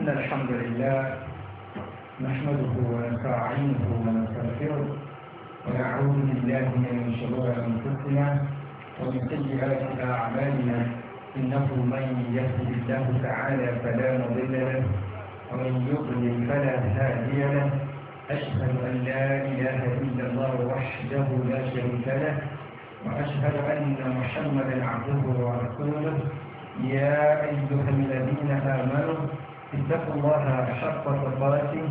إن الحمد لله نحمده ونستعينه ونستغفره ونعوذ بالله من شرور أنفسنا ومن سيئات أعمالنا إنه من يهده الله تعالى فلا مضل له ومن يضلل فلا هادي له أشهد أن لا إله إلا الله وحده لا شريك له وأشهد أن محمدا عبده ورسوله يا أيها الذين آمنوا اتقوا الله حق تقاته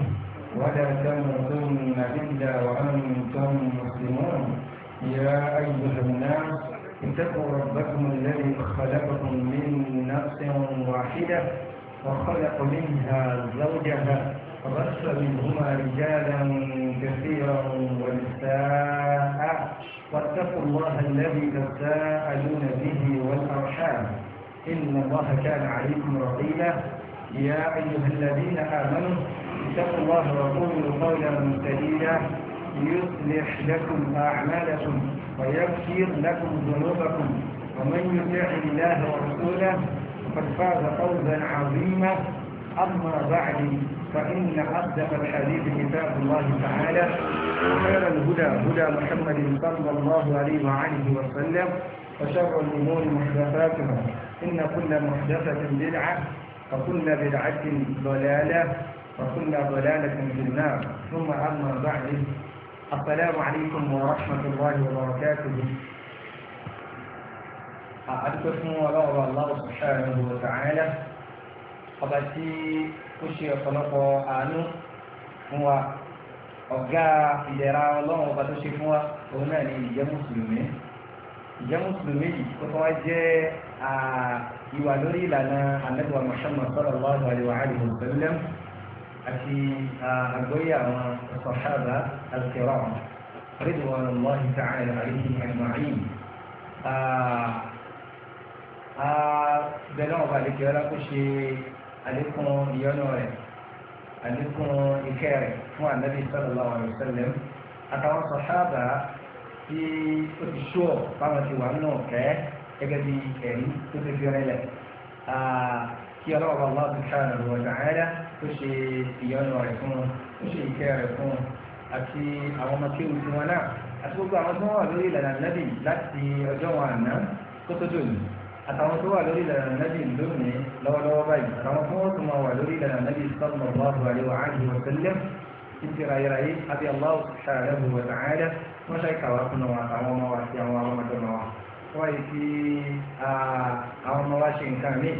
ولا تموتن إلا وأنتم مسلمون يا أيها الناس اتقوا ربكم الذي خلقكم من نفس واحدة وخلق منها زوجها رس منهما رجالا كثيرا ونساء واتقوا الله الذي تساءلون به والأرحام إن الله كان عليكم رقيبا يا أيها الذين آمنوا اتقوا الله وقولوا قولا سديدا يصلح لكم أعمالكم ويغفر لكم ذنوبكم ومن يطع الله ورسوله فقد فاز فوزا عظيما أما بعد فإن أصدق الحديث كتاب الله تعالى وخير الهدى هدى محمد صلى الله عليه وآله وسلم وشر الأمور محدثاتها إن كل محدثة بدعة وكل بدعة ضلالة وكل ضلالة في النار ثم أما بعد السلام عليكم ورحمة الله وبركاته أعدكم ولغب الله سبحانه وتعالى قبتي كشي طلق آنو هو ọ̀gá ìdẹ̀ra ọlọ́run ọba tó ṣe fún wa òun náà ni ìjẹ́ mùsùlùmí ìjẹ́ mùsùlùmí yìí tó wá jẹ́ ìwà lórí ìlànà Ànábì wa Muhammad sallallahu alaihi wa sallam àti àgbóyè àwọn sàhábà al-kiram ridwanullahi ta'ala alaihim ajma'in bẹ̀rẹ̀ ọba àlejò ọlá kó ṣe àlékún ìyọ́nà rẹ̀ àlékún ìkẹ́ rẹ̀ fún Ànábì sallallahu alaihi wa sallam gẹ́gẹ́ bí ẹ̀rí tó ti fi rẹ̀ lẹ̀ kí ọlọ́wọ́ Allah subhanahu wa ta'ala tó ṣe ìyọnu rẹ̀ fún wọn tó ṣe ìkẹ́ rẹ̀ fún wọn àti àwọn ọmọ kéwù tí wọn náà àti gbogbo àwọn tó wà lórí ìlànà nàbì láti ọjọ́ wọn àná tó tó dòní àtàwọn tó wà lórí ìlànà nàbì lónìí lọ́wọ́lọ́wọ́ báyìí àtàwọn tó wọ́n tó wà lórí ìlànà nàbì sallallahu wọ́n yìí fi àwọn ọmọ wa ṣe nǹkan mí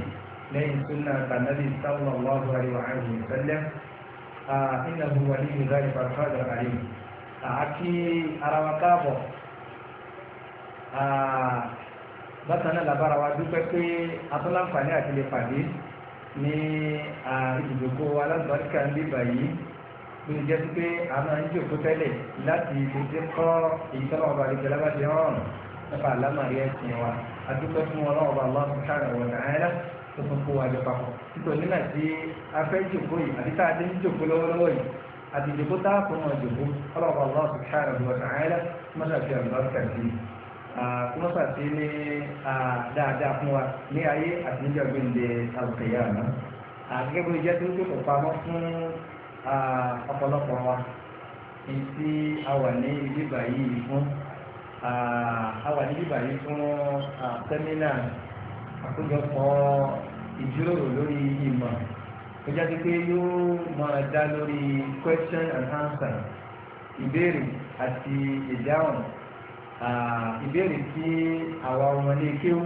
lẹ́yìn súnà tànàbí sallallahu alaihi wa sallam innahu waliyyu dhalika alqadir alayh àti ara wa káàbọ̀ bákan náà labára wa dúpẹ́ pé atọ́láǹfààní àti lè pàdé ní ibùdókò alágbàríkà ń bíbà yìí ló jẹ́ sí pé a máa tẹ́lẹ̀ láti lè dé kọ́ ìtọ́lọ́wọ́ bàríkẹ́ lábàdé ọ̀rùn nípa àlámàrí ẹ̀sìn wa adúpẹ́ fún ọlọ́run bá lọ́wọ́ subhanahu wa ta'ala tó tún kó wa jọ papọ̀ nítorí nígbà tí a fẹ́ jòkó yìí àti tá a ti ń jòkó lọ́wọ́lọ́wọ́ yìí àti jòkó tá a kó wọn jòkó ọlọ́run bá lọ́wọ́ subhanahu wa ta'ala mọ́sàfihàn lọ́sàfihàn mọ́sàfihàn ní dáadáa fún wa ní ayé àti níjọ́ gbẹ̀ǹde àlùkẹ́yà náà Ah, àwa níbí báyìí fún ah, sẹ́mínà àkójọpọ̀ ìjíròrò lórí ìmọ̀ ó jáde pé yóò máa dá lórí question and answer ìbéèrè àti ìdáhùn ah, ìbéèrè tí àwa ọmọ ilé kéwú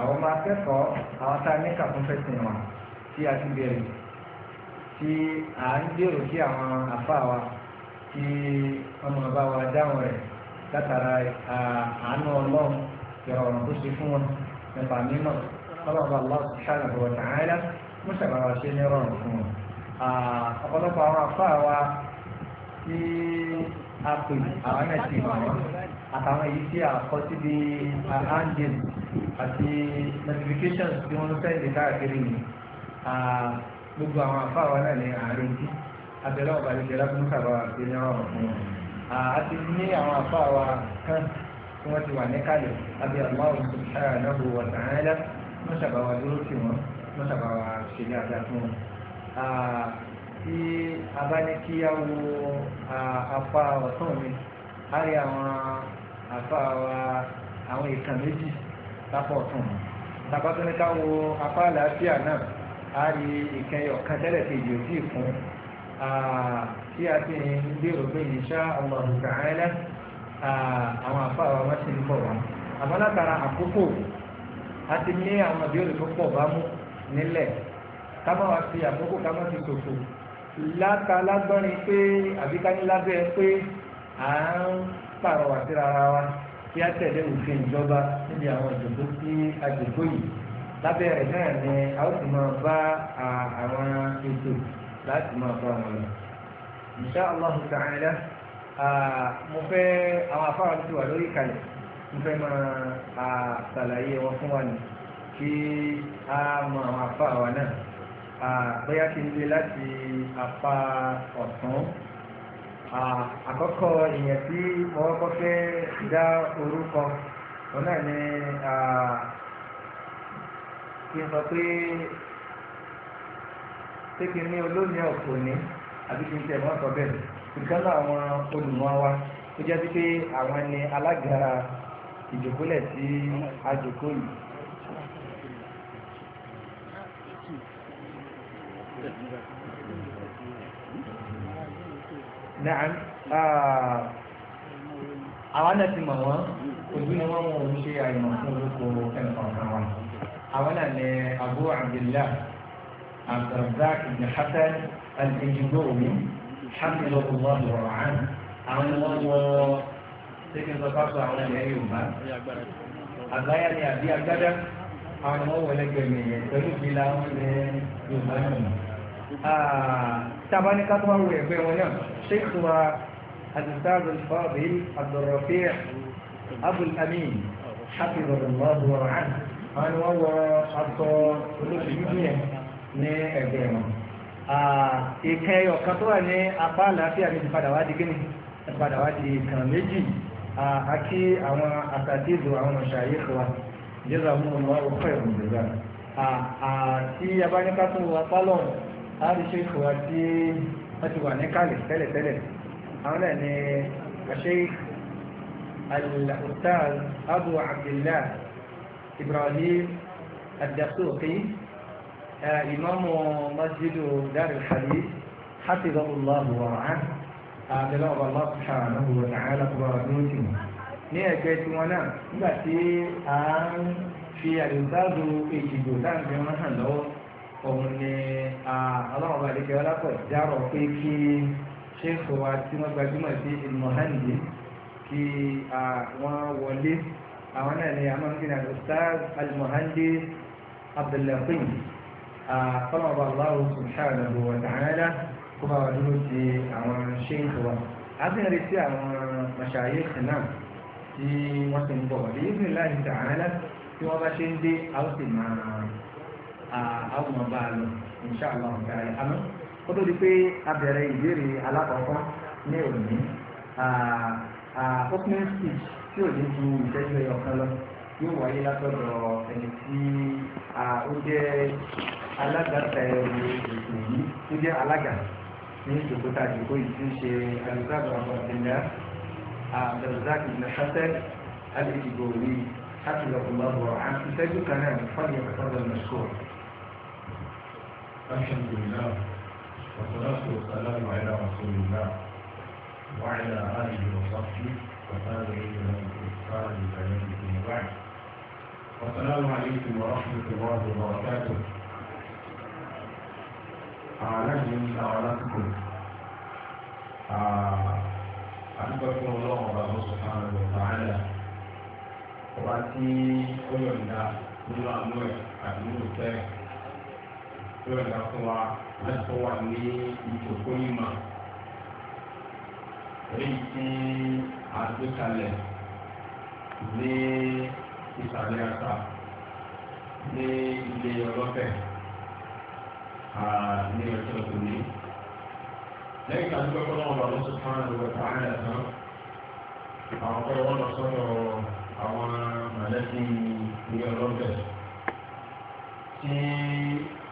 àwọn ọmọ akẹ́kọ̀ọ́ àwọn tá a ní kàkúnfẹ́sìn wa tí a ti bẹ̀rẹ̀ tí à ń gbèrò kí àwọn àfa wa kí ọmọ bá wa dáhùn rẹ̀ látara àánú ọlọ́run ìrọ̀rùn tó ṣe fún wọn nípa mímọ̀ ọlọ́run aláwọ̀ subhanahu wa ta'ala mú sàbàwà ṣe ní rọrùn fún wọn. ọ̀pọ̀lọpọ̀ àwọn afáà wa tí a pè àwọn náà ti mọ̀ wọn àtàwọn èyí tí a kọ́ síbi angel àti notifications tí wọ́n ń sẹ́ǹdì káàkiri ni gbogbo àwọn afáà wa náà ní àárín tí abẹ́rẹ́ ọ̀bàlẹ̀ jẹ́lá fún sàbàwà ṣe ní rọrùn fún wọn àti ní àwọn afọ àwa kan tí wọ́n ti wà ní kalẹ̀ àbí Allahu subhanahu wa ta'ala wọ́n ṣàbáwá dúró sí wọn wọ́n ṣàbáwá ṣẹlẹ̀ àdá fún wọn. tí a bá ní kí a wo apá ọ̀tún mi a rí àwọn afọ àwa àwọn ìtàn méjì lápá ọ̀tún mi tàbátún ní ká wo apá àlàáfíà náà a rí ìkẹyọ̀ kan tẹ́lẹ̀ kejì òbí fún tí a ti ń gbèrò pé insha Allah ta'ala àwọn àfáà wa ti ń bọ̀ wá àmọ́ látara àkókò a ti ní àwọn ìbéèrè tó pọ̀ bá mú nílẹ̀ ká má wá fi àkókò ká má fi ṣòfò látàlágbọ́nrin pé àbíkánilábẹ́ pé à ń pàrọwà síra ara wa kí á tẹ̀lé òfin ìjọba níbi àwọn ìdòdó sí agbègbè yìí lábẹ́ rẹ̀ náà ni a ó sì máa bá àwọn ètò láti máa bá wọn lọ insha Allah ta'ala mo fẹ́ àwọn afárá ti wà lórí kalẹ̀ mo fẹ́ máa ṣàlàyé wọn fún wa nì kí a mọ àwọn afárá wa náà bóyá kí n lè láti apá ọ̀tún àkọ́kọ́ èèyàn tí mo kọ́kọ́ fẹ́ dá orúkọ òun náà ni kí n sọ pé pé kí n ní olómi ọ̀pọ̀ ní àbí kí n tẹ̀ wọ́n sọ bẹ́ẹ̀ nǹkan náà àwọn olùmọ̀ wa ó jẹ́ pé àwọn ni alágara ìjòkólẹ̀ sí àjòkólù. Nàà ah, àwọn náà ti mọ̀ wọ́n ojú ni wọ́n mú òun ṣe àìmọ̀ fún olóko ẹnìkan kan wa. Àwọn náà ni Abu Abdullah عبد الرزاق بن حسن الإنجدوري حفظه الله ورعاه àwọn ni wọ́n wọ ṣéke sọ́kàtọ̀ àwọn ilẹ̀ Yorùbá àgbáyà ni àbí agbádá àwọn ni wọ́n wọ lẹ́gbẹ̀ẹ́ mi yẹn pẹ̀lú ìfìlà àwọn ilẹ̀ Yorùbá náà ah, tabanika tó wà wọ ẹgbẹ́ wọn náà ṣéèkì wa àdìsáàdù fàbí Abdurrafi' Abul Amin حفظه الله ورعاه àwọn ni wọ́n wọ aṣọ olóṣèlú yẹn ní ẹgbẹ́ wọn ìkan ẹyọ kan tó wà ní apá àlàáfíà ní ìpadà wá di gíní ìpadà wá di ìkàn méjì àkí àwọn àtàdézò àwọn ọ̀ṣàyè fún wa jésù ọmọ ọkọ ìrùn jésù àti abáníká tó wà pálọ̀ àríṣe fún tí wọ́n ti wà ní kálí tẹ́lẹ̀tẹ́lẹ̀ àwọn náà ni àṣeyìí ìmáàmù masjidu dari hadith hafizahullah wa ra'ah àbẹ̀lẹ̀ ọba Allah subhanahu wa ta'ala kó bára ní òtún ní ẹ̀gbẹ́ tí wọn náà nígbà tí a ń fi àdìsáàdù èjìgbò láǹfẹ̀ wọn hàn lọ́wọ́ òun ni ọlọ́run ọba àdìkẹ́ wa tí wọ́n gbajúmọ̀ sí ìmọ̀háǹdì kí wọ́n wọlé àwọn náà ni a máa ń gbìyànjú sáà almuhandis abdullahi kọ́lọ̀ọ̀bà aláwọ̀ subhanahu wa ta'ala kó bá wa dúró sí àwọn ṣéǹtì wa a ti rí sí àwọn màṣàyé náà tí wọ́n ti ń bọ̀ bí ibi láì ta'ala tí wọ́n bá ṣe ń dé a ó sì máa àwọn ọmọ bá a lọ insha Allah ta'ala àmọ́ ó tó di pé a bẹ̀rẹ̀ ìbéèrè alákọ̀ọ́kọ́ ní òní opening speech tí ò ní ju ìtẹ́jú ẹyọ kan lọ yóò wáyé látọ̀dọ̀ ẹni tí ó jẹ́ alága ẹ̀rọ èyí tó jẹ́ alága ní ìjòkóta ìjòkó yìí tí ń ṣe alùpàdé àbọ̀dìlá àbẹ̀rẹ̀dáàkì ìlẹ̀ṣẹ́tẹ́ alẹ́dìgbò rí láti lọ́kùn bá bọ̀ àti ìtẹ́jú kan náà ní fọ́ọ̀lì ọ̀pọ̀lọpọ̀ mẹ́sọ̀. alhamdulillah wasalatu wasalamu ala rasulillah wa ala alihi wa sahbihi wa tabi'in lahu bi ihsan ila lẹ́yìn àwọn alásìkò àdúgbò fún ọlọ́run ọba tó sọ fún àwọn ọba àyà ọba tí ó yọ̀ǹda nínú àánú ẹ̀ àti nínú ìfẹ́ ní ọjọ́ òní. lẹ́yìn tí a dúpẹ́ fún ọmọ ọdún tó fún àwọn ọ̀tá àárẹ̀ tán àwọn ọkọ̀ wọn lọ sọ́dọ̀ àwọn mọ̀lẹ́bí ilé ọlọ́bẹ̀ tí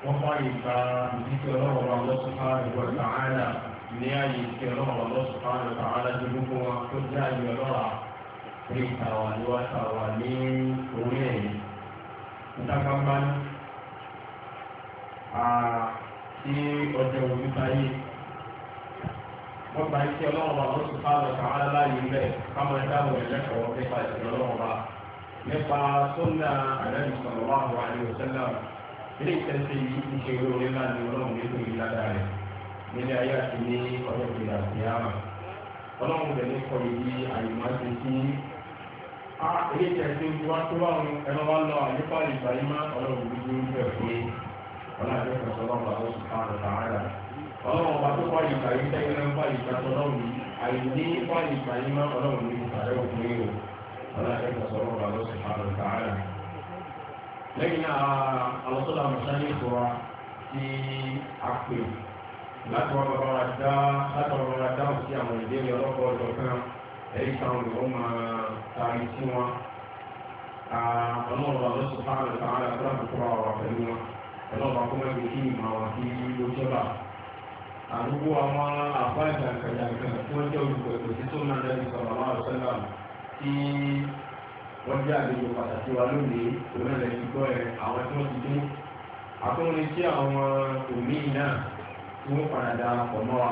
wọ́n fáyé gba ìdíkì ọlọ́wọ́ wa lọ́sùn fún àwọn ọ̀tá àárẹ̀ ní ààyè ìdíkì ọlọ́wọ́ wa lọ́sùn fún àwọn ọ̀tá àárẹ̀ tó dúpọ̀ wọn tó jẹ́ àyè ọlọ́ra rí ìtàwà níwájú àwọn ní orí ẹ̀yìn. ìtàkàmbá ní sí ọjọ́ òní báyé wọ́n gba iṣẹ́ ọlọ́run wa wọ́n sì fà lọ kà wọ́n láàyè bẹ́ẹ̀ káwọn ẹ̀dá wọ̀ ẹ̀lẹ́kọ̀ọ́ nípa ìṣẹ́ ọlọ́run wa nípa sọ́nà àdáyé sọ̀rọ̀ wà wà ní òṣèlú ilé ìtẹ́sẹ̀ yìí ti ṣe orí ńlá ní ọlọ́run nínú ìlànà rẹ̀ nílé ayé àti ní ọjọ́ ìgbìlà sí àmà ọlọ́run rẹ̀ ní ìdí àyùmá ti sí ilé ìtẹ́sẹ̀ ojú tó wà ẹ̀rọ wa ọlọ́run ẹ̀kọ́ sọlọ́pàá tó sì káàdọ̀ sàárà ọlọ́run ọba tó fàyè ìgbà yìí tẹ́yìn náà fàyè ìgbà tọ́lọ́run àìní fàyè ìgbà yìí má ọlọ́run ní ìsàrẹ́ òkú yìí o ọlọ́run ẹ̀kọ́ sọlọ́pàá tó sì káàdọ̀ sàárà lẹ́yìn alọ́sọ́lá mọ̀sálí ìfura tí a pè láti wọ́n bàbá wa dá láti wọ́n bàbá wa dá òsì àwọn ìdílé ọlọ́pàá ọjọ́ kan èyí ọlọ́pàá kọ́ mẹ́rin kí ìmọ̀ àwọn tí ó jọba àdúgbò àwọn àpá ìjàǹkàjàǹkà tí wọ́n jẹ́ olùkọ́ ètò tí tó ń náà lẹ́nu sọ̀rọ̀ àwọn àrùsọ́là tí wọ́n jẹ́ àlejò pàtàkì wa lónìí òmìnirẹ̀ gbígbọ́ ẹ̀ àwọn tí wọ́n ti dé àtúnrin tí àwọn òmí náà tí wọ́n padà darapọ̀ mọ́ wa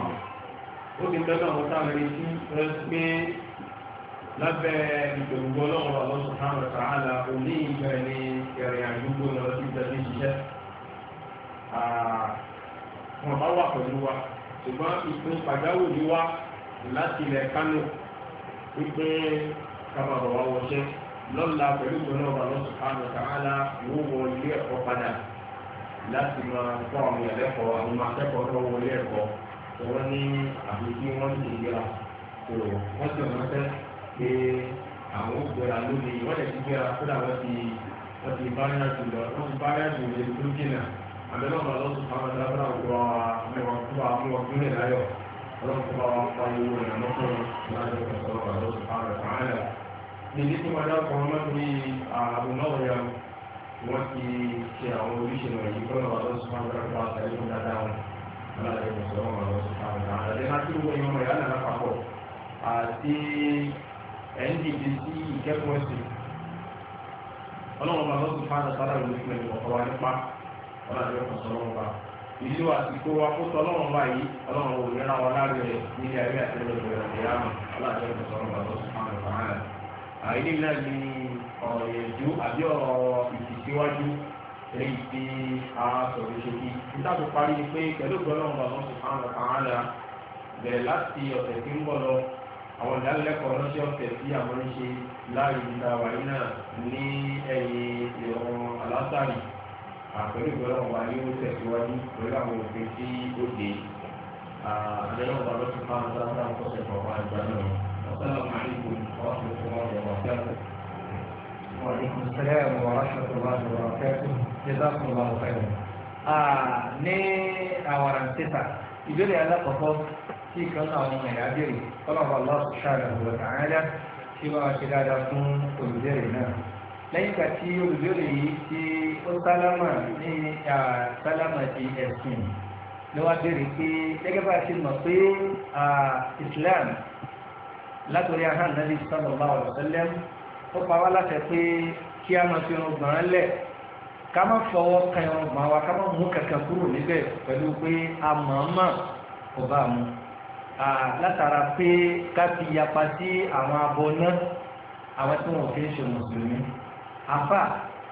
ó ti pẹ́ náà wọ́n a sí pé lábẹ́ ìgbèrúgbọ́ lọ́wọ́ àwọn sọ̀tàn rẹ̀ sàálà òmí ìgbẹ̀rin ìrìn àdúgbò lọ sí Ah, wọn bá wà pẹ̀lú wa ṣùgbọ́n ìpín pàjáwìrì wa láti ilẹ̀ Kánò wípé kábàbọ̀ wa wọṣẹ́ lọ́la pẹ̀lú ìgbọ́nà ọba lọ́sùn kánò káàlà yóò wọ ilé ẹ̀kọ́ padà láti máa kọ́ àwọn ẹlẹ́kọ̀ọ́ àwọn akẹ́kọ̀ọ́ tó wọ ilé ẹ̀kọ́ tí wọ́n ní àbíkí wọ́n ti gbéra tó wọ́n ti rántẹ́ pé àwọn gbéra lóde wọ́n lè ti gbéra kódà wọ́n ti bá yàtọ̀ lọ wọ́n ti bá yàtọ̀ lóde lókè àbẹ̀lọ́mọ̀ lọ́sùn àwọn ìdábàrà òwúrọ̀ mẹ́wàá fún wa fún wa fún ilẹ̀ láyọ̀ ọlọ́sùn bá wa pa ìwò rẹ̀ lọ́kùn láyọ̀ ọ̀sọ̀rọ̀ lọ́sùn àwọn ìfààlẹ̀. Níbi tí wọ́n dákọ̀ wọn máa fi ààbò náà yà wọ́n ti ṣe àwọn oríṣi wọ̀nyí fún ọ̀rọ̀ lọ́sùn àwọn ìfààlẹ̀ àtàlẹ́ fún dáadáa wọn. Aláàrẹ̀ ọ̀sọ̀rọ̀ lọ́sùn àwọn ìfààlẹ̀ àti ẹ̀ńdìdì sí ìkẹ́kọ̀ọ́ ọlọ́run yóò kàn sọ́lọ́run bá ìlú àsìkò wa kó sọ́lọ́run bá yìí ọlọ́run ò ní ráwọ́ láàrin rẹ̀ ní ilé ayé àti ilé ìgbẹ̀rẹ̀ ìyá mọ̀ ọlọ́run yóò kàn sọ́lọ́run bá tó sùn àwọn ìfà èyí tí a sọ̀rọ̀ ìṣèkí níta tó parí ni pé pẹ̀lú gbọ́dọ̀ ọ̀rọ̀ sùn àwọn ìfà hàn bẹ̀rẹ̀ láti ọ̀sẹ̀ tí ń bọ̀ lọ àwọn ìdánilẹ́kọ̀ọ́ lọ́sẹ̀ ọ̀sẹ̀ tí àwọn ń ṣe láàyè ìdáwà yìí náà ní ẹ̀yìn ìrọ̀rùn àpẹẹrẹ ìgbọ́láwọ̀ wa ni ó tẹ̀síwájú pẹ̀lú àwọn òfin tí ó dé àdéhùn wa lọ́sùn máa ń sáfà ń kọ́sẹ̀ kọ̀ọ̀kan ìgbà náà wàsálàmù àlékún ọ̀sùn tó wà lọ́wọ́ sẹ́lẹ̀. وعليكم السلام ورحمة الله وبركاته جزاكم الله خيرا ní àwàrà títà ìbéèrè alákọ̀ọ́kọ́ tí kan àwọn ọmọ ẹ̀yà béèrè kọ́lọ́bà lọ́sùn ṣáàrẹ̀ ọ̀gbọ̀n àárẹ̀ tí wọ́n á ṣe dáadáa fún olùdẹ́rẹ̀ náà lẹ́yìn ìgbà tí olùbéèrè yìí ti ó sálámà ní sálámà di ẹ̀sìn ló wá béèrè pé gẹ́gẹ́ bá a ti mọ̀ pé Islam látòrí ahán nàbí sallallahu alaihi wasallam ó pa wá láti pé kí a máa fi irun gbọ̀n án lẹ̀ ká má fọwọ́ kan irun gbọ̀n wa ká má mú kankan kúrò níbẹ̀ pẹ̀lú pé a mọ̀ọ́mọ̀ kò bá a mú látara pé ká fi yapa sí àwọn abọ náà àwọn tí wọn ò fi ń ṣe mùsùlùmí àfà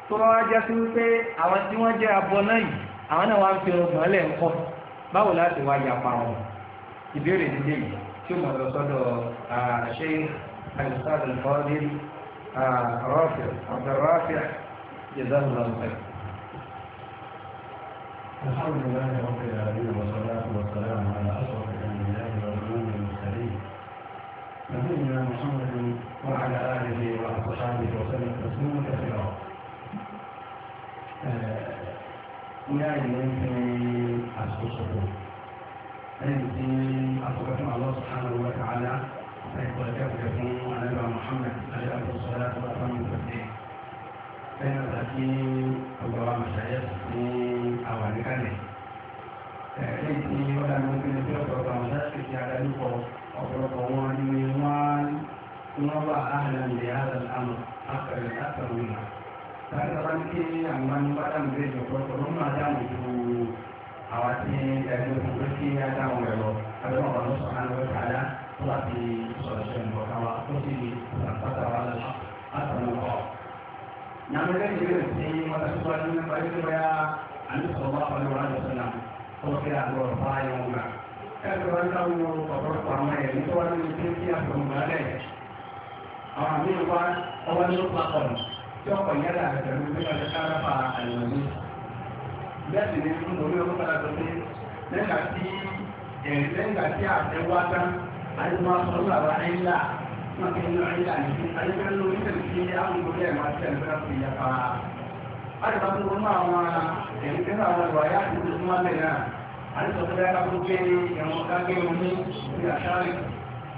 tó bá wá jẹ́ sí wípé àwọn tí wọ́n jẹ́ abọ́ náà yìí àwọn náà wá ń fi ọgbọ̀n ẹlẹ́ ń kọ́ báwo láti wá yapa wọn ìbéèrè dídé yìí tí ó mọ̀ sọ́dọ̀ àṣẹ àìsàn ìfọ́dí rọ́fẹ̀ ọ̀dọ̀ rọ́fẹ̀ جزاهم خير الحمد لله رب العالمين وعلى آله وأصحابه وسلم تسليما كثيرا ويعني يمكن أسقطه أنت أسقطنا الله سبحانه وتعالى فيقول كفكم على نبع محمد عليه الصلاة والسلام والتسليم فإن الحكيم أبواب مشايخ في أوان كلمة أنت ولا ممكن أن تقرأ مشايخ في على نفسه أقرأ قوانين nawa ahlan di hadal amr akal akal minha tak kini yang manfaatan gereja protokol macam itu awatin dan itu bersih ya kan ngelo ada mau bantu soal ngelo saja telah di solusian bahwa posisi di tempat terawal namun kan sih mata suara ini baik itu ya orang itu senang kalau kita ngelo saya mau nggak kan itu orang yang tidak pernah ada àwọn àmì ìwá ọwọ́ ní ó papọ̀ tí ọkọ̀ ìyára àgbẹ̀rù nípa ti kárápà àìwọ̀ní. bẹ́ẹ̀ ni fún orí ọkọ̀ padà tó dé lẹ́gbà tí lẹ́gbà tí àṣẹ wá tán àdúgbò àfọwọ́ àwa ẹ̀ńlá wọn kì í lọ ẹ̀ńlá nìyí àdúgbò ló ń tẹ̀lé sí àwọn ìgbòkè ẹ̀ máa tẹ̀lé fẹ́ràn fún àwọn ẹ̀yìn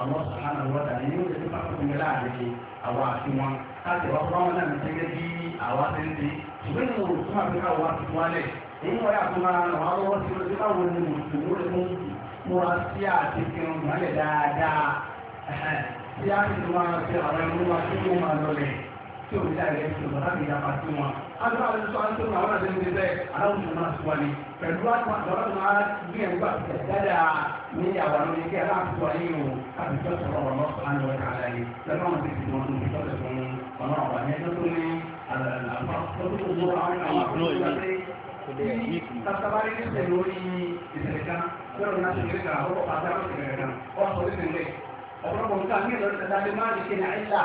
àwọn sàmánà wọ́dà ní yóò tẹ́tí pápá fún mi láàrin àwọn àti wọn káàkiri wọ́n fún wọn náà ní gẹ́gẹ́ bí àwa ti ń di ṣùgbọ́n ìlú òtún àfíríkà wà ti fún wálẹ̀ èyí wọ́n máa fi àwọn tí o dá ilẹ̀ tó lọ́dá mi yàgbà tó wọn. Adúlá wọn sọ àwọn tó wọn àwọn àti ẹni bẹ́ẹ̀ aláwùjọ náà tó wọlé. Pẹ̀lú àwọn àtọ̀rọ̀ náà ní ẹ̀gbà tẹ̀ dáadáa ní àwọn àwọn ẹni kẹ́ẹ̀ láti wọ ayé o àti tó sọ̀rọ̀ wọn lọ sọ̀rọ̀ àwọn ẹ̀ka àlàyé. Lẹ́nu àwọn tètè wọn tó tó tẹ̀ fún ọmọ àwọn ẹni tó tó ní Tatabari ní sẹ̀lú orí ìṣẹ̀lẹ̀ kan, lọ́rọ̀ náà ṣe kíríkà, ọkọ̀ pàtàkì ìṣẹ̀lẹ̀ kan, ọkọ̀ orí ìṣẹ̀lẹ̀, ọ̀pọ̀lọpọ̀ nǹkan ní ìlọrin tẹ̀lé máa ń ṣe ní àìsà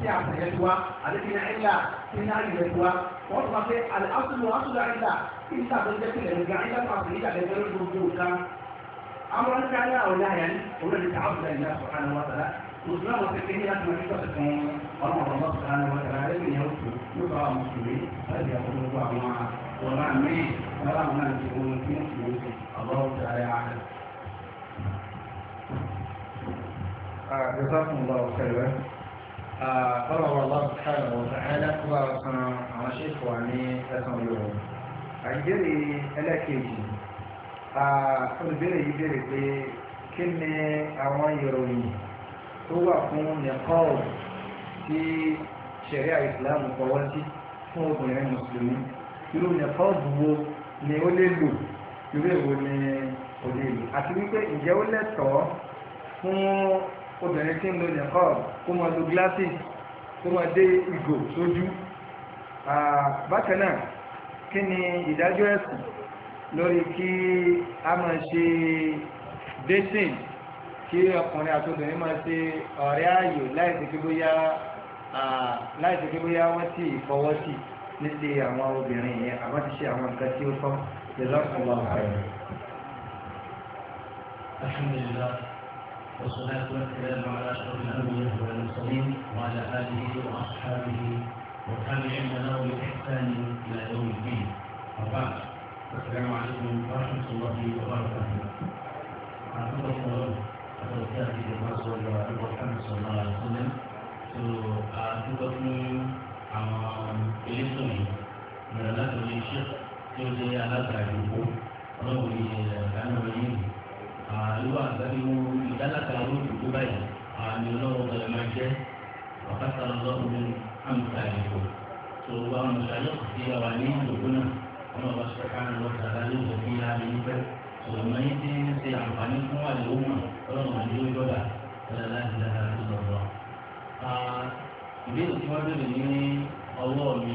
tí àṣà yẹn ti wá àti kí ní àìlà kí ní àyè yẹn ti wá wọ́n tún máa pé àlẹ́ àṣùlù àṣùlù àìlà kí ní sàbẹ̀ jẹ́ kí lẹ́nu gan àìlà fún àṣùlù ìjà lẹ́nu lórí gbogbo nǹkan. àwọn ọ̀nà kan náà ọ̀lẹ́ àyàn òun lè ta àbùdá ìlà sọ̀rọ̀ àwọn ọ̀tàlá mùsùlùmí àwọn ti kéde láti máa fi sọ̀tẹ̀ fún ọmọ ọ̀rọ̀ sọ̀rọ̀ àwọn ọ̀tàlá lẹ́yìn yẹn oṣù yóò bá àwọn mùsùlùmí láti àwọn gbogbo àwọn ọ̀rọ̀ àmì ọ̀rọ̀ àwọn àti ohun tí mùsùlùmí ọ̀rọ̀ ọ̀tàlá yà á. Jazakumullahu khairan. fọlọ́wọ́ lọ́wọ́ sáré wọ́n ẹ̀ẹ́dá tó bá san àwọn ṣèkò wà ní ẹ̀sán olóró àìbéèrè ẹlẹ́kejì olùbéèrè yìí béèrè pé kí ni àwọn ìròyìn tó wà fún nìkọ́ọ̀ tí ṣẹ̀ríà ìsìláàmù fọwọ́ sí fún obìnrin mùsùlùmí irú nìkọ́ọ̀ wo ni ó lè lò irú èwo ni ó lè lò àti wípé ǹjẹ́ ó lẹ́tọ̀ọ́ fún obìnrin tí ń lo nìkan kó máa lo glasses kó máa dé ìgò sójú bákan náà kí ni ìdájọ́ ẹ̀sìn lórí kí a máa ṣe dating kí ọkùnrin àti obìnrin máa ṣe ọ̀rẹ́ ààyò láìsí kí bóyá láìsí pé bóyá wọ́n ti fọwọ́ sí nílé àwọn obìnrin yẹn àwọn ti ṣe àwọn nǹkan tí ó tán lè lọ́kùnrin lọ́kùnrin. alhamdulillah والصلاة والسلام على أشرف الأنبياء والمرسلين وعلى آله وأصحابه وتابعين له بإحسان إلى يوم الدين. وبعد السلام عليكم ورحمة الله وبركاته. أعطيكم الله أتوكل في الرسول محمد صلى الله عليه وسلم. So, آه، أعطيكم àwọn elétò yìí lọ́dọ̀ láti orí iṣẹ́ tí ó jẹ́ alága irú àgbáyéwò ìdálàkàrà ló dùn tó báyìí àmì ọlọ́wọ́ bẹ̀rẹ̀ máa jẹ́ ọ̀kadà lọ́wọ́ mi àmúta ìlú tó wà mọ̀ṣá yóò fi àwà ní ìdòkó náà wọn bá ṣe káàrin lọ sàrà yóò fi fi àmì nípẹ́ ọ̀nà yìí ti ń ṣe àǹfààní fún àlèwò mọ̀ ọlọ́run àti yóò jọba ọ̀làlàdìlára tó lọ́wọ́. ìbéèrè tí wọ́n bèrè ní ọwọ́ mi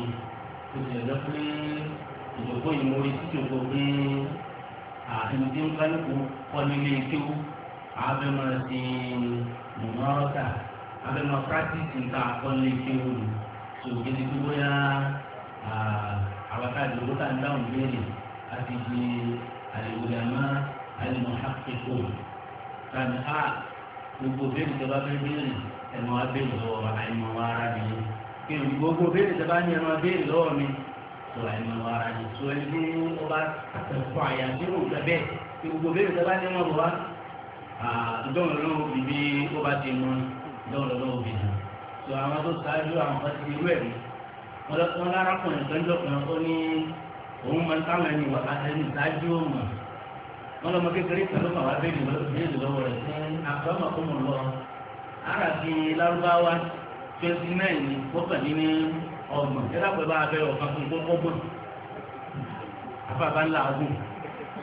ó ti ẹ̀jọ́ pé ìdòkó ìmúrí títí òkò pé àìmọ̀dé kọ́ nílé ìkéwú abẹ́mọ̀ ti mọ̀mọ́rọ́tà abẹ́mọ̀ pírátìsì nǹkan akọ́ nílé ìkéwú ni tó gidi tó bóyá àwàká ìdòwò tá ń dáhùn béèrè àti di àlèwòlẹ́mọ́ àlèmọ̀hàkẹ́kọ̀ tàbí a gbogbo béèrè tó bá fẹ́ béèrè ẹ̀mọ́ wa béèrè lọ́wọ́ àìmọ̀ wa ara mi kí n gbogbo béèrè tó bá ní ẹ̀mọ́ béèrè lọ́wọ́ mi tó àìmọ̀ ara mi tó ẹni tó bá tẹ̀kọ́ àyàgbérò gbẹ bẹ́ẹ̀ tí gbogbo bẹ́ẹ̀ tó bá ní wọn bọ̀ wá dọ́ọ̀lù lọ́wọ́ òbí bí ó bá ti mú dọ́ọ̀lù lọ́wọ́ òbí náà tó àwọn tó ṣáájú àwọn kan ti irú ẹ̀ ní wọn lárakùnrin tó ń jọkùnrin ó ní òun máa ń táwọn ẹni wà ẹni ṣáájú ó mọ̀ wọn lọ́mọ kékeré pẹ̀lú màwá bẹ́ẹ̀ ní lọ́wọ́ rẹ̀ ní àkọ́mọ̀ kó mọ̀ lọ àràfi lárúbáwá twenty nine ní kọ́kànlélẹ́ ọgbọ̀n ẹ̀dá pẹ̀lú abẹ́rẹ́ ọ̀kan fún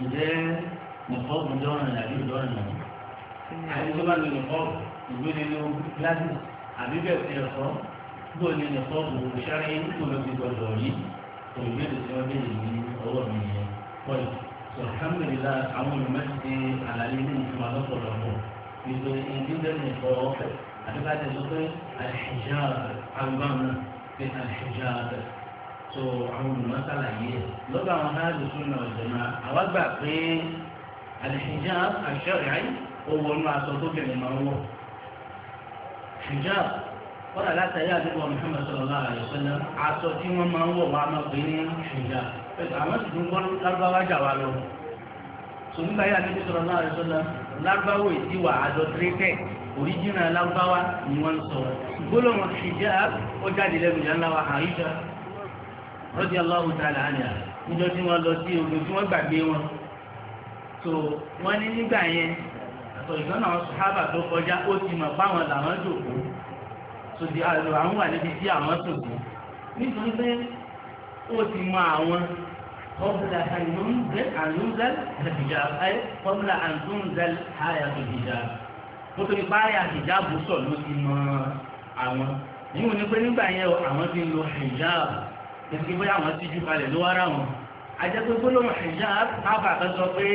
ǹjẹ́ nìkọ́ọ̀bù dọ́rùn àbí ìdọ́rùn náà àbí tó bá lo nìkọ́ọ̀bù ìlú nínú gíláàsì àbí bẹ́ẹ̀ fi ẹ̀kọ́ bó ní nìkọ́ọ̀bù sáré nípò ló ti gbọdọ̀ yìí òyìnbó tí wọ́n béèrè ní ọwọ́ mi yẹn pọ́lì alhamdulilá àwọn olùmọ̀sí àlàyé ní ìfúnma lọ́pọ̀lọpọ̀ ìgbé ìdílé nìkọ́ àti bá tó àwọn olùmọ̀ sàlàyé ẹ̀ lọ́dọ̀ àwọn aráàlú tó nà ọ̀jẹ̀ máa àwa gbà pé al-hijab al-shar'i owó inú aṣọ tó bẹ̀rẹ̀ máa ń wọ̀ hijab kọ́dà látàrí àdúgbò Muhammad sallallahu alaihi wasallam aṣọ tí wọ́n máa ń wọ̀ wá máa pè ní hijab àwọn sì tún gbọ́ lárúbáwá jà wá lọ sòmùgbà yà ní sallallahu alaihi wasallam lárúbáwò ìdíwà adọ́tírẹ́tẹ̀ oríjìnà lárúbáwá rọ́dí aláwọ̀ tààlà àná níjọ tí wọ́n lọ sí odò tí wọ́n gbàgbé wọn tó wọ́n ní nígbà yẹn àtọ̀ ìgbọ́n àwọn sàhábà tó kọjá ó ti mọ̀ fáwọn làwọn jòkó sòdì àlò àwọn wà níbi tí àwọn sòdì nítorí pé ó ti mọ àwọn kọ́bùlà àlùzẹ́l àtìjà ẹ kọ́bùlà àlùzẹ́l àyà àtìjà nítorí báyà àtìjà bùsọ̀ ló ti mọ àwọn yíwọ́n ni pé nígbà yẹn àwọn ti ń lo hijab kìí bóyá àwọn tíjú kalẹ̀ ló wá rà wọn ajẹ́pẹ́ gbólóhùn hijab káfà kan sọ pé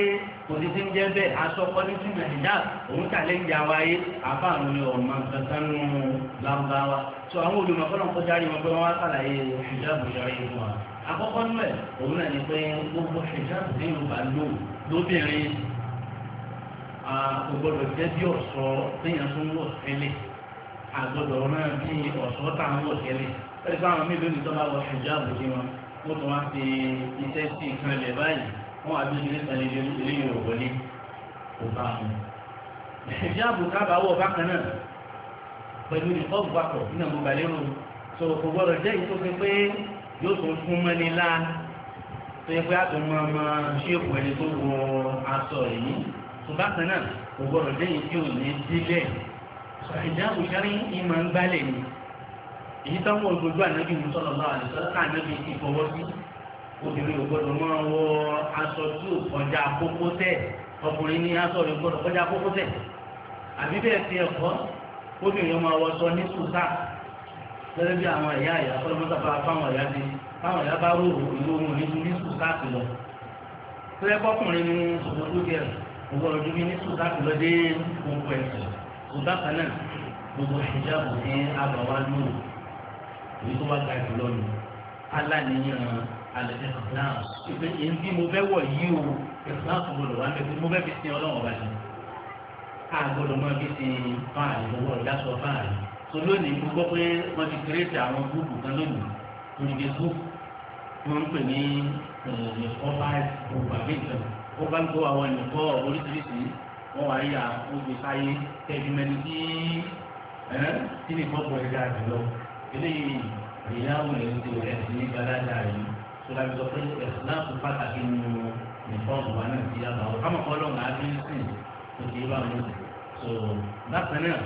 kò ní ti ń jẹ́ bẹ́ẹ̀ aṣọ kọ́ni tí mo hijab òun kàlẹ́ ń jà wáyé àfa àwọn ni ọ̀ma kankan nù lágbáwá tó àwọn olùmọ̀kọ́nà kó járe wọn pé wọ́n wá sàlàyé hijab yọrí fún wa àkọ́kọ́ nù ẹ̀ òun náà ni pé gbogbo hijab ní yorùbá lò lóbìnrin kò gbọdọ̀ jẹ́ bí ọ̀ṣọ́ téèyàn tún wọ̀ tẹ́lẹ̀ àgbọ̀dọ̀ náà bí ọ̀ṣọ́ táwọn wọ̀ tẹ́lẹ̀ ẹ̀rí fún àwọn mélòó nìkan bá wọ ṣùjáàbù sí wọn mo tún wá sí iṣẹ́ sí nǹkan ilẹ̀ báyìí wọ́n wá bí ní sani ilé yorùbá ní kò bá wọn. ṣùjáàbù kábàá wọ̀ bákan náà pẹ̀lú ìfọ́bù papọ̀ nínú àmọ́ balẹ̀rù so kò gbọ́dọ̀ jẹ́ ìtò pé pé yóò tún fún mọ́ni lá tó yẹ pé àtò máa ma ṣéèkù ẹni tó wọ aṣọ yìí tó bákan náà kò gbọ́dọ̀ jẹ́ ìtì òní sílẹ̀ ìjáàbù ìmọ̀ ń gbálẹ̀ ni èyí táwọn ògbójú ànábì mú sọ̀rọ̀ náà àdìsọ́ ànábì ti fọwọ́ sí obìnrin ò gbọ́dọ̀ máa wọ aṣọ tí ò kọjá kókó tẹ̀ ọkùnrin ní aṣọ rẹ̀ gbọ́dọ̀ kọjá kókó tẹ̀ àbí bẹ́ẹ̀ ti ẹ̀kọ́ obìnrin máa wọ aṣọ ní sùtà lẹ́rẹ́ bí àwọn ẹ̀yà ẹ̀yà fọlọ́mọ́tà bá fáwọn ẹ̀yà ti fáwọn ẹ̀yà bá rò ìlú ohun ní ní sùtà ti lọ tẹ́lẹ̀ kọkùnrin ní sòkòtò kẹ ògbọ́dọ̀ ju ní èyí tó wá ga jùlọ ni aláníyàn alẹ́ ìkìláàs ìpè èyí tí mo fẹ́ wọ̀ yìí o ìkìláàs gbọdọ̀ wá mẹ́fẹ́ mo fẹ́ fi sin ọlọ́run ọba ni a gbọdọ̀ máa fi sin fáàlì owó ọ̀dà sọ fáàlì tó lónìí mo gbọ́ pé wọ́n ti kírètì àwọn gúrùpù kan lónìí lórí facebook wọ́n ń pè ní ọba eh, ìgbà bíkan ó bá ń gbọ́ àwọn ẹ̀nìkọ́ oríṣiríṣi wọ́n wá yà ó gbé sáyé tẹ̀síwẹ́ni tí eh, tí nìkan bọ̀ eléyìí ìyáwó lè ti rẹ̀ sí ní gbàdájà yìí sọlá bí sọ pé ẹ̀sìláàpù pàtàkì nínú nìfọ́ọ̀mù wa náà ti yàgbà ó kámọ̀ kọ́ lọ́nà àbí sìn tó ti bá wọn so bákan náà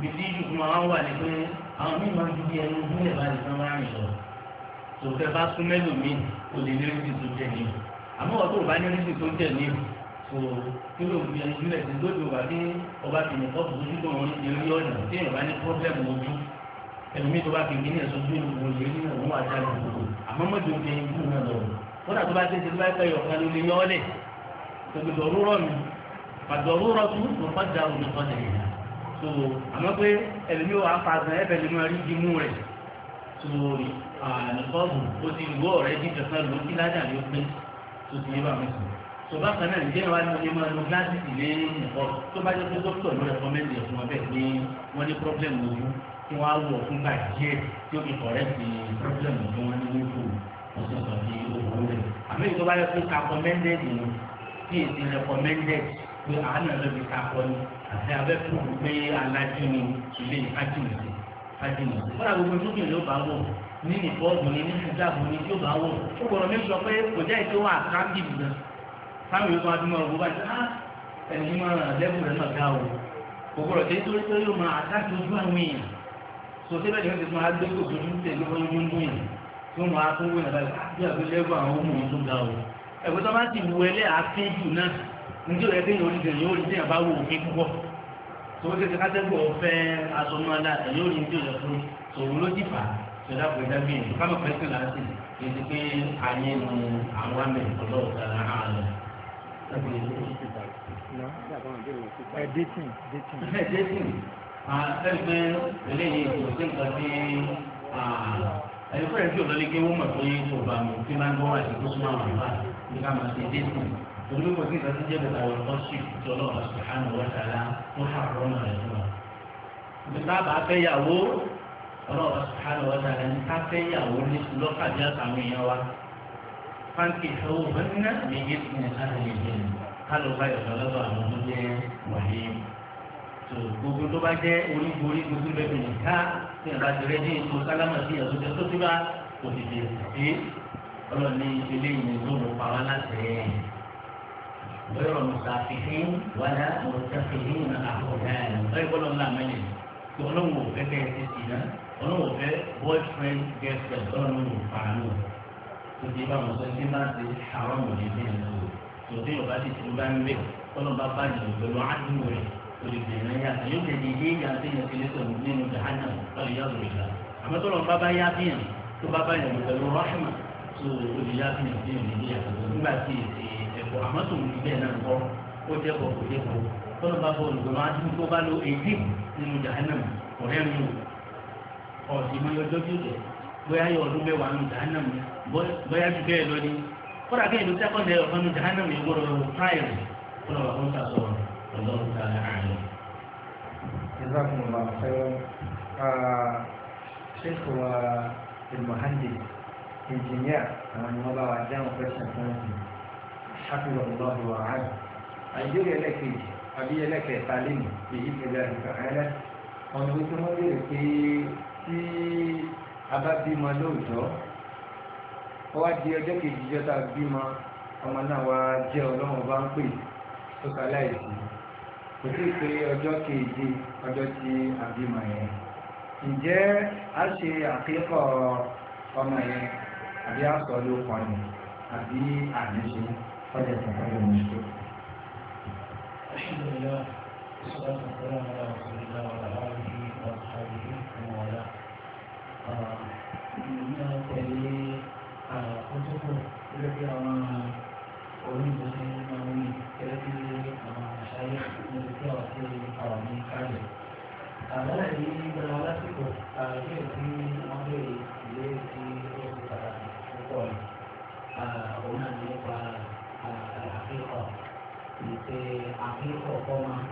bí tí ìlú fún wa wà ní pé àwọn míì máa ń dúdú ẹnu nílẹ̀ báyìí fún wa rìn lọ tó fẹ́ bá sún mẹ́lòmíì ó lè ní rìsì tó jẹ níbi àmọ́ ọ̀tún ò bá ní rìsì tó jẹ níbi so kí ló ń bí sílẹ̀ sí lójú wa bí ọba tìǹbù kọ́ ẹlòmíì tó bá fi kí ní ẹ̀sọ́ tó ìlú wò lé nínú òun àti àlù àmọ́ mọ́jọ ń tẹ̀yìn fún náà lọ kódà tó bá tẹ̀ tẹ̀ bá fẹ́ yọ̀ọ̀kan ló lé yọ ọ́ lẹ̀ tòbí dọ̀rúrọ̀ mi pàdọ̀rúrọ̀ tún mo fà dà òun nìkan tẹ̀lé yà so àmọ́ pé ẹlòmíì wà á fa àgbọn ẹ̀fẹ̀ lè máa rí di mú rẹ̀ so àlùfọ́ọ̀bù ó ti wọ́ ọ̀rẹ́ jí kankan ló kí ládà ló pé tó ti yé bá mi sùn tó bá kan náà ìjẹ́ wa ni mo ní máa lo gíláàsì sí ní ẹ̀kọ́ tó bá jẹ́ tí wọ́n á wọ̀ fún gbà díẹ̀ tí ó fi kọ̀rẹ́ sí pírọ́blẹ̀mù tí wọ́n ní wíwò ọ̀sọ̀tọ̀ sí owó rẹ̀. àmì ìjọba yẹ kó ta recommended ni tí èsì recommended pé àánà ló fi ta kọ́ ni àti abẹ́ fún un pé alájú ni ilé ìfájìmọ̀sí fájìmọ̀sí. kọ́lá gbogbo tó kìlọ̀ bá wọ̀ ní nìbọ́ọ̀bù ni ní ṣùgbọ́n ní tí ó bá wọ̀ ó gbọ́dọ̀ mi sọ pé kò jẹ́ ètò àkáńtì nìkan táwọn ah, yóò máa dúnmọ́ ọ̀gbọ́n báyìí á ẹni máa lẹ́bùn rẹ̀ náà dá o kò tó máa àtàkì ojú àwọn èèyàn so síbẹ̀ ni wọ́n ti máa gbé kòtò ní tẹ̀lé wọ́n yóò mú yìí tí wọ́n máa tún wéyàn báyìí ah, bí àgbẹ̀ lẹ́gbọ̀n àwọn ọmọ yẹn tó ga o ẹ̀wọ́n tó máa ti wù ẹ́ lẹ́ àfíjù ah, náà nítorí ẹgbẹ́ yóò rí tẹ̀lé yóò rí tẹ̀lé bá wò mí púpọ̀ so ó tẹ̀sí kátẹ́gbọ̀ ọ̀fẹ́ aṣọ náà dá ẹ̀ yóò rí ní tẹ̀lé fún sòwò ló dìfà sọdá kò dá bíi nǹkan mọ̀ pẹ́sẹ̀ láti èdè pé ayé nu àwọn àmì ọlọ́ọ̀tà àlọ́ ẹ̀dẹ́tìn ẹ̀dẹ́tìn àtẹ́gbẹ́ ah, eléyìí kò sí nǹkan tí ẹ̀fọ́ ẹ̀fí ọ̀dọ́ ní kí wọ́n mọ̀ pé kò bá mi tí máa ń gbọ́ àti tó súnmọ́ àwọn ìfà ní ká máa ṣe déètì torí kò sí nǹkan tí jẹ́ bẹ̀rẹ̀ àwọn ọ̀ṣì tí ọlọ́run àti àánú wọ́n ṣàlá tó hà rọ́ mọ̀ rẹ̀ fún wa. ibi tá a bá fẹ́ yàwó ọlọ́run àti àánú wọ́n ṣàlá ní ká fẹ́ yàwó ní lọ́kàdé gbogbo tó bá jẹ́ orígun orígun tó lẹ́nu nìka tí a bá ti rẹ́ ní ètò sálámà sí ẹ̀sùn tó tó bá kò tètè sí ọlọ́ni ìṣẹ̀lẹ̀ ìyẹn tó lọ pa wá láti ẹ̀ lọ́rọ̀ mùsàfihìn wàlá mùsàfihìn àkọ́kọ́ ẹ̀ lọ́yẹ̀ bọ́lọ̀ ńlá mẹ́lẹ̀ tí ọlọ́run ò fẹ́ ẹ ti sì ná ọlọ́run ò boyfriend girlfriend ọlọ́run ò fara tó ti bá wọn sọ ní bá ti àwọn ọmọdé bẹ́ẹ̀ lọ tó tí yorùbá ti ti bá ń bẹ̀ ọlọ́run bá bá olùdènà yá èyí tẹ̀ ní ilé ìyá tí yẹn fi lé sọ̀rọ̀ nínú jahannam pẹ̀lú yá lórí ìlà àmọ́ tó lọ bá bá yá bíyàn tó bá bá yàn pẹ̀lú rahma tó olùyá bíyàn bíyàn ní ilé yàtọ̀ nígbà tí ẹ̀kọ́ àmọ́ tó ń bẹ̀ náà kọ́ ó jẹ́ kọ́ kò jẹ́ kọ́ tó lọ bá bọ́ olùgbọ́n máa dún tó bá lo èdè ọ̀rẹ́ mi ọ̀sìn mọ́ yọjọ́ bí ó jẹ́ bóyá yọ ọdún mẹ́wàá nù jahannam bóyá ju bẹ́ẹ̀ lọ ni kódà kí ìlú sẹ́kọ̀ndẹ̀ ọ̀kan nù jahannam yìí gbọ́dọ̀ fáìlì kó lọ́wọ́ àwọn sàṣọ ọ̀rọ̀ Allahu ta'ala a'lam. Jazakumullahu khairan. Sheikh wa al-Muhandis Engineer àwọn ni wọ́n bá wa dáhùn pẹ́sẹ̀ fẹ́ǹsì. Ṣáfihàn Allahu wa a'lam. Àìjẹ́rì ẹlẹ́kejì àbí ẹlẹ́kẹ̀ẹ́ta lẹ́nu èyí pẹ̀lú àdìgbà ẹlẹ́. Ọ̀nà wípé wọ́n lè pé tí a bá bímọ lóòótọ́ ó wá di kò sí pé ọjọ́ kejì ọjọ́ tí a bímọ yẹn ǹjẹ́ a ṣe àkíkọ̀ ọmọ yẹn àbí a sọ ló kọ́ ni àbí àníṣe fọ́jà tó fọ́jà mọ́ṣúkú. الحمد لله ìbéèrè tí wọ́n béèrè ìbéèrè tí ó ti pàtàkì púpọ̀ ni òun náà nípa àkíkọ̀ ìpè àkíkọ̀ kọ́ máa.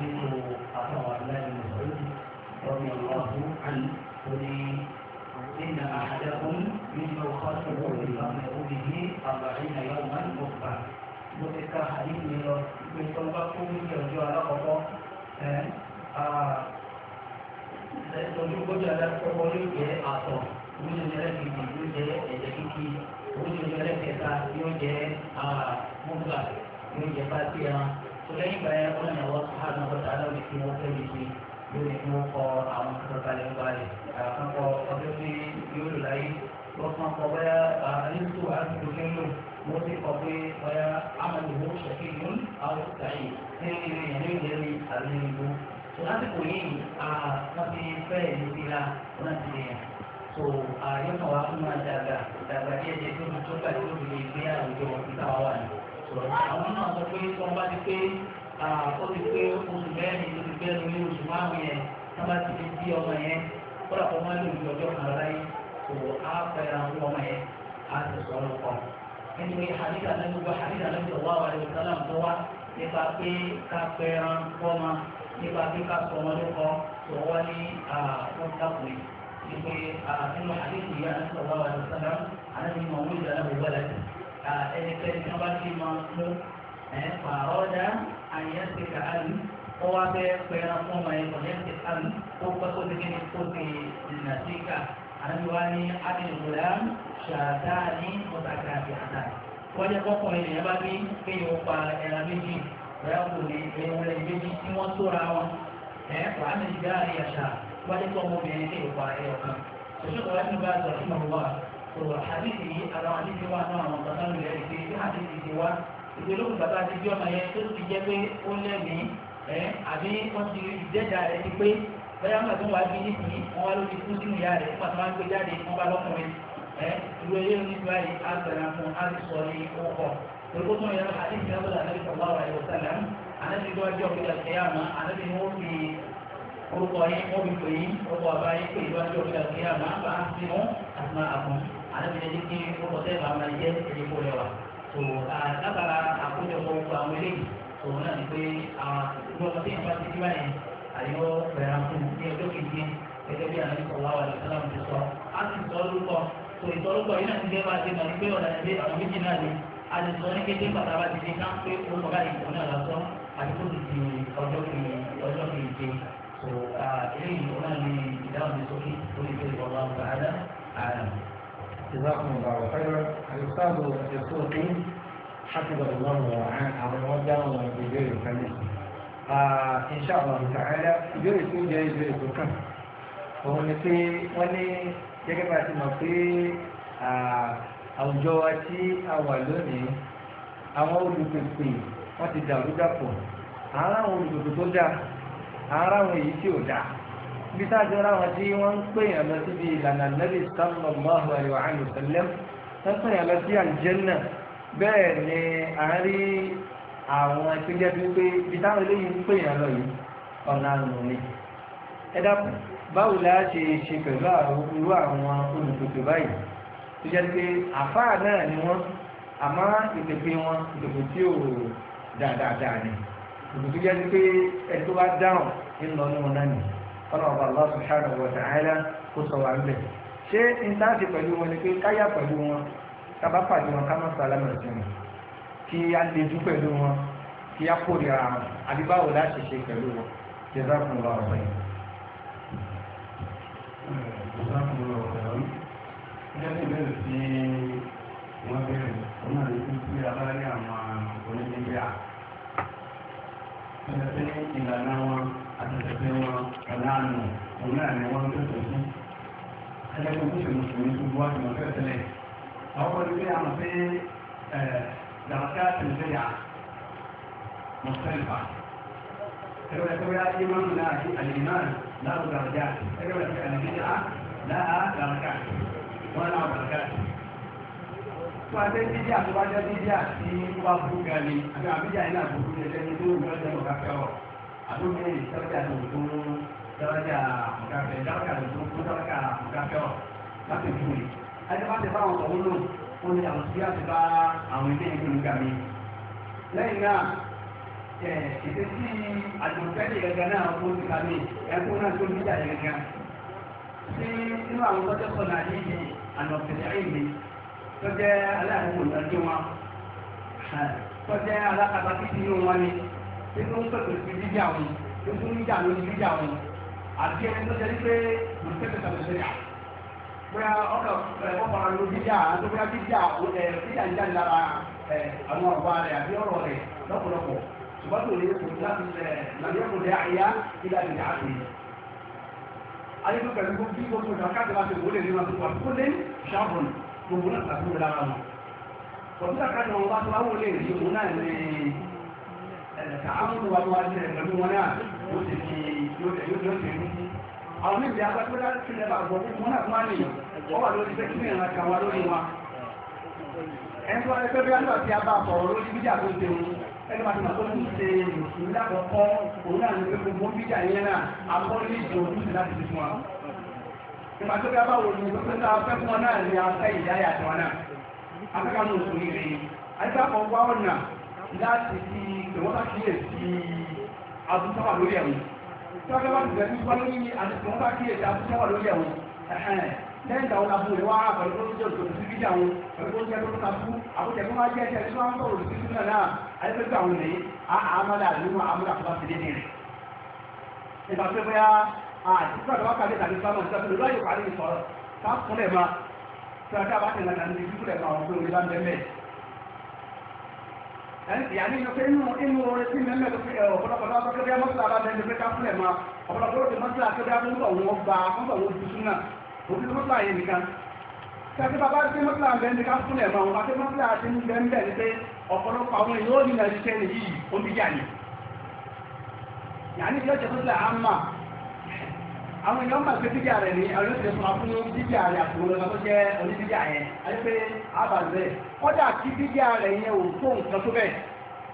nínú àtàwọn aláìní ìwòye ọmọ ọlọ́run àní oní nínú àhàdẹ́kùn nínú kọ́sùrù ìlànà omi ní àbàrin àyàwó máa ń gbọ̀gbà mo ti ka àdéhùn mi lọ pé tó bá kú ní ọjọ́ alákọ̀ọ́kọ́ ẹ̀ẹ́dọ́jú gbọ́dọ̀ alákọ̀ọ́kọ́ ló jẹ́ àtọ̀ oúnjẹ ẹlẹ́kẹ̀ẹ́ta ló jẹ́ ẹ̀jẹ̀ kíkì oúnjẹ ẹlẹ́kẹ̀ẹ́ta ló jẹ́ mọ́gbà ló jẹ́ bá sí ẹran lẹ́yìn ìgbà yẹn wọ́n ní àwọn sàánù ọ̀dà aláwọ̀ tí wọ́n fẹ́ yìí ṣe yóò ní kí wọ́n kọ àwọn kọ̀ọ̀kalẹ̀ ń balẹ̀ àkàkọ́ ọjọ́ tí yóò lò láyé wọ́n kàn kọ́ bẹ́ẹ̀ àyẹ̀sù àdúgbò lò wọ́n ti kọ́ pé bẹ́ẹ̀ amọ̀lùwò ṣẹ̀kẹ́yìn àwọn ìtàyè ní ilé yẹn ní ìlérí àlejò lásìkò yìí wọ́n ti fẹ́ ìlú bí la wọ́n ti lè yàn so yóò kàn wá fún wa dàgbà dàgbà díẹ̀ díẹ̀ tó tó gbà tó fi lè gbé àwọn náà sọ pé tí wọ́n bá ti pé ó ti pé oṣù mẹ́rin tó ti gbẹ́nu ní oṣù márùn-ún yẹn tí wọ́n bá ti fi bí ọmọ yẹn kódà kó má lè ní ọjọ́ kan láyé kò á fẹ́ra fún ọmọ yẹn á sì sọ ọ́ lọ́kọ́ nítorí àdìgà lẹ́nu gbọ́ àdìgà lẹ́nu tó wá wàlẹ̀ ìsálà tó wá nípa pé ká fẹ́ra fún ọmọ nípa pé ká sọ ọmọ lọ́kọ́ tó wá ní wọ́n dákùnrin nítorí nínú àdìgà lẹ́nu tó wá wàlẹ̀ ìsálà àdìgà lẹ́nu Ah, ẹnikẹ́ni tí wọ́n bá ti máa mú ẹ̀fà ọ̀dà àyẹ̀sẹ̀ kàálù ó wá fẹ́ pẹ̀rẹ̀ fún ọmọ ẹ̀kọ́ yẹ̀sẹ̀ kàálù ó pẹ́ kó ti kíni kó ti nà sí ká àdúrà ní abẹ́nugúlá ṣàdá ní ọ̀tàkà àti àdá. wọ́n jẹ́ kọ́kùnrin nìyẹn bá ní kéèyàn ó pa ẹran méjì bẹ́ẹ̀ kò ní ewúrẹ́ méjì tí wọ́n tóra wọn ẹ̀fà àmì ìgbà àríyàṣà wọ́n jẹ́ kọ́ ọmọbìnrin kéèyàn tó àdìsí yìí àwọn àdìsí wa náà àwọn bàbá mi rẹ̀ ṣe bí àdìsí ti wá ìgbélógún bàbá ti bí ọmọ yẹn tó ti jẹ́ pé ó lẹ́mìí ẹ̀ àbí wọ́n ti ìjẹ́jà rẹ̀ ti pé bẹ́ẹ̀ àwọn àti wọn wá bí nísìnyí wọ́n wá lórí fún sínú ìyá rẹ̀ wọ́n àti wọn gbé jáde wọ́n bá lọ́kùnrin ẹ̀ ìlú ẹyẹ onígbà yìí àgbàlá fún àdìsọ ní ń bá a ti mú àtúmọ̀ àkùn àlejò ní kí ọkọ tẹ́lẹ̀ máa máa yẹ ẹni kó rẹwà tó látara àkójọpọ̀ gbogbo àwọn eléyìí tó náà ní pé àwọn ọmọ tí wọn bá ti kíwá yẹn àyọ bẹ̀rẹ̀ fún ní ọjọ́ kejì gẹ́gẹ́ bí àwọn ìkọ̀ wá wà lọ sọ́lá ti sọ á sì sọ lórúkọ tó ìtọ́lùkọ yìí náà ti dé bá a ti mọ̀ ní pé ọ̀dà ti dé àwọn méjì di ọjọ́ kejì ọjọ́ kejì tó eléyìí جزاكم الله خيرا الاستاذ الدكتور حفظه الله ورعاه àwọn ọjà wọn ìbéèrè kan ní insha Allah ta'ala ìbéèrè tó jẹ́ ìbéèrè tó kàn òun ni pé wọ́n ní gẹ́gẹ́ bá ti mọ̀ pé àwùjọ wa tí a wà lónìí àwọn olùpèpè wọ́n ti dàrú dàpọ̀ àwọn olùpèpè tó dáa àwọn èyí tí ò dáa bí sáàjọra wọn tí wọ́n ń pè yàn lọ síbi ìlànà Nabi sallallahu alaihi wa sallam wọ́n pè yàn lọ sí àlùjẹ́nà bẹ́ẹ̀ ni à ń rí àwọn tó jẹ́ bí pé bí táwọn eléyìí ń pè yàn lọ yìí ọ̀nà àrùn ni ẹ dákun báwo la ṣe ṣe pẹ̀lú irú àwọn olùpèpè báyìí tó jẹ́ pé àfáà náà ni wọ́n àmọ́ ìpèpè wọn ìdòkò tí ò dáadáa ni ìdòkò tó jẹ́ pé ẹni tó bá dáhùn ń lọ ní wọn náà nìyí ọlọ́ọ̀bà Allah subhanahu wa ta'ala kó sọ wà ń bẹ̀ ṣé n tá ṣe pẹ̀lú wọn ni pé káyà pẹ̀lú wọn ká bá pàdé wọn ká má sàlámà sí wọn kí a lè dú pẹ̀lú wọn kí a kórìíra wọn àbí báwo láti ṣe pẹ̀lú wọn jazakumullahu khairan. jazakumullahu khairan gẹ́gẹ́ bí bẹ́ẹ̀ sí wọ́n bẹ̀rẹ̀ wọ́n náà lè fi sí abáyé àwọn onídìbíà. ẹ̀sẹ̀ ìlànà wọn ẹ̀sìn wọn ọ̀la àná ọ̀la àná wọn tẹ̀sọ̀ fún ẹlẹ́gbẹ́ tó ṣe mùsùlùmí tó wá ìmọ̀ tẹ́lẹ̀ tẹ́lẹ̀ àwọn ọmọdé bí àwọn pé dàkà tẹ̀lẹ̀ yà mọ̀tẹ́lẹ̀fà ẹgbẹ́ tó yá yé máa ń la àti àlìmáà láàbù dàrúdà ẹgbẹ́ tó yà nàìjíríà láà dàrúdà wọn náà dàrúdà pàṣẹ bíjà tó bá jẹ́ bíjà tí wọ́n bá bú gan ni àbí àbíjà yìí náà bú gan ni ẹgbẹ́ tó yẹ àdúgbò yìí sábàkà tó tó sábàkà mọ̀káfẹ́ sábàkà tó tó tó sábàkà mọ̀káfẹ́ ọ̀ láti fún mi. adébáṣe bá àwọn ọ̀hún lò wọ́n ní àwọn síyá ti bá àwọn ilé ìlú ga mi. lẹ́yìn náà ètò tí àjòkẹ́lẹ̀ gẹ́gẹ́ náà ó ti ka mi ẹkún náà tó níjà gẹ́gẹ́. sí inú àwọn tọ́jú sọ̀nà yìí àná ọ̀sẹ̀ tó jẹ́ aláàbò ìdájọ́ wọn tó jẹ́ alákatá títí nínú sọ̀tò ìpín jíjà wọn nínú jíjà lórí jíjà wọn àti ẹni tó jẹ́rí pé kò tẹ́lẹ̀ tàbí sẹ́yà bóyá ọ̀dọ̀ ọ̀pọ̀ àwọn ló jíjà àti bóyá jíjà jíjà ń jáde lára àwọn ọ̀gbà rẹ̀ àbí ọ̀rọ̀ rẹ̀ lọ́pọ̀lọpọ̀ ṣùgbọ́n tó lè kò láti lẹ̀ làbẹ́ kò lẹ́ àyà jíjà jíjà àti alẹ́kùn pẹ̀lú kí gbogbo ìjọ káàkiri láti wọlé nínú àti wọ́n kó lé ṣàbùn gbogbo náà tàbí wọlé ara àwọn tó wà ní wájú rẹ̀ pẹ̀lú wọn náà yóò ti fi yóò ti rí àwọn méjì apátódá tí lẹ́bà gbọ́ fún wọn náà fún wa nìyàn wọ́n wà lórí pé kí ní ìran kan wá lórí wa ẹni tó wá lẹ́pẹ́ bí wọ́n ti bá sọ̀rọ̀ lórí bíjà tó ṣe òun ẹni máa ti máa tó ń ṣe ìrùsùn lákọ̀ọ́kọ́ òun náà ní pé gbogbo bíjà yẹn náà abọ́lé ìjòkúsì láti fi fún wa ìgbà tó bí a bá wò ní ìgbésẹ̀ tó afẹ́ fún wọn náà ní afẹ́ ìdáyà tiwọn náà afẹ́ ká mú òṣù láti fi ìwọ́n bá kíyè sí abúsáwà lórí ẹ̀wọ̀n tí wọ́n bá bẹ̀rẹ̀ nípa lórí àdìsíwọ́n bá kíyè sí abúsáwà lórí ẹ̀wọ̀n lẹ́yìn ìgbà wọn abúlé wá pẹ̀lú tó ń jẹ́ òṣèlú sí bíjà wọn pẹ̀lú tó ń jẹ́ tó ń tabú àbújẹ tó máa jẹ́ ẹ̀jẹ̀ tí wọ́n ń sọ̀rọ̀ sí sílẹ̀ náà ayébẹ́gbẹ́ àwọn ènìyàn àmàlà àdúgbò àmúlà tó bá ti dédé rẹ̀. ìgbà pé bóyá àtìgbà tó bá kàdé tàbí sámọ̀ nígbà pẹ̀lú láyò parí ìsọ̀rọ̀ sáfúnlẹ̀ máa tí a dábàá tẹ̀lé yàní inú pé inú inú orin sí mi mẹ́lẹ̀ fi ọ̀pọ̀lọpọ̀ lọ́wọ́ kékeré mọ́tò àbá bẹ́ẹ̀ lópe káfílẹ̀ mọ́ ọ̀pọ̀lọpọ̀ lópe mọ́tò àkékeré mọ́tò àwọn ọba mọ́tò àwọn ojú súnà òbí mọ́tò àyè nìkan tẹ́tí tí mọ́tò àwọn èèyàn máa pé bíjà rẹ̀ ní àwọn olóṣèlú fún wa fún bíjà rẹ̀ àtòwò lọ́nà tó jẹ́ oníbíjà yẹn alẹ́pẹ́ àbàzẹ́ kọ́dà kí bíjà rẹ̀ yẹn ò tó nǹkan tó bẹ̀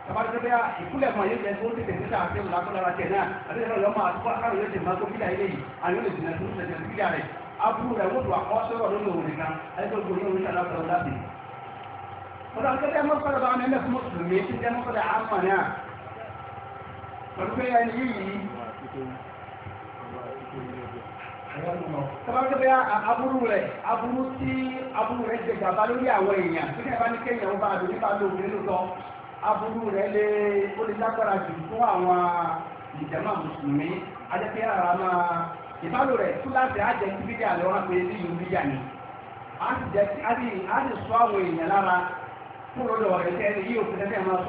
tabatẹ́bẹ́ ah, ìkúlẹ̀ kan yóò jẹ́ tó tètè níta àti ìlànà lára tẹ̀ náà àti ìlànà lọ́mọ àtúkọ́ akáwé yóò tẹ̀ máa tó bíjà ilé yìí àwọn olè jìnà tó tẹ̀sẹ̀ bíjà rẹ̀ aburú rẹ̀ wọ́n tó àkọ́ sọ́rọ̀ lónìí òun nìkan ẹgbẹ́ ògbó yóò níta láti ọ̀dà bì. ọ̀dà akẹ́kẹ́ mọ́kànlá bá mẹ́mẹ́ fún mùsùlùmí tí jẹ́ mọ́kànlá àmà náà pẹ̀lú pé ẹni yìí àwọn olùmọ̀ aburú rẹ̀ aburú tí aburú rẹ̀ jẹ gàba lórí àwọn èèyàn tó kẹ́ ní kéèyàn ó bá nípa lò ní aburú rẹ̀ lé ó lè lágbára jù fún àwọn ìjẹ́mà mùsùlùmí adẹ́pẹ́ ara máa ìbálò rẹ̀ ni a sì jẹ́ kí a sì sọ àwọn èèyàn lára fún lọ́dọ̀ rẹ̀ yíò máa máa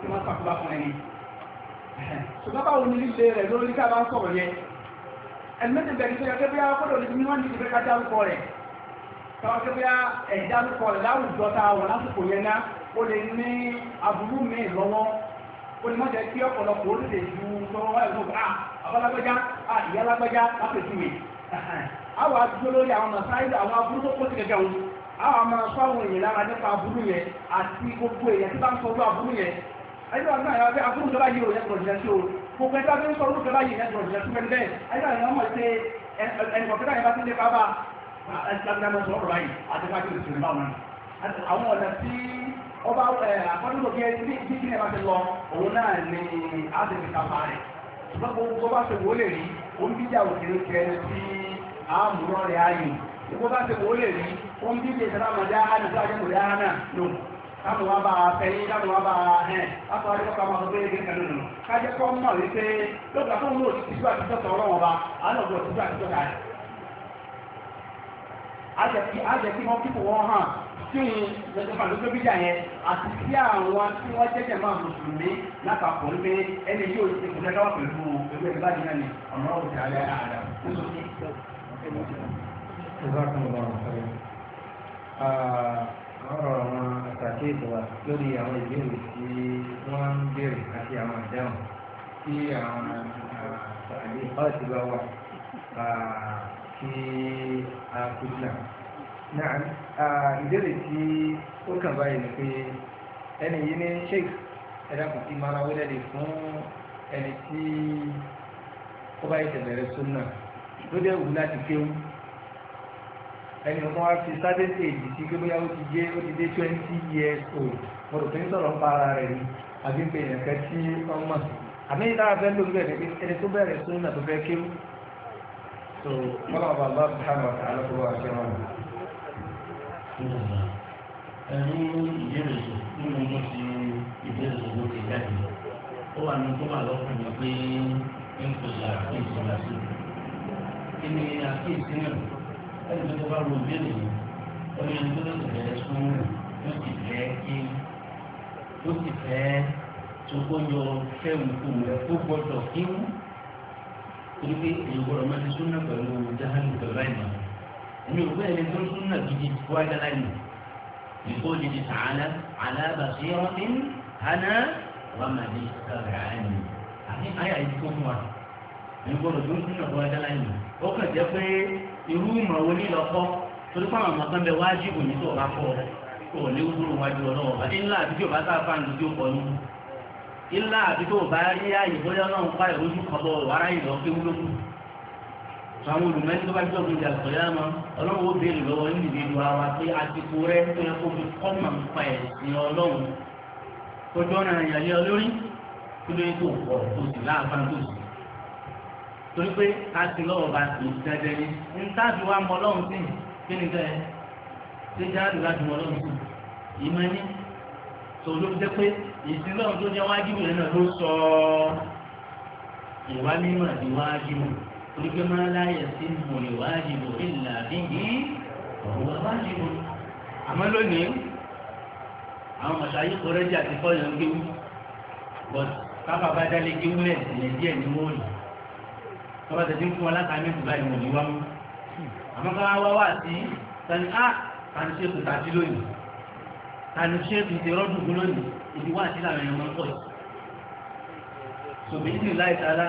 tí máa fún ẹni ṣùgbọ́n báwo ni rẹ̀ lórí ká bá ẹ̀mẹ́tẹ̀ bẹ̀rẹ̀ tó yẹ kí bíyà kọ́dọ̀ lè ní wọ́n ní ìgbẹ́ ká dárúkọ rẹ̀ káwọn kí bíyà ẹ̀ dárúkọ rẹ̀ láwùjọ ta wọ̀ lásìkò yẹn ná ó lè ní aburú mi lọ́wọ́ ó lè má jẹ́ kí ọ̀pọ̀lọpọ̀ ó lè ju sọ́wọ́ wáyé tó ah, bá abalagbẹ́já ah, ìyálagbẹ́já lápẹ̀tìwé àwọn àdúgbò lórí àwọn masáyé àwọn aburú tó kó sí kẹ̀kẹ́ wọn àwọn àmọ́ fáwọn èèyàn lára nípa aburú yẹn àti gbogbo èèyàn tí bá ń sọ ọdún aburú yẹn ẹni wọn náà yà wá pé aburú tó bá yí òun yẹn kọ̀ọ̀dù gbogbo ẹgbẹ́ tó ń sọ lóògbé báyìí ẹgbẹ́ òjò ẹ̀sùn mẹ́rin bẹ́ẹ̀ ayé àwọn ọmọ ṣe ẹnìkọ̀ọ́kẹ́ta yẹn bá ti lé bábà ẹ̀sìlámẹ́rin sọ̀rọ̀ báyìí àti wájú ìṣòro báwọn àwọn ọ̀nà tí ọba àkọ́dúnkọ̀kẹ́ ní ìdíkìnnì bá ti lọ òun náà ni a ti fi kàfà rẹ̀ ṣùgbọ́n gbogbo bá ṣe wọlé rí òun bí ìyàwó kiri kẹrin sí àmúrọ̀ rẹ̀ ayò gbogbo bá ṣe láti wá bá fẹ́yìn láti wá bá ẹ̀ láti wá dẹ́kọ̀ọ́ máa gbé ẹgbẹ́ kan nínú kájẹ́ kọ́ mọ̀ wípé lóògbà tó ń lò sí sígbà tó tọ̀tọ̀ ọlọ́wọ́ bá alọ́gbọ̀ sígbà tó tọ̀tọ̀ rẹ̀. ajẹ́ kí wọ́n kíkò wọ́n hàn tí òun lọ́jọ́fà ló tóbi jà yẹn àti sí àwọn tí wọ́n jẹ́jẹ̀ máa mùsùlùmí lápapọ̀ wípé ẹni yóò ti kò lẹ́dọ́ pẹ̀lú ẹgbẹ́ ọ̀rọ̀ àwọn àtàkì ìtọ́wà lórí àwọn ìbéèrè tí wọ́n ń béèrè àti àwọn àdáhùn tí àwọn àtàkì ọ̀sì bá wà kí a kú náà. Náà ìbéèrè tí ó kàn báyìí ni pé ẹni yìí ní sheikh ẹ̀dá kò sí máa wọlé lè fún ẹni tí ó bá yẹ rẹ̀ sónà ló dé wù láti kéwù ẹni ọmọ wa fi certain age sí pé bóyá ó ti dé ó ti dé twenty years old mo rò pé ń sọ̀rọ̀ ń pa rẹ̀ ni àbí pé èèyàn kan tí wọ́n mọ̀ àmì ìdára fẹ́ ló ń bẹ̀rẹ̀ pé ẹni tó bẹ̀rẹ̀ sún náà tó fẹ́ kéwù so wọ́n lọ́wọ́ bàbá sùhánù àti alákòwò àti ọmọ rẹ̀. ẹni ìbéèrè nínú mo ti ìbéèrè owó ti jáde ó wà ní tó wà lọ́kùnrin pé ń kò ṣàkíyèsí ẹni tó bá ro ìbéèrè yìí omi ẹni tó lọ́sọ̀ bẹ̀rẹ̀ sún yóò ti fẹ́ kí yóò ti fẹ́ sokoyọ fẹ́hùn kù rẹ̀ kó gbọ́dọ̀ kí wọ́n torí pé èyí gbọ́dọ̀ máa ti súnà pẹ̀lú jahannu pẹ̀lú àìmọ̀ ẹni òkú ẹni tó súnà gidi wájà láìmọ̀ ìkó gidi tààlà alábàṣẹ ọ̀hún hànà wàmàdì kàrà àìmọ̀ àti àyà ìdíkó fún wa ẹni gbọ́dọ̀ tó súnà wájà láìmọ̀ ó kàn jẹ́ pé irú ìmọ̀ wo ní lọ́kọ́ torí pé àwọn ọmọkan bẹ wájú ní tó bá kọ́ ọ lé wúrú wájú ọlọ́wọ́ bá ńlá àbí tí o bá sáfà ń lójú ọkọ ní ńlá àbí tó o bá rí ààyè bóyá ọlọ́run pa ìrójú kan bọ̀ ìlọ pé wúlókù tó àwọn olùmẹ́ni tó bá jọ gbé ìjà sọ̀yà mọ́ ọlọ́run ó béèrè lọ́wọ́ níbi ìlú wa pé àsìkò rẹ tó yẹ kó fi kọ́ ń pa ẹ̀sìn ọlọ́run tó jọ́ ìyàlẹ́ olórí tó lóyún tó pọ̀ tó sì láàbá tó sì torí pé a ti lọ́wọ́ bá ti dẹ́dẹ́ ní ntáàbí wa mọ lọ́hùn sí kí ni bẹ́ẹ̀ ṣé jáde láti mọ lọ́hùn sí ìmọ̀ ní tó ló jẹ́ pé ìsìn lọ́hùn tó jẹ́ wájibù rẹ̀ náà ló sọ ìwà mímọ̀ ìwájibù torí pé máa láyẹ̀ sí mọ̀ ìwájibù ìlà bíyì ìwà wájibù. àmọ́ lónìí àwọn mọ̀ṣáyí kọrẹ́jì àti fọ́ọ̀yàn gbéwú bọ́t káfà bá dálé gbéwú lẹ̀ tọ́ba tẹ̀sí ń fún wọn látàmì ìgbà ìwọ̀n ní wọ́n mú àmọ́ ká wá wá sí tani á ah, tani ṣe kò tàbí lónìí tani ṣe kò ti rọ́dùn lónìí ìdí wá sí làwọn ẹ̀wọ̀n pọ̀ sòbí ní láì tààlà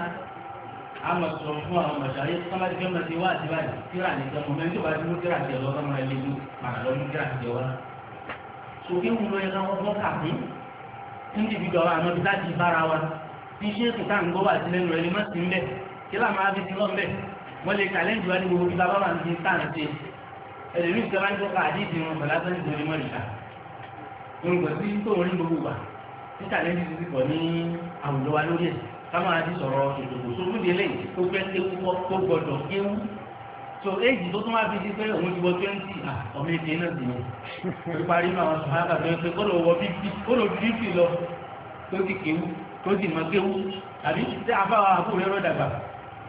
àmọ̀ sọ̀rọ̀ fún àwọn mọ̀ṣáyé tọ́ba ti fẹ́ mọ̀ sí wá sí báyìí kíra ní ìjọba mẹ́rin tó bá ti mú kíra ti ọ̀rọ̀ ọmọ ẹ̀ lẹ́nu màá lọ mú kíra ti ọ̀rọ̀ sòbí ń lo ẹran ọgbọ́n kàfí ní ìdíjọba àmọ́ bí láti bára wa bí ṣé kò kí láà máa fi ti lọ mbẹ wọn lè kàlẹ́ǹdì wa ní gbogbo bí bàbá máa fi tàn ṣe ẹlẹ́rìí ìjọba ń Di àdídì wọn bàlá tó ń dorí mọ́ nìkan wọn gbọ́ sí tó wọn ní gbogbo wa ní kàlẹ́ǹdì ti pọ̀ ní àwùjọ wa lórí ẹ̀ ká máa ti sọ̀rọ̀ ìdòkò sórí délé tó fẹ́ kéwú tó gbọdọ̀ kéwú so éèjì tó tún wá fi ṣe pé òun ti wọ twenty ọmọ èdè náà sì ni ó parí náà wọn sọ fún àgbàdo pé kó ló wọ bíbí kó ló bíbí lọ tó ti kéwú tó ti mọ kéwú àbí tí a àbúrò rẹ dàgbà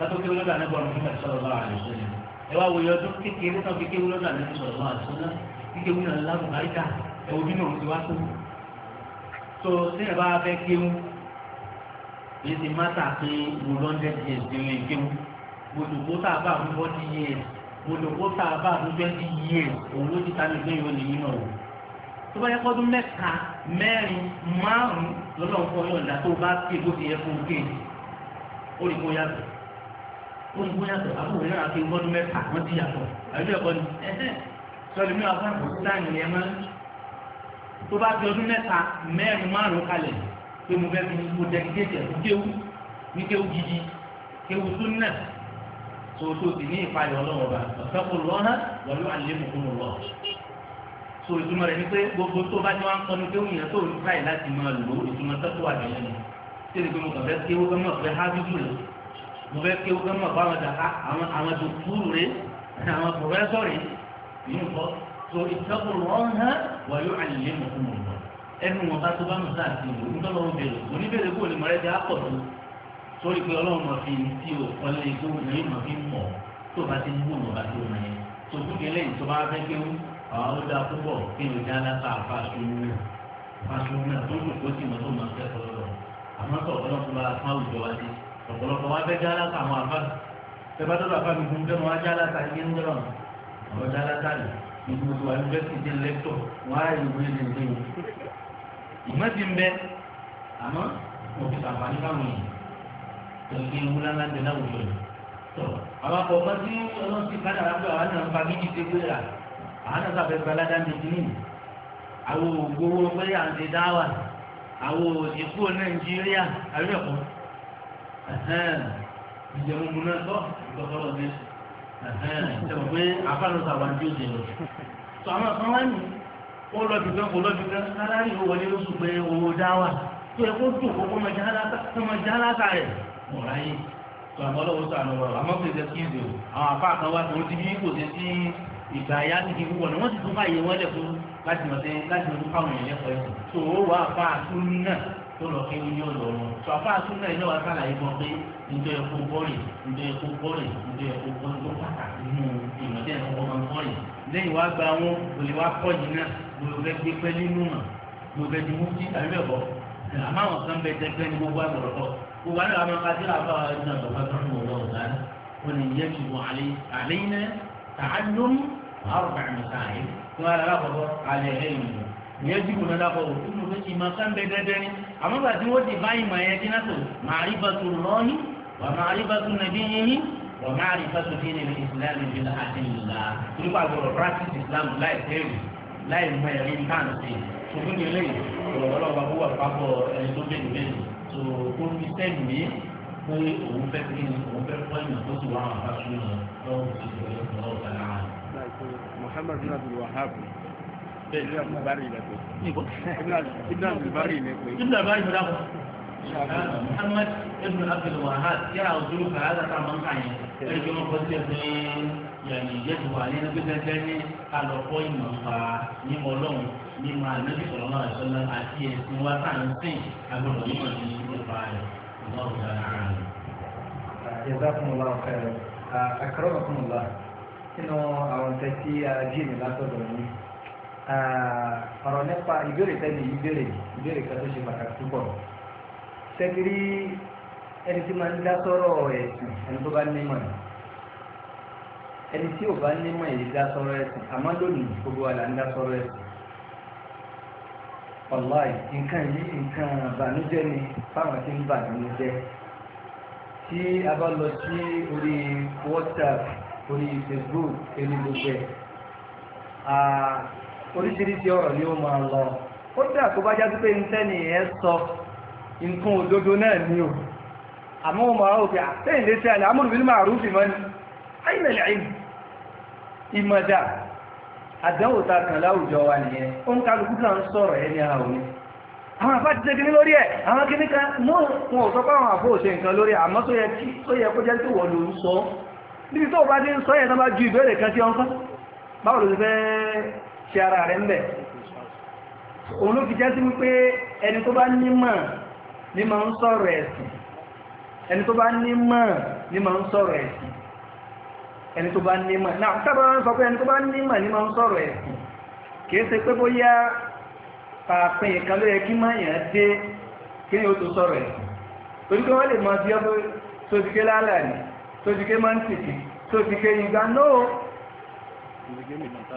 kátó kéwú lọ́dọ̀ àná bọ̀rọ̀ nígbà sọ̀rọ̀ lọ́wọ́ àlẹ́ sọ́nà ẹ wá wòye ọdún kékeré náà fi kéwú lọ́dọ̀ àná sọ̀rọ̀ lọ́wọ́ àlẹ́ sọ́nà kékeré náà lágùn báyìíká ẹ wo bí náà ti wá tó. tó sẹ́yìn bá fẹ́ kéwú yìí ti má tà pé mo lọ́ndẹ̀ díẹ̀ sílé kéwú gbòdògbò tá a bá mú bọ́dí yẹ gbòdògbò tá a bá mú bẹ́ẹ̀dì yẹ òun ló ti ta gbé yóò nìyí náà tó bá yẹ kọ́dún mẹ́ta mẹ́rin márùn-ún lọ́lọ́run kọ́ yọ̀ǹda tó bá ké bó ti yẹ fún kéèké ó rí kó yàtọ̀ wọ́n ti bóyàtọ̀ àbúrò yára fi gbọ́dún mẹ́ta wọ́n ti yàtọ̀ àbí ẹ̀kọ́ ni sọlẹ̀ mi àwọn àpò sáàni ẹ̀ máa tó bá fi ọdún mẹ́ta mẹ́rin márùn-ún kalẹ̀ pé mo fẹ́ fi mo dẹ́gídéjì ẹ̀kú kéwú ní kéwú gidi kéwú súnà tó tó ti ní ìpayọ̀ ọlọ́wọ́ bá ọ̀fẹ́ kò lọ́ hàn wọ́lú àlémùkún lọ́ so ìtumọ̀ rẹ̀ ni pé gbogbo tó bá ti wá ń kọ́nu kéwú yẹn tó ń báyìí láti máa lò ìtumọ̀ tẹ́kọ̀ọ́ àdéhùn ṣé ni pé mo kàn fẹ́ kéwú fẹ́ mọ̀ fẹ́ hábíbù lọ mo fẹ́ kí o fẹ́ mọ̀ báwọn dàka àwọn àwọn tó kúrú àwọn pòfẹ́sọ̀ yìí kọ́ so ìtọ́kùn wọn hàn wà yóò àyè mọ̀ fún mi ẹnu wọn bá tó bá mọ̀ sáà sí ìlú nítorí wọn bèrè oníbèrè kò lè mọ̀rẹ́ bí a pọ̀ tó sórí pé ọlọ́run mọ̀ fi tí o ọlẹ́ ikú yìí mọ̀ fi mọ̀ tó bá ti ń bù mọ̀ bá tó mọ̀ yẹn tó kú kí lẹ́yìn tó bá fẹ́ kí ó àwọn ó dá púpọ̀ kí ló dá lápá fásúnú fásúnú tó kù kó sì tó mọ̀ kẹ́kọ̀ọ́ lọ ọ̀pọ̀lọpọ̀ wa fẹ́ jálásà àwọn àfà tẹ́fà tó àfà mi fún jọ́nà wa jálásà yé ń jọ́nà àwọn jálásà rẹ̀ nígbà tó wà ní bẹ́sì dé lẹ́tọ̀ wọ́n á yẹ wọ́n lè dé wọn. ìmọ̀ ti ń bẹ àmọ́ mo fi sàǹfààní báwọn yìí tó ń gbé wúlá ńlá ń bẹ láwùjọ yìí. tó àwọn akọ̀ ọmọ tí ọlọ́run ti kádà lápẹ́ àwọn náà ń fa méjì dé pé rà àwọn náà sàfẹ́ gbalada ń dèjì àwọn ògbówó pé àwọn òṣèkú ìjẹun mu náà tọ́ ìgbọ́kọ́lọ́ mi ṣẹ̀wọ̀n pé àfáàlọ́sà wà ní òjò lọ. sọ àwọn àfáà wá ní ó lọ́bi kan kò lọ́bi kan sáláàrì ó wọlé lóṣù pé owó dáwà tó yẹ kó dùn kó kó máa já látà rẹ̀ mọ̀ ráyè tó àmọ́ lọ́wọ́ sọ àná wọ̀rọ̀ àmọ́ pèsè kí n dè o àwọn àfáà kan wá tó ń dibí kò sí sí ìgbà ya ti fi wọ̀ ni wọ́n ti tún báyìí wọ́n lẹ̀ fún láti mọ̀ sí láti mọ̀ sí fáwọn èèyàn lẹ́kọ̀ọ́ ẹ̀sìn tó wọ́n wà àfáà tún náà tó lọ kí wọ́n yóò lọ wọn. sọ̀fà àtúntà ilé wa sàlàyé kan pé njẹ́ epo bọ́ọ̀lì njẹ́ epo bọ́ọ̀lì njẹ́ epo bọ́ọ̀lì tó pàtàkì nínú ìmọ̀tẹ́ ẹ̀kọ́ máa ń bọ́ọ̀lì. lẹ́yìn wá gba wọn olè wá pọ̀ yìí náà gbogbo bẹ́ẹ̀ gbé pẹ́ nínú mọ̀ gbogbo bẹ́ẹ̀ di mufti tàbí bẹ́ẹ̀ bọ́. àmọ́ àwọn kan bẹ́ẹ̀ tẹ́gbẹ́ ni gbogbo àgbọ̀rọ̀ bọ̀. gbogbo àná àwọn akásílà bá wa ní àgbà bá tọ́jú wọn lọ́wọ́ dáná. wọn ni yẹ kí wọn àlẹ́ àlẹ́ yìí náà tàá yẹjú kò lọ́dà fọwọ́ nínú pé ìmọ̀ sáńbẹ dẹ́dẹ́ ni àmọ́ gbà tí wọ́n ti bá ìmọ̀ yẹn kí náà tó màá rí bàtú lọ́ọ́ni wà máa rí bàtú nàbí yìnyín wà máa rí bàtú bí ní islam ní ìlà àdìyìnlá nípa àgbọ̀rọ̀ practice islam láì tẹ́rù láì mọ ẹ̀rí káàntì ṣùgbọ́n ní eléyìí ọlọ́wà wà pápọ̀ ẹni tó bẹ̀rù bẹ̀rù tó kó fi sẹ́yìn mi pé òun fẹ́ kí ni òun fẹ́ fọ́ ìmọ̀ tó sì wà àwọn àbáṣe náà lọ́wọ́ ibn al-bari ne pe ibn al-bari ne pe ibn al-bari ne pe محمد ابن عبد الوهاب يرى الظروف هذا طبعا معي يرجو مقدسين يعني يجب علينا ni mo ni mo ànábì sọ̀rọ̀ náà ìṣọ́lá àti ẹ̀sìn wa tá à ń sìn agbọ́dọ̀ yìí wọ̀nyí nípa rẹ̀ lọ́wọ́ dára rẹ̀. Jazakumullahu khairan. Ah, ọ̀rọ̀ nípa ìbéèrè tẹ́lẹ̀ ìbéèrè ìbéèrè kan tó ṣe pàtàkì púpọ̀ sẹ́kìrì ẹni tí máa ń dá sọ́rọ̀ ẹ̀sìn ẹni tó bá nímọ̀ ẹ̀ ẹni tí ò bá nímọ̀ èyí dá sọ́rọ̀ ẹ̀sìn àmọ́ lónìí gbogbo àlà ń dá sọ́rọ̀ ẹ̀sìn ọ̀láì nǹkan yìí nǹkan bànújẹ́ ni fáwọn tí ń bànújẹ́ tí a bá lọ sí orí WhatsApp orí Facebook orí gbogbo ẹ̀ oríṣiríṣi ọ̀rọ̀ ni ó máa lọ ó dà tó bá jáde pé ntẹ́ni ẹ̀ sọ nǹkan òdodo náà ni o àmọ́ wọn máa òkè àtẹ́yìn lé sí àlẹ́ amúlù bí máa rúfì mọ́ ni ayílẹ̀ lẹ́yìn ìmọ̀dà àdánwò ta kàn láwùjọ wa nìyẹn ó ń kálukú náà ń sọ̀rọ̀ ẹni àwọn ni àwọn àfá ti tẹ́gini lórí ẹ̀ àwọn kìíní kan mọ́ wọn ò sọ pé àwọn àfó òṣè nǹkan lórí àmọ́ tó yẹ kí tó yẹ kó jẹ́ tó wọ́n ló sọ níbi tó bá dé ń sọ yẹn tó bá ju ìbéèrè kan sí ọkọ́ báwo ló ti fẹ́ ṣe ara rẹ̀ ń bẹ̀ òun ló fi jẹ́ sí wípé ẹni tó bá nímọ̀ ní máa ń sọ̀rọ̀ ẹ̀sìn ẹni tó bá nímọ̀ ní máa ń sọ̀rọ̀ ẹ̀sìn ẹni tó bá nímọ̀ náà tábà ń sọ pé ẹni tó bá nímọ̀ ní máa ń sọ̀rọ̀ ẹ̀sìn kìí ṣe pé bóyá pàápín ìkan ló yẹ kí máa dé kí ni ó tó sọ̀rọ̀ ẹ̀sìn torí pé wọ́n lè máa bí ọdún tó ti ké lálàní tó ti ké máa ń tìtì tó ti ké ìgbà náà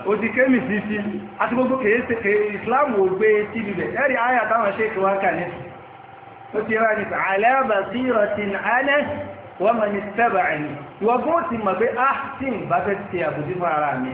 òdìkémì sí sí àti gbogbo kèése ìsìláàmù ò gbé tí bíbẹ̀ ẹ̀rí ayà táwọn ṣe kí wọ́n kàlẹ̀ ó ti rá nípa àlẹ́bà sí ìrọ̀tìn alẹ́ wọ́n mọ̀ ní sẹ́bà ẹ̀yìn ìwọ̀gbọ́n ti mọ̀ pé ah tí ń bá fẹ́ ti àbòjú fún ara mi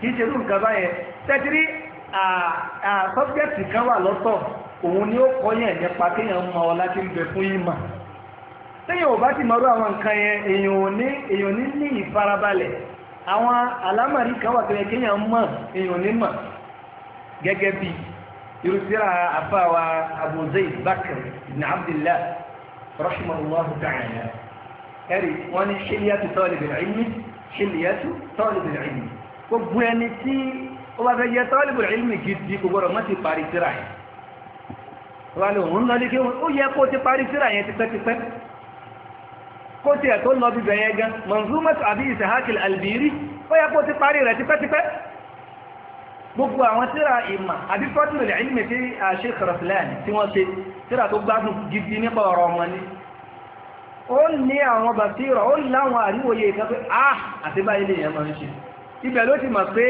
kìí ṣe lóun kaba yẹn tẹ́tírí sọ́bjẹ́tì kan wà lọ́tọ̀ òun ni ó kọ́ yẹn nípa kéèyàn mọ ọ láti ń bẹ fún yín mà téèyàn ò bá ti mọ̀rọ̀ àwọn nǹkan yẹn èèyàn ò ní èèyàn ní ní ìfarabalẹ̀ àwọn alámọ̀rí kan wà tẹ̀lé kéèyàn mọ̀ èèyàn ní mọ̀ gẹ́gẹ́ bí irusira afáwa Abu Zayd Bakr ibn Abdullah rahimahullahu ẹ̀rí wọ́n ní ṣílíyàtú tọ́lẹ̀ bẹ̀rẹ̀ ẹ̀mí ṣílíyàtú tọ́lẹ̀ bẹ̀rẹ̀ ẹ̀mí gbogbo ẹni tí ó bá fẹ́ yẹ tọ́lìbù ìlmì gidi kò gbọ́dọ̀ mọ́ ti parí síra yẹn wà ló ń lọ lékè ó yẹ kó ti parí síra yẹn tipẹ́tipẹ́ kó tiẹ̀ tó lọ bíbẹ̀ yẹn gan mọ̀nzúmọ́tò àbí ìsèhákìl albìrí ó yẹ kó ti parí rẹ̀ tipẹ́tipẹ́ gbogbo àwọn tíra ìmà àbí fọ́tìmù ìlmì tí àṣẹ kọ̀rọ̀fìlẹ́ẹ̀ni tí wọ́n ṣe tíra tó gbádùn gidi nípa ọ̀rọ̀ ọmọ ni ó ní àwọn bàtírọ̀ ó láwọn àríwòye ìkàfẹ́ ibẹ̀ ló ti mọ̀ pé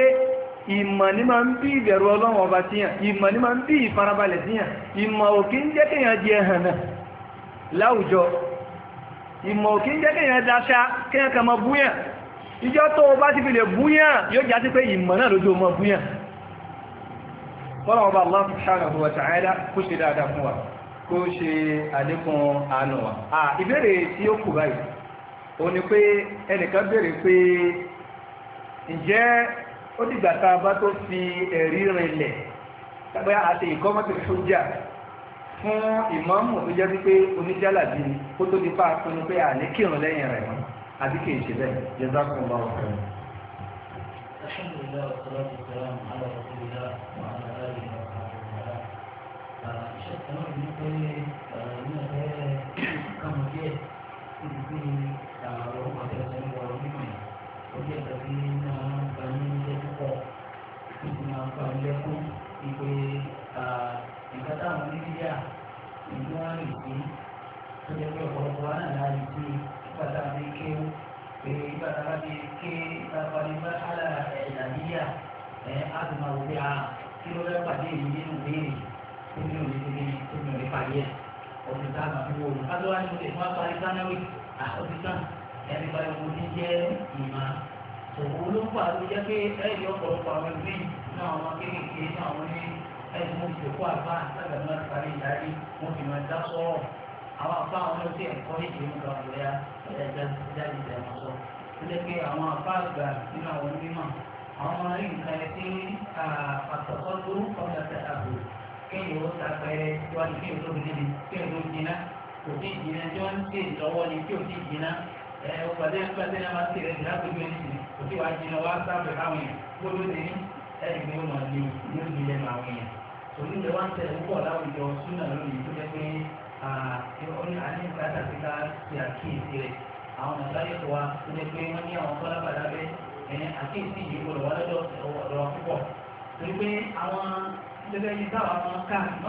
ìmọ̀ ní máa ń bí ìbẹ̀rù ọlọ́run ọba tíyàn ìmọ̀ ní máa ń bí ìfarabalẹ̀ tíyàn ìmọ̀ òkè ń jẹ́ kéèyàn di ẹ̀hàn náà láwùjọ ìmọ̀ òkè ń jẹ́ kéèyàn dáṣá kéèyàn kan mọ búyàn ìjọ tó o bá ti fi lè búyàn yóò já sí pé ìmọ̀ náà lójú ọmọ búyàn ọlọ́run ọba Allah subhanahu wa ǹjẹ́ ó dìgbà tá a bá tó fi ẹ̀rí rinlẹ̀ tàbí àti ìkọ́mọ́tò sójà fún ìmáàmù tó jẹ́ wípé oníjàlàbí kó tó di fáa pinnu pé àní kírun lẹ́yìn rẹ̀ mọ́ àbí kì í ṣe bẹ́ẹ̀ jẹ́sà fún ọba ọ̀fẹ́. alhamdulilayi wa náà ẹni bá yọ ní jẹ́ ìmá òun ló fà ló jẹ́ pé ẹ̀rí ọ̀pọ̀lọpọ̀ àwọn ẹgbẹ́ náà wọn kéékèèké náà wọn ní ẹni mo ti kó àbá sábà máa ti parí ìdarí mo fi máa dá sọ́rọ̀ àwọn àbá àwọn ọtí ẹ̀kọ́ ìdè ń ga ọ̀rẹ́ jáde ìdàmọ̀ sọ ó jẹ́ pé àwọn àbá àgbà nínú àwọn mímọ̀ àwọn ọmọ rí nǹkan ẹ tí àtọ̀kọ́ lórúkọ ọ̀dà tẹ̀ àbò kéèyàn ó ta wájú kéèyàn tó fi débi kéèyàn tó kò sí ìjìnà tí wọ́n ń ṣe ìtọ́wọ́ ni tí ò sí ìjìnà ẹ ọ̀pọ̀dé pàṣẹ náà máa ń ṣe ìrẹsì láti gbé nìyí kò sí wàá jìnà wá sáfẹ̀ káwọn yẹn gbọ́dọ̀ ní ẹ̀rì pé ó o ní yóò di lẹ́nu àwọn yẹn òní ìjọ wá ń tẹ̀lé púpọ̀ láwùjọ súnà lónìí tó jẹ́ pé oní àníkàtà ti ká ti àkíyèsí rẹ̀ àwọn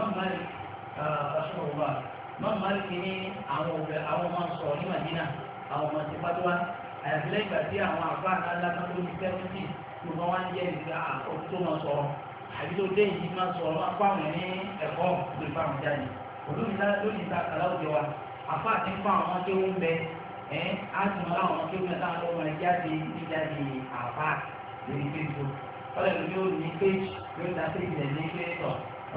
nàìjíríà tó wá máa máa ti ní àwọn òbẹ àwọn ọmọ sọ ní Madina àwọn ọmọ ti fatuwa àyàfilẹ̀ ìgbà tí àwọn àfa àkàlà kan tó ní sẹ́fúntì gbogbo wọn jẹ́ ìgbà àkókò tó máa sọ̀rọ̀ àbí tó dé yìí máa sọ̀rọ̀ máa fáwọn ní ẹ̀kọ́ tó ìfà wọn jáde olóyìnbá lónìí ta kàlá òjò wa àfa àti ń fáwọn ọmọ tó ń bẹ ẹ á sì mọ láwọn ọmọ tó ń bẹ táwọn ọmọ rẹ jáde níjáde àfa lórí facebook ọlọ́run yóò ní page yóò dá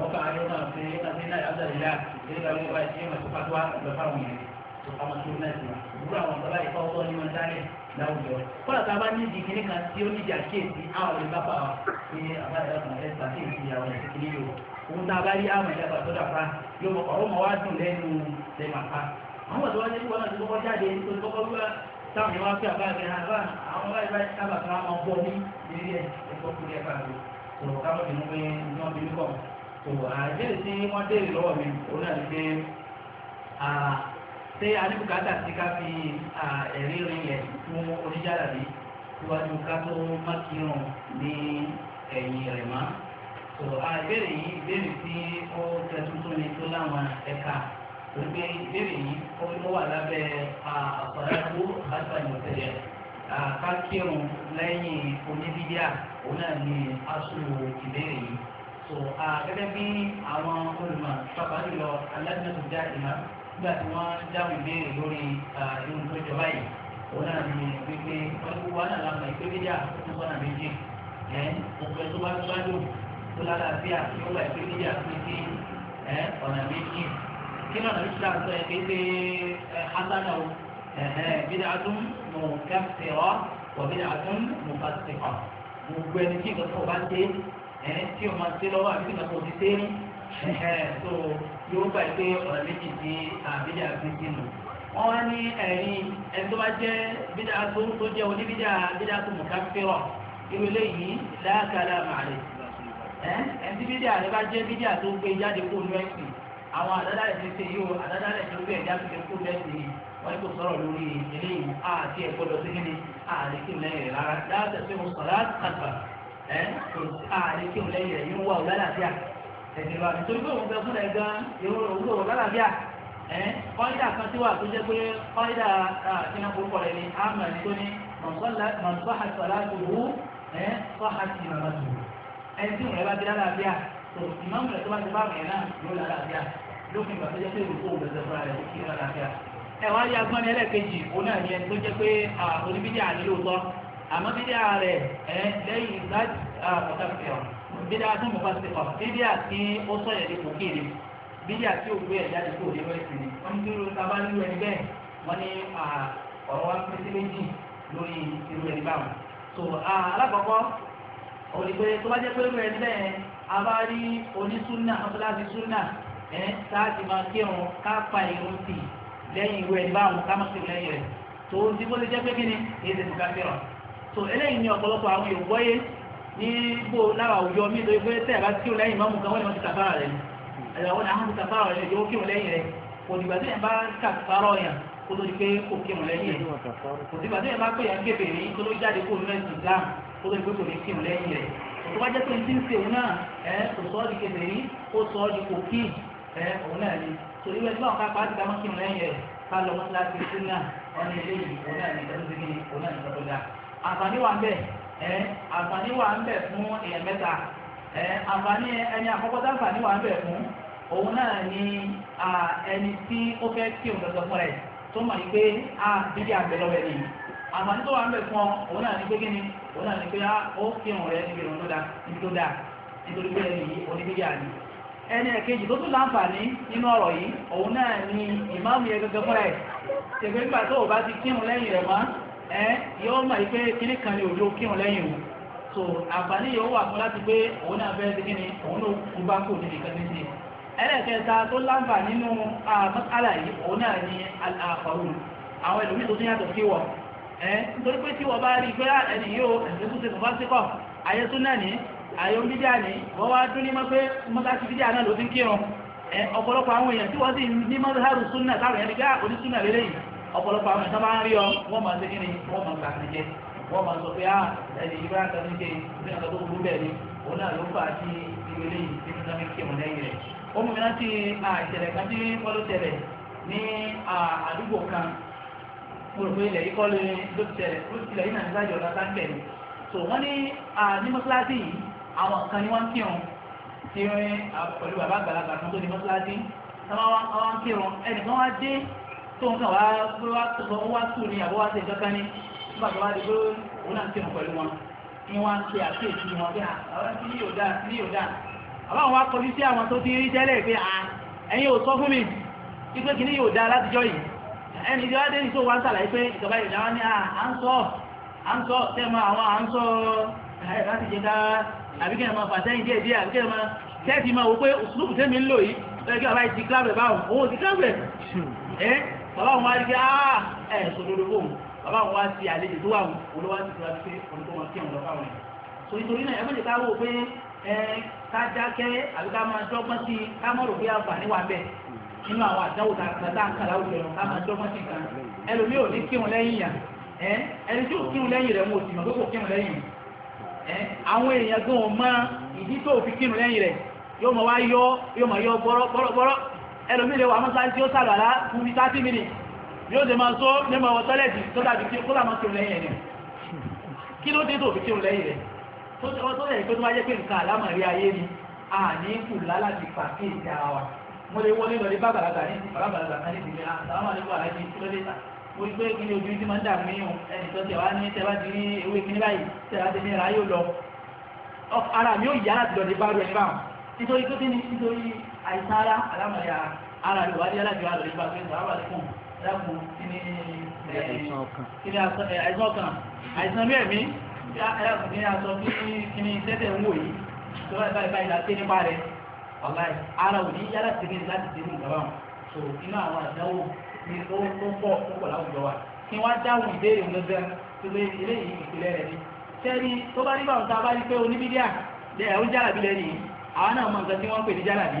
وقع يوم القيامة إن العبد لله إلا هو يتيم سقطوا بفهمه ọmọ tó ń lẹ́sìn ìwúrọ̀ àwọn bàbá ìfọ́ ọ̀tọ̀ ní wọn dálẹ̀ láwùjọ. kọ́lá tá a bá ní ìdí kìíní kan tí ó ní ìdí àkíyèsí àwọn olè a bá rí àwọn ìyá kan sọ́dọ̀ àpá yóò mọ ọ̀rọ̀ mọ́ wá dùn lẹ́nu lẹ́nu àpá. àwọn bàbá wa ní wọn náà ti kọ́kọ́ jáde tó ti kọ́kọ́ wá táwọn ìwà fi àbá rẹ̀ àbá àwọn bá ìbá sábà kan máa bọ́ ní ilé ẹ̀ ẹ̀kọ́ kúrẹ́ bá rẹ̀ sọ̀rọ̀ káwọn bínú pé tó àjẹ́rì tí wọ́n dèrè lọ́wọ́ mi òun náà ni pé ṣé alíbùkátà tí ká fi ẹ̀rí rinlẹ̀ fún oníjàdà bí síwájú ká tó má kírun ní ẹ̀yìn rẹ̀ mọ́ tó àjẹ́rì yìí ìbéèrè tí ó tẹ tuntun ni tó láwọn ẹ̀ka gbogbo ìbéèrè yìí ó ló wà lábẹ́ àpàrẹ́kù àtàlùfẹ̀yẹ ká kírun lẹ́yìn oníbíyà òun náà ni aṣọ ìbéèrè yìí tó a uh, gẹ́gẹ́ bí àwọn olùmọ̀ pàpà jùlọ alájọ́tò já ìmá nígbà tí wọ́n dáhùn ìbéèrè lórí ìhun tó jọba yìí òun náà ní wípé wọ́n náà lámà ìpé méjì àkókò sọ́nà méjì ẹ̀ òpè tó bá gbádùn tó lálàáfíà tó wà ìpé méjì àkókò ọ̀nà méjì kí náà lóṣù tó àtọ́ ẹ̀ pé pé hasana o bídà tún mọ̀ tún mọ̀ fásitì kan gbogbo ẹni tí ìgbà tó ẹ̀ẹ́n tí o máa ṣe lọ́wọ́ àbí ìgbà tó ti ṣe ń ẹ̀ẹ́ tó yóò gbà pé ọ̀rọ̀ méjì ti àbíjà fi sí nù. wọ́n wá ní ẹ̀rín ẹni tó bá jẹ́ bídà tó tó jẹ́ oníbídà bídà tó mùká fẹ́rọ̀ irú eléyìí láàkàlà màálè. ẹ̀ẹ́n tí bídà rẹ bá jẹ́ bídà tó gbé jáde kó nú ẹ̀sìn àwọn àdádálẹ̀ ti ṣe yóò àdádálẹ̀ tó gbé ẹ̀dá tó fi kó nú ẹ̀sìn ẹ kò ààrẹ kí o lẹ́yìn rẹ̀ yóò wà òun lálàáfíà ẹ̀sìn ìwà nítorí pé òun fẹ́ fún ẹ gan yóò wúlò kan tí wà tó jẹ́ pé kọ́ńdà kíná kókó rẹ̀ ni ahmed tó ní mọ̀nsọ́hàtìwàlá tó wú ẹ sọ́hàtìwàlá tó wú ẹ tí òun rẹ̀ bá ti lálàáfíà tó ìmáàmù rẹ̀ tó bá ti bá rẹ̀ náà yóò lálàáfíà lókè ìgbà tó jẹ́ pé òun kó òun lọ́sẹ̀ fúnra rẹ̀ kí lálàáfíà ẹ wá rí agbọ́n ẹlẹ́ẹ̀kejì òun náà yẹ tó jẹ́ pé oníbídìí àdílóòtọ́ àmọ́ bídíà rẹ̀ ẹ̀ lẹ́yìn láti ọ̀tàfẹ́ọ̀ bídíà tó mọ̀ bá ti kọ̀ bídíà tí ó sọ̀yẹ̀ ní kòkèrè bídíà tí ò gbé ẹ̀jáde tó lé wẹ́ẹ̀sì ni wọ́n ní dúró ta bá ẹni bẹ́ẹ̀ wọ́n ní ọ̀rọ̀ wa pín sí méjì lórí irú ẹni báwọn. so alákọ̀ọ́kọ́ òdìgbé tó bá jẹ́ pé irú ẹni bẹ́ẹ̀ a bá rí onísúnà ọ̀tọ́láti súnà ẹ̀ sáàtì máa kírun ká pa irun sí lẹ́yìn irú ẹni báwọn ká má sí lẹ́yìn rẹ̀ tó ti bó ti jẹ́ pé kí ni èdè bùkátẹ́rọ̀ so eléyìí ni ọ̀pọ̀lọpọ̀ àwọn èèyàn gbọ́yé ní gbò lára àwùjọ mi lórí pé tẹ́ ẹ̀bá kí o lẹ́yìn máa mú kan wọ́n ni wọ́n ti kàfàrà rẹ̀ ẹ̀rọ wọn àwọn ti kàfàrà rẹ̀ yóò kí o lẹ́yìn rẹ̀ kò dìgbà tí ẹ̀ bá kàfàrà ọ̀yàn kó tó di pé kò kí o lẹ́yìn rẹ̀ kò dìgbà tí ẹ̀ bá pè yàn kébè rí tó ló jáde kó lọ ẹ̀sìn Islam kó tó di pé kò ní kí o lẹ́yìn rẹ̀ kò àǹfààní wa ń bẹ̀ ẹ́ àǹfààní wa ń bẹ̀ fún èèyàn mẹ́ta ẹ́ àǹfààní ẹni àkọ́kọ́ tá àǹfààní wà ń bẹ̀ fún òun náà ni ẹni tí ó fẹ́ kí òun lọ́sọ fún rẹ̀ tó mọ̀ a bíbí àgbẹ̀ lọ́wọ́ ẹni àǹfààní tó wà ń bẹ̀ fún ọ òun náà ni pé kíni òun náà ni pé ó kí òun rẹ̀ níbi ìrùn tó dáa nítorí pé ẹni yìí oníbíbí àní ẹni ẹ̀kejì tó tún láǹfààní nínú ọ̀rọ̀ yìí òun náà ni ìmáàmù yẹn gẹ́gẹ́ o ẹ́ yóò mọ̀ ìpé kíní kan ní òjò kírun lẹ́yìn òun so àǹfààní yóò wà fún láti pé òun náà fẹ́ẹ́ kíní òun ló kú bá kò níbi kan níbi ẹlẹ́ẹ̀kẹta tó láǹfà nínú àmọ́sálà yìí òun náà ní àfọ̀rù àwọn ẹlòmíì tó tún yàtọ̀ sí wọ̀ ẹ́ nítorí pé tí wọ́n bá rí pé ẹni yóò ẹ̀sìn tó ṣe kò bá sí kọ̀ ayé tún náà ní ayé ń bídíà ní wọ́n wá dún ní mọ́ pé mọ́sáàsì bídíà náà ló ti ń kírun ọ̀pọ̀lọpọ̀ àwọn èèyàn tí wọ́n sì ní mọ́sáàrù súnà táwọn èèyàn rí gá onísúnà lélẹ́yìn ọ̀pọ̀lọpọ̀ àwọn ìta bá ń rí ọ wọ́n máa ṣe kíni wọ́n máa gbà sí jẹ wọ́n máa sọ pé á ah, ẹni ìgbà àtàwọn ìṣe ní ọ̀sán tó burú bẹ́ẹ̀ ni òun náà ló fà á sí ìwélé yìí tí wọ́n fi kírun lẹ́yìn rẹ̀ ó mú mi láti àìṣẹ̀lẹ̀ kan tí wọ́n ló ṣẹlẹ̀ ní àdúgbò kan mo rò pé ilẹ̀ yìí kọ́ ló ti ṣẹlẹ̀ ilẹ̀ yìí náà ní sáàjì ọ̀dà sáńpẹ̀ ni so wọ́n ní ní mọ́ṣáláṣí ni tó ń kàn pé wá tó lọ wá tù ní àbọ̀wá sí ìjọba ní nígbà wá di pé òun náà ń tẹnu pẹ̀lú wọn ni wọ́n á ṣe àkíyèsí wọn àwọn tí yóò tí yóò wá kọjú sí àwọn tó ti rí tẹ́lẹ̀ pé à ẹ̀yin ò sọ fún mi yóò látijọ́ yìí ẹni wá dé ní tó wá ń sàlàyé pé ìjọba ní à ń sọ ń sọ bàbá wọn wá rí á ẹ̀ sọ̀rọ̀ lówó bàbá wọn wá sí àlejò tó wà wọn olówó ti tura pé olùkọ́ wọn kí wọn lọ fáwọn ẹ̀ so nítorí náà ẹgbẹ́ ìta wò pé ẹ ká dákẹ́ àbí ká máa dọ́gbọ́n sí i ká mọ̀ rò pé àǹfààní wà bẹ́ẹ̀ nínú àwọn àdáwò tá a kà láwùjọ ká máa dọ́gbọ́n sí i èèyàn gan ò mọ ìdí tó fi kí lẹ́yìn rẹ̀ yóò mọ wá yọ yóò mọ yọ bọ́rọ̀ ẹlòmílẹ̀ wà mọ́sá tí ó sàlọ̀ lá fún bí 30 minutes yóò dẹ̀ máa só lẹ́mọ̀ ọwọ́ tọ́lẹ̀tì tó dàbí tí ó lámọ́ tí ó lẹ́yìn rẹ̀ kí ló dé tó fi tí ó lẹ́yìn rẹ̀ tó tọ́lẹ̀ ìpé tó máa jẹ́ pé nǹkan àlámà rí ayé ni a ní kù láláti pàkí ìdí ara wa mo lè wọlé lọ ní bàbàlàgbà ní bàbàlàgbà kan ní ìdílé àtàwọn ah, àlejò àlájì kílódéta mo rí pé kíni ojú tí máa ń dààmú yín ẹnì tó tẹ̀wá ní tẹ̀wá ti ní ewé kíní báyìí tẹ̀wá ti ní ara yóò lọ ara mi ò yá láti lọ ní bá rú ẹni báwọn nítorí tó kí ni nítorí àìsára alámọ̀yà ara ìwádìí alájọ àlọ́ ìgbà pé ìgbà wà lẹ́kùn dákun kí ni àìsàn ọkàn àìsàn bí ẹ̀mí ẹ̀yàkùn kí ni aṣọ kí ni tẹ́tẹ̀ ń wò yìí tó wà báyìí báyìí láti nípa rẹ̀ ọ̀gá ara òní yálà ti ní láti ti ní ìjọba wọn so inú àwọn àdáwò ni ó tó pọ̀ tó pọ̀ láwùjọ wa kí wọ́n dáhùn ìbéèrè wọn lọ́gbẹ́ tó lé ilé yìí ìpìlẹ̀ rẹ̀ ni sẹ́ni tó bá nígbà wọn tá a bá rí pé oníbídíà lẹ́yìn àwọn jálàbí lẹ́yìn àwọn náà mọ nǹkan tí wọ́n ń pè ní jálàbí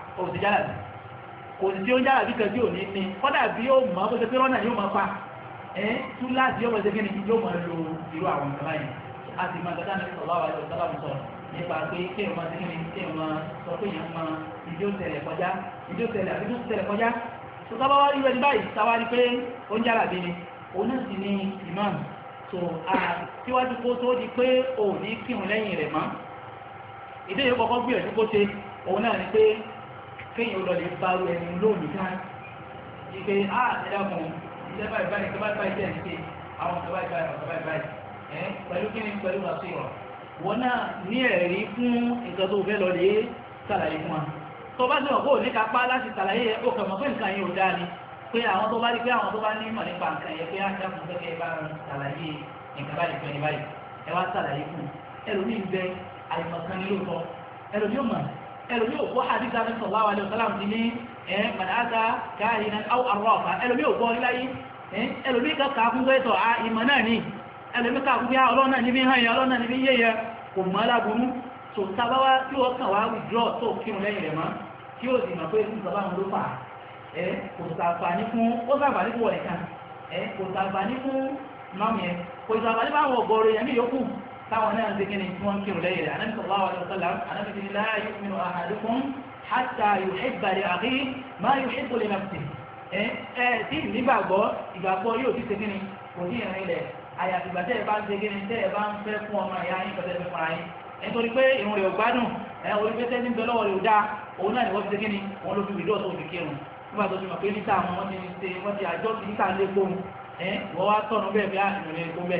òsì jálàbí kò sí tí ó ń jálàbí kan tí ò ní ní kọ́dà bí ó mọ̀ bó ṣe pé rọ́nà yóò máa pa ẹ́ tú láti yóò máa kí yóò máa lo irú àwọn nǹkan báyìí a sì máa gbàdá nípa ọ̀la àwọn ọ̀la mi sọ̀rọ̀ nípa pé kí èèyàn máa ṣe kí ni kí èèyàn máa sọ pé èèyàn máa ìdí ó tẹ̀lẹ̀ kọjá ìdí ó tẹ̀lẹ̀ àbí tó tẹ̀lẹ̀ kọjá tó sábà wá irú ẹni báyìí sábà rí pé ó ń jálàbí ni òun náà sì ni imam so síwájú kó tó di pé òun ní kírun lẹ́yìn rẹ̀ mọ́ ìdí èèyàn kọ́kọ́ gbìyànjú kó ṣe òun náà ni pé kéèyàn lọ lè parú ẹni lónìí ká ìpè á ah, ẹ̀dàkùn ìjọba ìbáyìí ìjọba ìbáyìí tẹ̀ ń pè àwọn ìjọba ìbáyìí àwọn ìjọba ìbáyìí ẹ̀ pẹ̀lú kí ni pẹ̀lú wàásù ìrọ̀ wọn náà ní ẹ̀rí fún nǹkan tó fẹ́ lọ lè ṣàlàyé fún wa tó bá sọ̀rọ̀ kó o ní ká pa láti ṣàlàyé ẹ̀ kó kàn mọ́ pé nǹkan yẹn ò dáa ni pé àwọn tó bá rí pé àwọn tó bá ní mọ̀ nípa nǹkan yẹn pé á ah, dákun pé kẹ́ ẹ bá ṣàlàyé nǹkan báyìí pẹ̀lú báyìí ẹ wá ṣàlàyé fún un ẹlòmíì ń bẹ àìmọ̀kan ní lóòótọ́ ẹlòmíì ò mọ̀ ẹlòmí ò gbọ́ hadith àti sallallahu alaihi wasallam ti ní ẹ̀ màdáta káàrin àwọn arọ́ọ̀fà ẹlòmí ò gbọ́ láyé ẹlòmí kàkà fún gbẹ́sọ̀ à ìmọ̀ náà ni ẹlòmí kàkà fún bí ọlọ́nà níbi hàn yẹn ọlọ́nà ní ìjọba àwọn ló fà táwọn náà ṣe kíni tí wọ́n الله lẹ́yìn rẹ̀ anábì لا يؤمن أحدكم حتى يحب لأخيه ما يحب لنفسه hatta yuhibba li akhihi ma yuhibbu li nafsihi ẹ ẹ tí nígbàgbọ́ ìgbàgbọ́ yóò ti ṣe kíni kò ní ìrìn ilẹ̀ àyàfi ìgbà tẹ́ ẹ bá ń ṣe kíni tẹ́ ẹ bá ń fẹ́ fún ọmọ ìyá yín pẹ̀lẹ́ fún ara yín nítorí pé ìrùn rẹ̀ ò gbádùn ẹ orí pé tẹ́ni bẹ lọ́wọ́ rẹ̀ ò dáa òun náà ni wọ́n ti ṣe kíni ló fi wìdó ọ̀tọ̀ òfin kírun nígbà tó ti mọ̀ pé níta àwọn wọ́n ti ṣe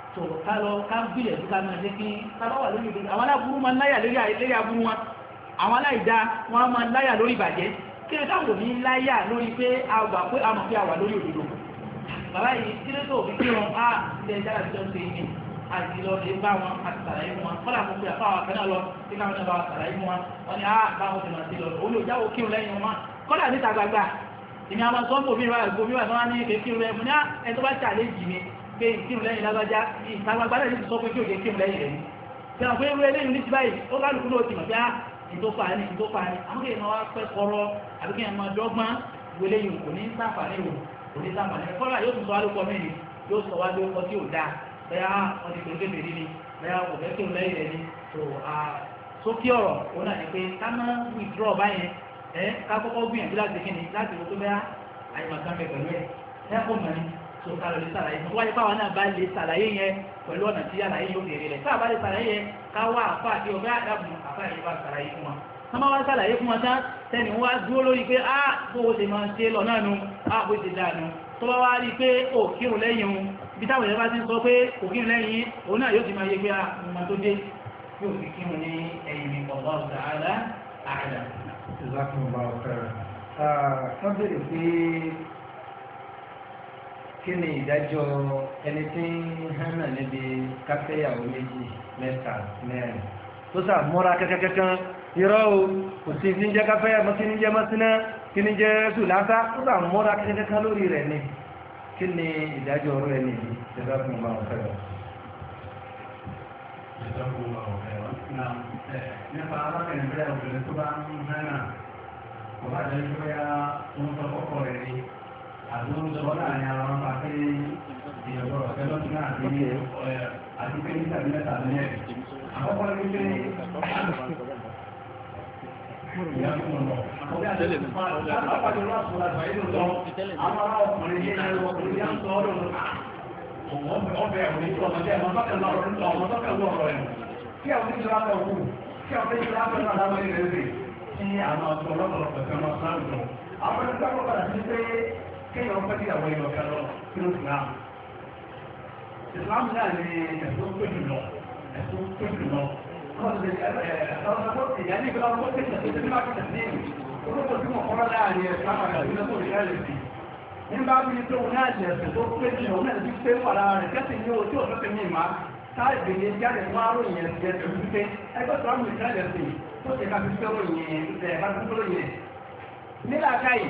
tó ká lọ ká bílẹ̀ tó ká máa ṣe kí sábà wà lórí ìdíje àwọn aláburú máa láyà lórí aburú wọn àwọn aláìda wọn máa láyà lórí ìbàjẹ́ kí ló táwọn òní láyà lórí pé a gbà pé a mọ̀ pé a wà lórí òdodo bàbá yìí kí ló tó fi kí wọn á ilé ẹja àti ìjọba ṣe ìgbìn àti lọ lè bá wọn àti sàlàyé fún wọn kọ́lá fún pé àfáwọn akẹ́nà lọ sí káwọn náà bá wọn sàlàyé wọn wọn ni á báwọn ti máa ti lọ òun yóò jáwó kírun lẹ́yìn wọn kọ́lá níta gbàgbà ìní àwọn sọ́ńpò mi wà gbòmíwà tó wá ní kékeré rẹ̀ ní ẹ̀ tó bá ṣàlẹ́ jì mi pé ìkírù lẹ́yìn lágbájá ìtagbàgbà náà ti sọ pé kí o jẹ kírù lẹ́yìn rẹ̀ tí a pé irú eléyìn ní ti báyìí ó kálukú ló ti mọ̀ bí a ìtópa ní ìtópa ní àwọn èèyàn wá pẹ́ kọ́rọ́ àbí kí ẹ̀mọ́ dọ́gbọ́n wẹlẹ́yìn kò ní sáfàní rò kò ní sáfàní rẹ̀ kọ́lá yóò tún sọ alúkọ mí yóò sọ wá lórúkọ tí ò dáa bẹ́ẹ̀ ah, wọ́n ti pè é pé bèrè ni bẹ́ẹ̀ ah, wọ́n fẹ́ kírù lẹ́yìn rẹ̀ ni tó a sókè tó ká lè sàlàyé fún wáyé báwa náà bá lè sàlàyé yẹn pẹ̀lú ọ̀nà tí àlàyé yóò fèrè rẹ̀ tá a bá lè sàlàyé yẹn ká wá àfáà tí ọgbẹ́ àdàbùn àfáà yìí bá sàlàyé fún wa tọ́mọ́ wá sàlàyé fún wa tán tẹni wá dúró lórí pé á bó ṣe máa ṣe lọ náà nu á bó ṣe dáa nu tó bá wá rí pé ò kírun lẹ́yìn un ibi táwọn ìyẹn bá ti ń sọ pé kò kírun lẹ́yìn òun náà yóò ti máa yẹ pé àwọn tó dé yóò fi kírun ní ẹ̀yìn mi pọ̀ àádá àádá. ìlàkùnrin bá ọ̀fẹ́ kí ni ìdájọ́ ẹni tí ń hánà níbi káfẹ́yàwó méjì mẹ́ta mẹ́rin tó sà mọ́ra kẹ́kẹ́kẹ́kan irọ́ o kò sí ní jẹ́ káfẹ́yàwó kí ní jẹ́ mọ́síná kí ní jẹ́ sùlásá tó sà mọ́ra kẹ́kẹ́kẹ́kan lórí rẹ̀ ni kí ni ìdájọ́ ọ̀rọ̀ ẹni yìí ṣẹlá fún ọmọ ọ̀fẹ́ rẹ̀ nípa alákẹ̀yìn bẹ́ẹ̀ obìnrin tó bá ń hánà kò Ọbẹ̀ ẹ̀rọ ìtọ́ọ̀mọ́tẹ́ ẹ̀mọ́ tọ́kẹ̀lọ́ ọ̀rọ̀ ìtọ́ọ̀mọ́ tọ́kẹ̀lọ́ ọ̀rọ̀ ẹ̀rọ. Kí àwọn ìjọba ọ̀rọ̀ kí àwọn ìjọba ọ̀rọ̀ àdámọ́ ilẹ̀ rẹ̀ sí àwọn ọ̀tọ̀ ọlọ́pọ̀lọpọ̀ kan lọ́sàn-án. Àwọn ìjọba ọ̀rọ̀ àti pé kéèyàn ń pẹ́jì àwọn èèyàn kan lọ sí islam islam náà ni ẹ̀sùn tó jù lọ ẹ̀sùn tó jù lọ ìyáni ìgbà ọgbọ́n tẹ̀sán tó ti máa tẹ̀sán ní olóko tí wọ́n kọ́rọ́ láàrin ẹ̀sùn àpàdé ìlú tó rí ẹ̀rẹ̀ sí nígbà bí tó wọn náà jẹ ẹ̀sùn tó pé jù lọ́wọ́ náà ti pé wàrà rẹ̀ kẹ́sì ní ojú ọ̀sán ti ní ìmá káàdì ní jáde fún àrùn yẹn ti ẹ̀sùn wípé ẹgbẹ́ tó rámù ìtẹ́lẹ̀ sí tó ti ká fi fẹ́ ròyìn ẹ̀ bá tó ròyìn nílà káyìí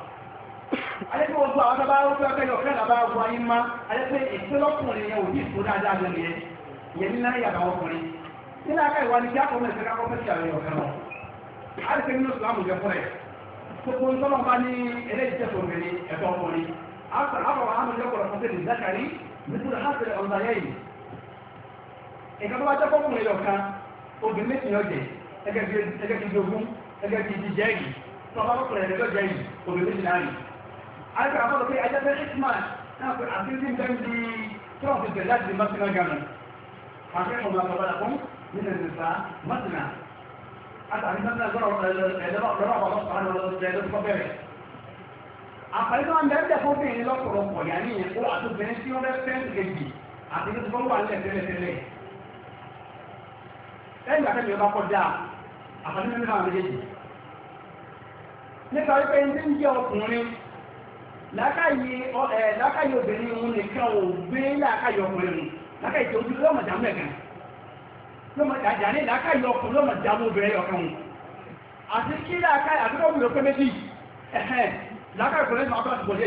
àdébí ojú àwọn tó bá rúkú ọkẹ́ yọ fẹ́ làbá wọ ayé má àdébí ìpínlọ́kùnrin yẹn òbí ìfún dáadáa lẹ́nu yẹn yẹn ní náà yàrá ọkùnrin nílẹ̀ aká ìwà ni kí akọ̀mọ̀ ìfẹ́ kákọ́ fẹ́ ṣàrẹ̀ yọ̀ kan lọ. àdébí nínú sùlámù jẹ fún ẹ̀ gbogbo ń tọ́lọ́ bá ní eléyìí tẹ̀ fún mi ẹ̀tọ́ ọkùnrin àbọ̀wọ̀ àmọ̀ ìjọkọ̀rọ̀ fún tẹ̀lé zákàrí nítorí hásìlẹ̀ ọ̀nà yẹ́yìn ìkan tó bá jẹ́ fọ́kùnrin yọ̀ kan obìnrin méjì yọ jẹ ẹgẹ́ bí ogún ẹgẹ́ bí jíjẹ́ yìí tọ́ bá fọ́kùnrin yọ̀ jẹ́ yìí obìnrin méjì náà yìí àti àwọn ọ̀pẹ́ ajẹ́fẹ́ isman náà pé àti ní bẹ́ẹ̀ di trump ìgbẹ̀ láti di masina gánà akẹ́kọ̀ọ́ máa tọ́bára fún nílẹ̀ nìta masina àtàrí masina gbọ́rọ̀ ẹ̀lọ́pàá àpàlẹ́sọ́ àmì ẹ̀rẹ́dẹ̀ fún bí ìyẹn lọ́pọ̀lọpọ̀ yà ní ìyẹn kó àtúbẹ̀rẹ̀ tí wọ́n fẹ́ kejì àti tó fọ́n wà nílẹ̀ tẹ́lẹ̀tẹ́lẹ̀ ẹ̀yìn àtẹ́lẹ̀ ọba kọjá àpàlẹ́sọ́ àmì ẹ̀rẹ́dẹ̀ nípa wípé ẹni tí ń jẹ́ ọkùnrin lákàyè obìnrin òun nìkan ò gbé lákàyè ọkùnrin mu lákàyè tí ojú lọ́mọ jàmú ẹ̀gàn lọ́mọ jàjà ní lákàyè ọkùnrin lọ́mọ jàmú obìnrin ọ̀kan mu àti kí lákàyè àbúrò mi ò pé méjì ẹ̀hẹ́n lákàyè ọkùnrin máa bá bọ̀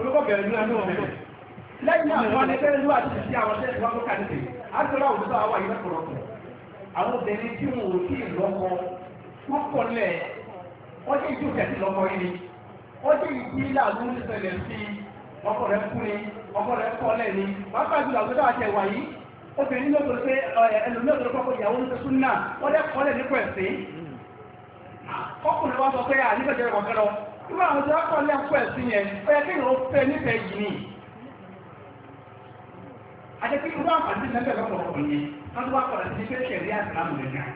orúkọ bẹ̀rẹ̀ ní ọdún ọ̀hún lẹ́yìn àwọn ẹgbẹ́ ìlú àti ìṣẹ́ àwọn ṣẹ́ ìwà tó kà níbi àtúrà òun tó àwọn ìwé pọ̀lọpọ̀ àwọn obìnrin tí wọn ò tí ì lọ́kọ wọn kọ lẹ̀ ọjọ́ ìjú kẹ̀sì lọ́kọ yìí ni ọjọ́ ìdí làwọn oníṣẹ̀lẹ̀ sí ọkọ rẹ̀ kú ni ọkọ rẹ̀ kọ́ lẹ̀ ni wọn bá jùlọ àwọn ìdáwà tẹ̀ wáyé obìnrin náà tó ṣe ẹlòmíràn tó kọ́kọ́ ìyàwó ní tuntun náà wọ́n dẹ́ kọ́ lẹ̀ nípa ẹ̀sìn ọkùnrin wa sọ nígbà àwọn ọjọ́ akọ̀lé akọ ẹ̀sìn yẹn ó yẹ kí ìrọ̀ fẹ́ nífẹ̀ẹ́ yìí ni àtẹ́kí irú àpàdé mẹ́fẹ́ lọ́pọ̀lọpọ̀ yẹn wọ́n tún wá kọ̀ọ̀rọ̀ sí pé ṣẹ̀rí àtìlámù rẹ̀ gan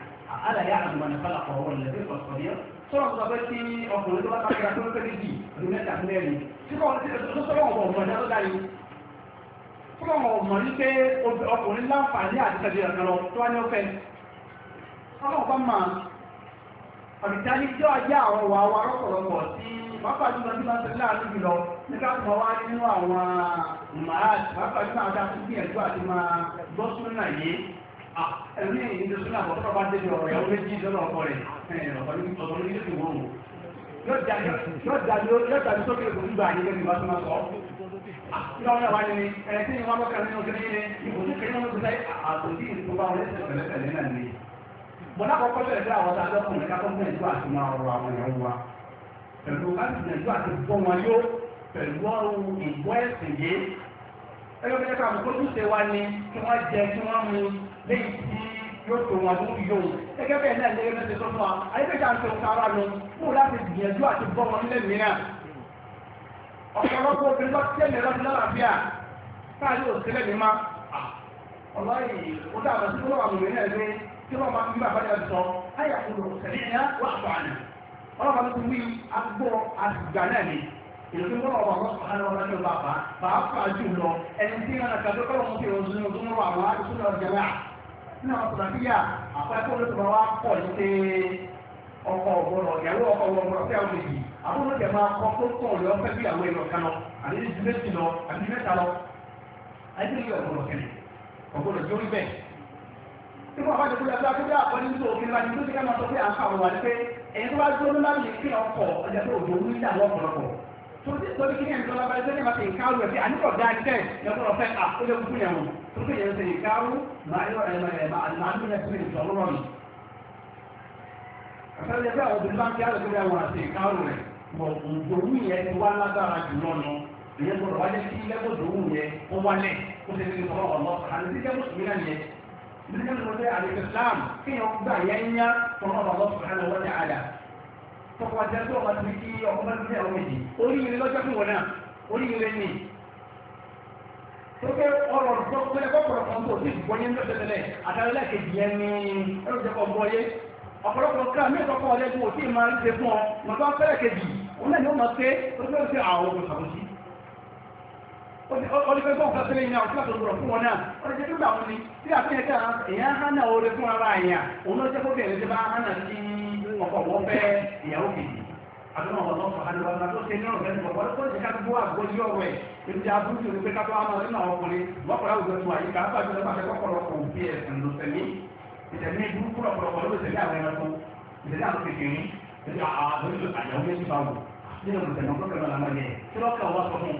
àlàyé àdùnmọ̀ nípa làkọ̀ ọ̀rọ̀ lẹ́fẹ́ kọ̀ọ̀kọ̀dé sọ̀rọ̀ sọ pé kí ọkùnrin tó bá kàkiri àti olóńgbé méjì ọdún mẹ́ta mẹ́rin tí kò tó sọ́wọ́ ọ̀wọ̀ ọ̀mọ̀ ìdá tó dá yìí tó bá wọn ọ̀mọ̀ ní pé ọkùnrin láǹfààní àti tẹ̀lé ọ̀kan lọ tó ọ̀dìjáde jẹ́ ọjọ́ àwọn ìwà wa rọ́pọ̀lọpọ̀ tí pápájúmọ̀ tí wọ́n ti láàánú jùlọ nígbà tí wọ́n wá nínú àwọn ìmáàjì pápájúmọ̀ àti àtúntì ẹ̀jọ́ àti máa gbọ́ súnmọ́ yìí ẹ̀mí ìdíjọ́sọ́nà àbọ̀tọ́ bá dé ọ̀rọ̀ ìyàwó méjì lọ́nà ọkọ rẹ̀ ọ̀tọ̀ ní ìdíjọ́ ìwọ̀n yóò dájú sókè ìbòsí gbà yìí lẹ́nu ìbáṣọ́ máa sọ. Ìjọba wa ni ẹni tí ìwọ́n mọ́kànlá nínú kìnìún ni ìbòsí kìnìún ló ti láì lẹ́sẹ̀ pẹ̀lẹ́pẹ̀lẹ́ náà ni bọ́dá kọ́kọ́ bẹ̀rẹ̀ sí àwọn adọ́kùnrin ká tó ń gbìyànjú àti máa rọrọ àwọn èèyàn wa pẹ̀lú láti gbìyànjú àti bọ́ wọn yó pẹ̀lú ọrùn ìgbọ́ ẹ̀sìn yé ẹgbẹ́ bẹ́ẹ̀ ká àbùkù tó ṣe wá ní kí wọ́n jẹ kí wọ́n mu léyìí tí yóò tó wọn mú yóò gẹ́gẹ́ bẹ́ẹ̀ náà ní ẹgbẹ́ tó fún wa ayébẹ́jà ń tẹ̀wọ́ kára lọ fún láti gbìyànjú àti bọ́ wọn nílẹ̀ mìíràn ọ̀pọ̀lọpọ̀ obìnrin ó dàbọ̀ sí fúlọ́wà mòmìnira ẹgbẹ́ kí wọ́n máa ń gbà bàjẹ́ sọ ayé àkùrọ̀ sẹ̀lẹ̀ ẹ̀ wà àbọ̀ àná ọlọ́run bá tuntun wíì agbó àgbà náà ni ìlú wọn ọba wọn sọ hánà wọn ní ọba àbá pàápàá jù lọ ẹni tí wọn kà tó kọlọmọ tó yọ ọdún ọdún wọn àwọn àdúgbò náà jẹlá nínú àwọn sọlá bíyà àpapọ̀ ló ti bá wa kan lọ àbí méjì lọ àbí mẹ́ta lọ ayé tó yẹ ọgbọrọ kẹlẹ bẹ́ẹ̀ tí wọ́n tó òfin nípa ní tó ti yẹn wọn tó ti yẹn ní ẹ̀sìn àti sí lẹ́gbọ̀dọ̀ òun yẹn nígbà tí mo fẹ́ àlè islam kí ni ọkùnrin àyà ń yá tọ́nà bàbá sùhánà wọ́n ní àdá tọ́kọ̀ àti ẹgbẹ́ ọmọ ti kí ọkọ̀ bá ti ní àwọn èdè oríire lọ́jọ́ fún wọn náà oríire ni tókè ọ̀rọ̀ tọ́kọ̀ ẹgbẹ́ ọ̀pọ̀lọpọ̀ kan tó ti bọ́ yẹn lọ́sẹ̀tẹ̀lẹ̀ àtàlẹ́lẹ̀ kejì yẹn ní ẹlòjẹ́kọ̀ bọ́ yé ọ̀pọ̀lọpọ̀ kan mí ìtọ́kọ̀ ọ̀lẹ́gbọ̀n tí ì máa ń ṣe fún ọ màbá fẹ́rẹ̀ kejì òun náà ni ó máa ṣe ọdún tó kọ́ sílé ní àwọn tíwájú ọ̀rọ̀ fún wọn náà ọdún tó gbà wọn ni tí a fi ẹ̀ka èèyàn hàn náà oore fún ara èèyàn òun ló jẹ́ kó bẹ̀rẹ̀ tí bá hàn náà sí ọkọ̀ wọ́n fẹ́ ìyàwó kejì àbúrò ọ̀rọ̀ tó sọ̀rọ̀ àdúrà tó ṣe ní ọ̀rọ̀ rẹ̀ ọ̀pọ̀ tó ṣe ká gbogbo àgbo yí ọ̀wẹ̀ ebi aburú tó ní pé ká tó àmọ́ nínú àwọn ọkùnrin lọ́kùnrin àwùjọ tó àyíká àbájọ lọ́pàá ṣe kọ́kọ́ lọ́kọ̀ òbí ẹ̀sìn ló tẹ̀lé ìtẹ̀lé burúkú lọ́pọ̀lọpọ̀ ló tẹ̀lé àwọn ẹranko ìtẹ̀lé àwọn kékeré ìtẹ̀lé àwọn àjọ àjọ méjì báwò nínú ìtẹ̀lé ọ̀pọ̀lọpọ̀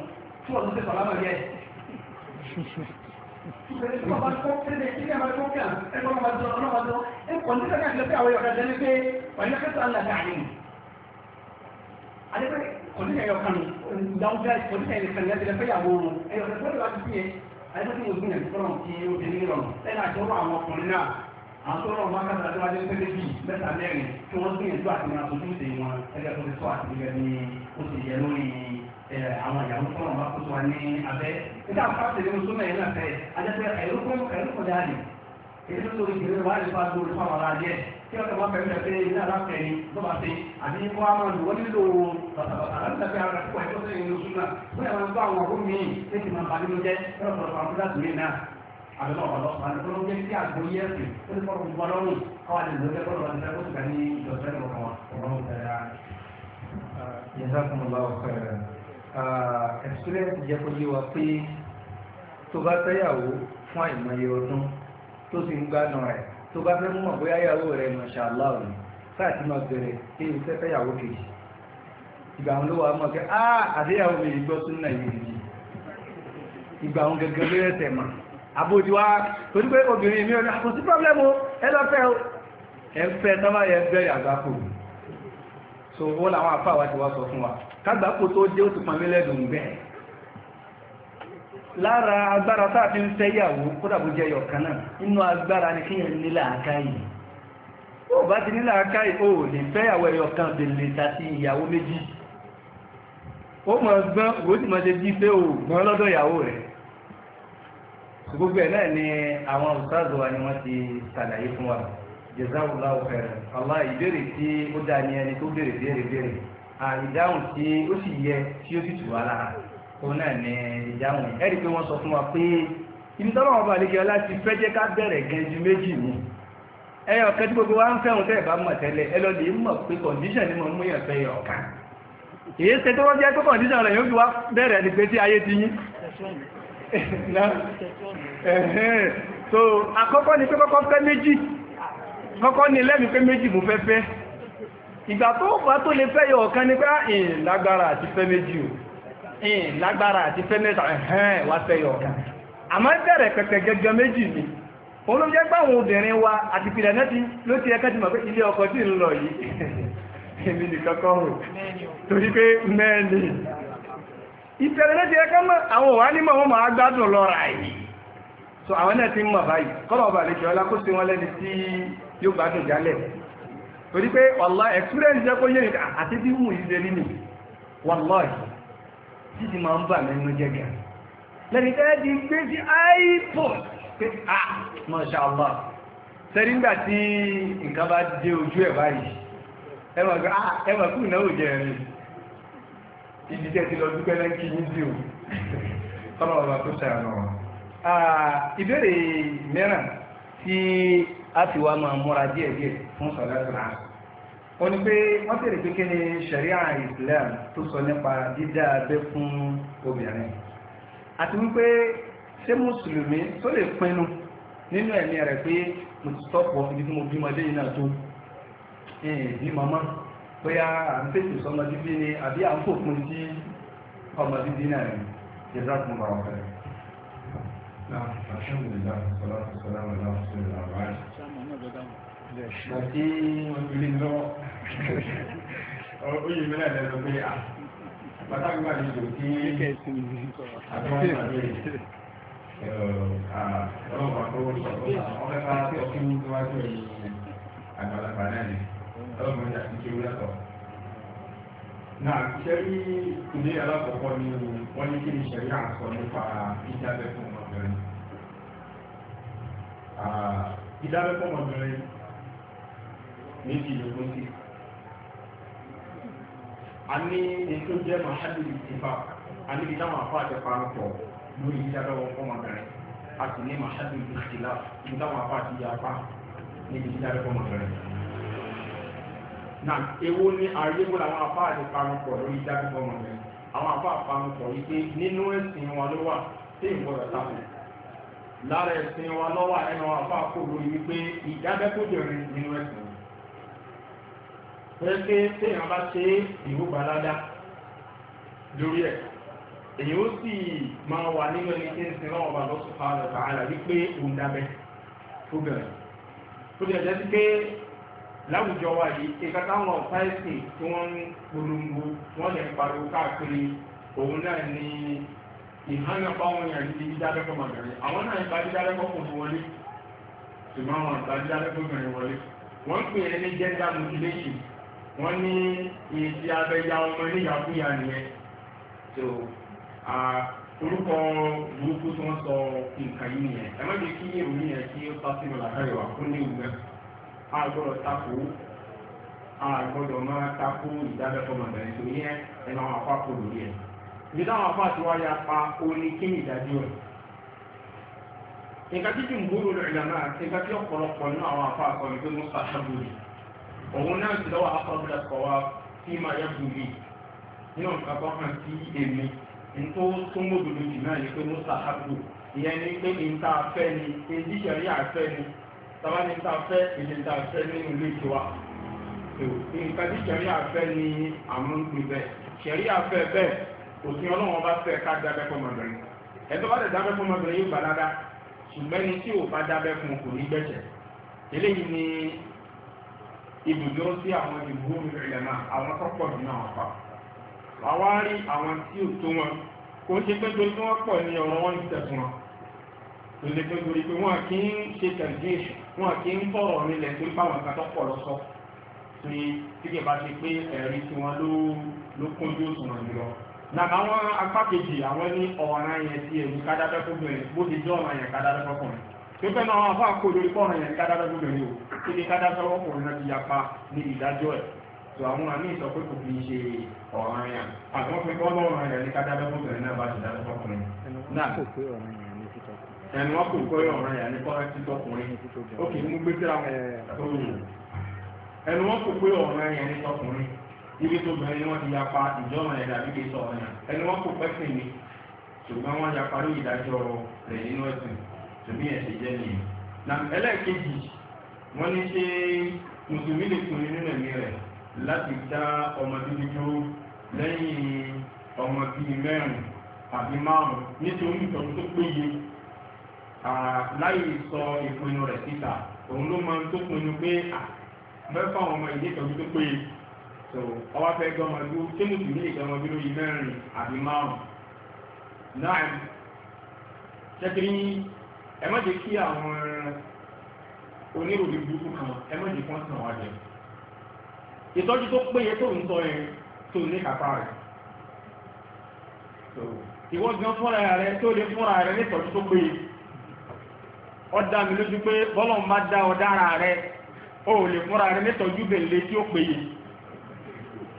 tí ọ̀dún tẹ́ sọ̀lámà yẹ Kọ̀díkà yọ kanu, dáúdá kọ̀díkà yẹ kanu láti lẹ́fẹ́ ìyàwó ọmọ, ẹ̀yọ̀ tẹ́fẹ́ ìwà ti fi ẹ, àyẹ́fẹ́ ìwòsàn ìyàwó tọ́rọ̀ tí ó ti ní ìrọ̀rùn, ẹ̀nà àjọ́rọ̀ àwọn ọkùnrin náà, àtọ́rọ̀ wọn kàtàkì àti wájú pẹ́lẹ́ bíi mẹ́ta mẹ́rin tí wọ́n gbìyànjú àti wọn àtọ́jú ìdè wọn ẹgbẹ́ tó ti sọ àti ìgbẹ́ ni ó ti yẹ lórí àwọn ìyàwó fún ọmọ akóso wa ní abẹ́ nígbà pàṣẹ ní mùsùlùmí ẹ̀yìn náà fẹ́ adẹ́pẹ́ ẹ̀rúkún ẹ̀rúkún dáàdì èyí tó lórí ìdílé wa nípa lórí fún àwọn aláàjẹ tí ọkọ̀ bá fẹ́ẹ́ fẹ́ ilé aláfẹ́ ni tó bá fi àbí wọ́n á máa lò wọ́n nílò bàtàbàtà láti tẹ̀lé àwọn akẹ́kọ̀ọ́ ẹ̀kọ́ sẹ́yìn ní oṣù náà fún ẹ̀rọ nípa àwọn ọkọ̀ mi ní ti máa balẹ̀ lójẹ́ ẹ̀rọ pọ̀lọpọ̀ àwọn fúlàtì mi náà àbẹ̀lọ́ ọ̀pọ̀lọpọ̀ àti tó lójẹ́ sí àgbo yẹ́sì tó ní fọ́ọ̀rọ̀ gbọ́ lọ́rùn káwá lè lójẹ́ fọ́ọ̀rọ̀ àti tẹ́kọ̀ọ́ sì ká ní ìjọsẹ́ experience jẹ́ kó yé wa pé tó bá fẹ́yàwó fún àìmọye ọdún tó ti ń gbádùn rẹ̀ tó bá fẹ́ mọ̀ bóyá ìyàwó rẹ̀ mọ̀ṣáláà ò ní káàkiri máa bẹ̀rẹ̀ pé ìfẹ́ fẹ́yàwó kejì ìgbà àwọn olówó ah, àmọ́ kẹ́ àà àdéyàwó mi ìgbọ́ tún náà yìí yìí ìgbà àwọn gẹ́gẹ́ lórí ẹ̀tẹ̀ mà so ó làwọn àfà wa ti wá sọ fún wa kágbà kó tó dé ó ti pọn mílẹ̀dùn bẹ́ẹ̀ lára agbára tá a fi ń fẹ́yàwó kódà bó jẹ́ yọ̀kan náà inú agbára ni kíyàn nílà àkáyì ó bá ti nílà àkáyì ó lè fẹ́yàwó ẹ̀yọ̀kan bèlè tàbí ìyàwó méjì ó mọ̀ gbọ́n òwò tí mo ṣe bí pé ò gbọ́n lọ́dọ̀ ìyàwó rẹ̀ gbogbo ẹ̀ náà ni àwọn òṣàzọ̀ wa ni wọ́n ti ṣàlàyé fún wa jazakallahu khairan Allah ìbéèrè tí ó dá ní ẹni tó béèrè béèrè béèrè a tí ó sì yẹ tí ó sì tù wá lára òun náà ní ìdáhùn yìí ẹ̀rí pé wọ́n sọ fún wa pé ibi tọ́lọ́ wọn bá lè jẹ́ láti fẹ́ jẹ́ ká bẹ̀rẹ̀ gan ju méjì ni ẹyọ kan tí gbogbo wa ń fẹ́ràn tẹ́ ẹ̀ bá mọ̀ tẹ́lẹ̀ ẹ lọ lè mọ̀ pé condition ni mo mú yàn fẹ́ yọ ọ̀kan èyí ṣe tó wọ́n jẹ́ pé condition rẹ̀ yóò fi wá bẹ̀rẹ̀ ní pé tí ayé ti yín so àkọ́kọ́ ni pé kọ́kọ́ fẹ́ méjì kọ́kọ́ ní lẹ́mí pé méjì mú fẹ́fẹ́ ìgbà tó bá tó lè fẹ́ yọ ọ̀kan ní pé ìyìn ah, lágbára àti fẹ́ méjì o ìyìn lágbára àti fẹ́ mẹ́ta ẹ̀hẹ́n wá fẹ́ yọ ọ̀kan àmọ́ bẹ̀rẹ̀ pẹ̀pẹ̀ gẹ́gẹ́ méjì ni òun ló jẹ́ páwọn obìnrin wa àti pìlẹ̀ náà ló ti ẹ̀kẹ́ so àwọn náà ti ń mọ̀ báyìí kọ́lọ̀ ọba àlejò ọlá yóò gbádùn jálẹ̀ torí pé ọ̀lá experience jẹ́ kó yé nìkan ah, àti bí mú ìdíje nínú wàlọ́ì títí máa ń bà mẹ́nu jẹ́gẹ̀ lẹ́ni tẹ́ di gbé sí ipod pé à ah, masha Allah sẹ́rí ńgbà tí nǹkan bá dé ojú ẹ̀ báyìí ẹwà kú náà ò jẹ́ ẹ̀rin ibi tẹ́ ti lọ dúpẹ́ lẹ́ńkì yín sí o ah, tí a ti wá máa múra díẹ̀díẹ̀ fún sọ̀lẹ́sọ̀lá ó ní pé wọ́n tèrè pé kí ni Sharia Islam tó sọ nípa dídá abẹ́ fún obìnrin àti wípé ṣé mùsùlùmí tó lè pinnu nínú ẹ̀mí rẹ̀ pé mo ti tọ́pọ̀ ibi tí mo bímọ dé náà tó ní màmá bóyá à ń pèsè sọmọ bíbí ni àbí à ń fòpin sí ọmọ bíbí náà rẹ̀ jẹ́sà fún bàbá rẹ̀. Alhamdulillah, salatu salam ala rasulillah mọ̀ tí wọ́n fi lé lọ́wọ́ oyè mi náà lẹ́nu pé à bàtà gbígbà ní ìlú tí àtúwọ́n ìpàdé ọlọ́pàá tó sọ̀rọ̀ ọ̀fẹ́ bá tọ́ kí wọ́n tó wájú ẹ̀yìn àgbàlagbà ni ọlọ́pàá ìjà sí kí wọ́n yàtọ̀. náà ṣẹ́rí ilé alákọ̀ọ́kọ́ ni wọ́n ní kí ni ṣẹ̀rí àǹsọ̀ nípa ìjábẹ̀ fún ìdábẹ́kọ́ ọmọbìnrin méjì lógún sí a ní ètò jẹ́ mahadu ìfà a níbi táwọn afá àti parapọ̀ lórí ìdábẹ́wọ̀ ọmọbìnrin a sì ní mahadu ìfìlà ní táwọn afá àti yapa níbi ìdábẹ́kọ́ ọmọbìnrin na èwo ni àríwó làwọn afá àti parapọ̀ lórí ìdábẹ́kọ́ ọmọbìnrin àwọn afá àparapọ̀ wípé nínú ẹ̀sìn wọn ló wà tí ìwọ́n rẹ̀ sáfẹ́ lára ẹ̀sìn wa lọ́wọ́ ẹnu àfáàkò lórí wípé ìdábẹ́kójòrin nínú ẹ̀sìn pé pé téèyàn bá ṣe ìwó gbalada lórí ẹ̀ èyí ó sì máa wà nínú ẹni tí ń sin lọ́wọ́ bá wípé òun dábẹ́ pé ìhánà pa wọn yà ní ibi dálẹ́kọ̀ọ́ màgàrí àwọn náà ìgbà dídálẹ́kọ̀ọ́ kò fún wọlé ṣùgbọ́n àwọn àgbà dídálẹ́kọ̀ọ́ bẹ̀rẹ̀ wọlé wọ́n pè é ní gender mutilation wọ́n ní èsì abẹ́yà ọmọ níyàkúyà nìyẹn so orúkọ burúkú tí wọ́n sọ nǹkan yìí nìyẹn ẹ má jẹ́ kí ìròyìn yẹn kí ó pàṣẹ làkàrẹ̀ wà fún ní ìwúgbẹ́ àgbọ̀rọ̀ tako àgbọ̀dọ̀ máa tako ìdálẹ́kọ̀ọ́ màgàrí tó yẹ ẹ̀ náà àpapọ̀ lórí ẹ̀ ibi táwọn afá ti wá ya pa oní kí ni ìdájọ́ rẹ̀ nǹkan tí jùmùgbòrò rẹ̀ ìlànà àti nǹkan tí ọ̀pọ̀lọpọ̀ nínú àwọn afá sọ ní pé mo sàṣàbò rẹ̀ òun náà ti lọ́wọ́ afọ́bílà kọ̀ wá sí máa yẹ gbòógì nínú nǹkan tó hàn sí èmi nítorí ó tó mọ́dòdó jù náà ní pé mo sàṣàbò ìyẹn ní pé níta afẹ́ ni èyí ìṣẹ̀rí àfẹ́ ni tàbá níta afẹ́ èyí níta afẹ́ nínú ilé ìtiwa nǹkan tí ìṣẹ̀rí àfẹ́ ni àwọn bẹ́ẹ̀ ìṣẹ̀rí àfẹ́ bẹ́ẹ̀ òfin ọlọ́wọ́n bá fẹ́ ká dábẹ́ fún ọmọbìnrin ẹ̀tọ́ bá tẹ̀ dábẹ́ fún ọmọbìnrin yóò gbàlára ṣùgbọ́n ẹni tí ò bá dábẹ́ fún kò ní gbẹ̀ṣẹ̀ eléyìí ni ibùdó sí àwọn ìbúrú ìrìnlẹ̀ náà àwọn tó pọ̀ nínú àwọn pa àwa rí àwọn tí ò tó wọn kò ṣe pé torí pé wọ́n pọ̀ ní ọ̀rọ̀ wọn ti tẹ̀sùn wọn kò ṣe pé torí pé wọ́n kì í ṣe tẹ̀sí wọn kì í fọ̀rọ̀ nílẹ̀ torí pé àwọn nǹkan tó pọ̀ lọ sọ pé na àwọn apá kejì àwọn ní ọ̀ràn yẹn ti ẹ̀rù kádábẹ́ fóbìnrin bó ti jẹ́ ọ̀ràn yẹn kádábẹ́ fọkùnrin tó fẹ́ náà wọn fún àkójọ orí fọ́ọ̀ràn yẹn kádábẹ́ fóbìnrin o kí ni kádábẹ́ fọkùnrin náà ti yapa ní ìdájọ́ ẹ̀ tó àwọn àmì ìsọ pé kò fi ṣe ọ̀ràn yẹn àwọn fi kọ́ lọ́rùn yẹn ní kádábẹ́ fóbìnrin náà bá ti dájọ́ ibi tó bẹ̀rẹ̀ ni wọ́n ti yapa ìjọba ẹ̀dá bíbí sọ ọ̀nà ẹni wọ́n kò pẹ́sìn ni ṣùgbọ́n wọ́n yapa ní ìdájọ́ rẹ̀ nínú ẹ̀sìn tòbí ẹ̀sìn jẹ́ nìyẹn. na ẹlẹ́ẹ̀kejì wọ́n ní ṣe mùsùlùmí lè kùn nínú ẹ̀mí rẹ̀ láti dá ọmọ bíbí dúró lẹ́yìn ọmọ bíbí mẹ́rin àbí márùn-ún nítorí ìtọ́jú tó péye láì sọ ìpinnu rẹ̀ síta òun ló máa ń tó pinnu pé mẹ́fà ọmọ ìdí ìtọ́jú tó péye so ọwọ́ fẹ́ gọmọdú tí mo sì ní ìgọmọdú lórí mẹ́rin àbí márùn náà ṣẹ́kiri ẹ má jẹ́ kí àwọn oníròyìn burúkú kan ẹ má jẹ́ kí wọ́n tàn wá jẹ ìtọ́jú tó péye tó ń tọ́ ẹ tó ní kápá rẹ̀ so ìwọ gan fúnra rẹ tó lè fúnra rẹ ní ìtọ́jú tó péye ó dá mi lójú pé bọ́lọ̀ ń dá ọ dára rẹ ó lè fúnra rẹ ní ìtọ́jú bèlè tí ó péye.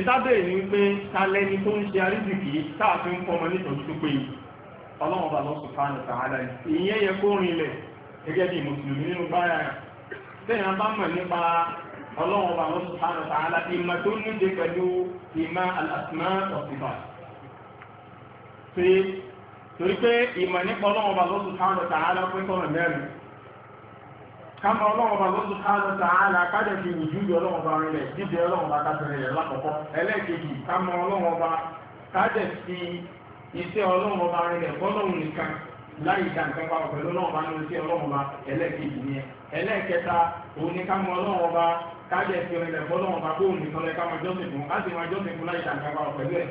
ìtàbẹ̀rẹ̀ ni wípé talẹ́ni tó ń ṣe àríjìkì táàfin ń kọmọ nítorí tó pé ọlọ́run bá lọ́sùn fáànù tààlà ìyẹn yẹ kó rin ilẹ̀ gẹ́gẹ́ bí mùsùlùmí nínú báyà tẹ́yàn bá mọ̀ nípa ọlọ́run bá lọ́sùn fáànù tààlà ìmọ̀ tó ní ṣe pẹ̀lú ìmọ̀ àlàsìmọ́ ọ̀sìfà torí pé ìmọ̀ nípa ọlọ́run kámọ ọlọ́run bá lọ́sùn káàdọ̀ tààlà kájọ̀ fi wùjú ọlọ́run bá rẹ̀ jíjẹ ọlọ́run bá rẹ̀ lákọ̀ọ́kọ́ ẹlẹ́ẹ̀kejì kámọ ọlọ́run bá fi iṣẹ́ ọlọ́run rẹ̀ bọ́lọ́run nìkan láyé ìjà pẹ̀lú ọlọ́run bá ọba iṣẹ́ ẹlẹ́ẹ̀kejì ni ẹlẹ́ẹ̀kẹta òun ni fi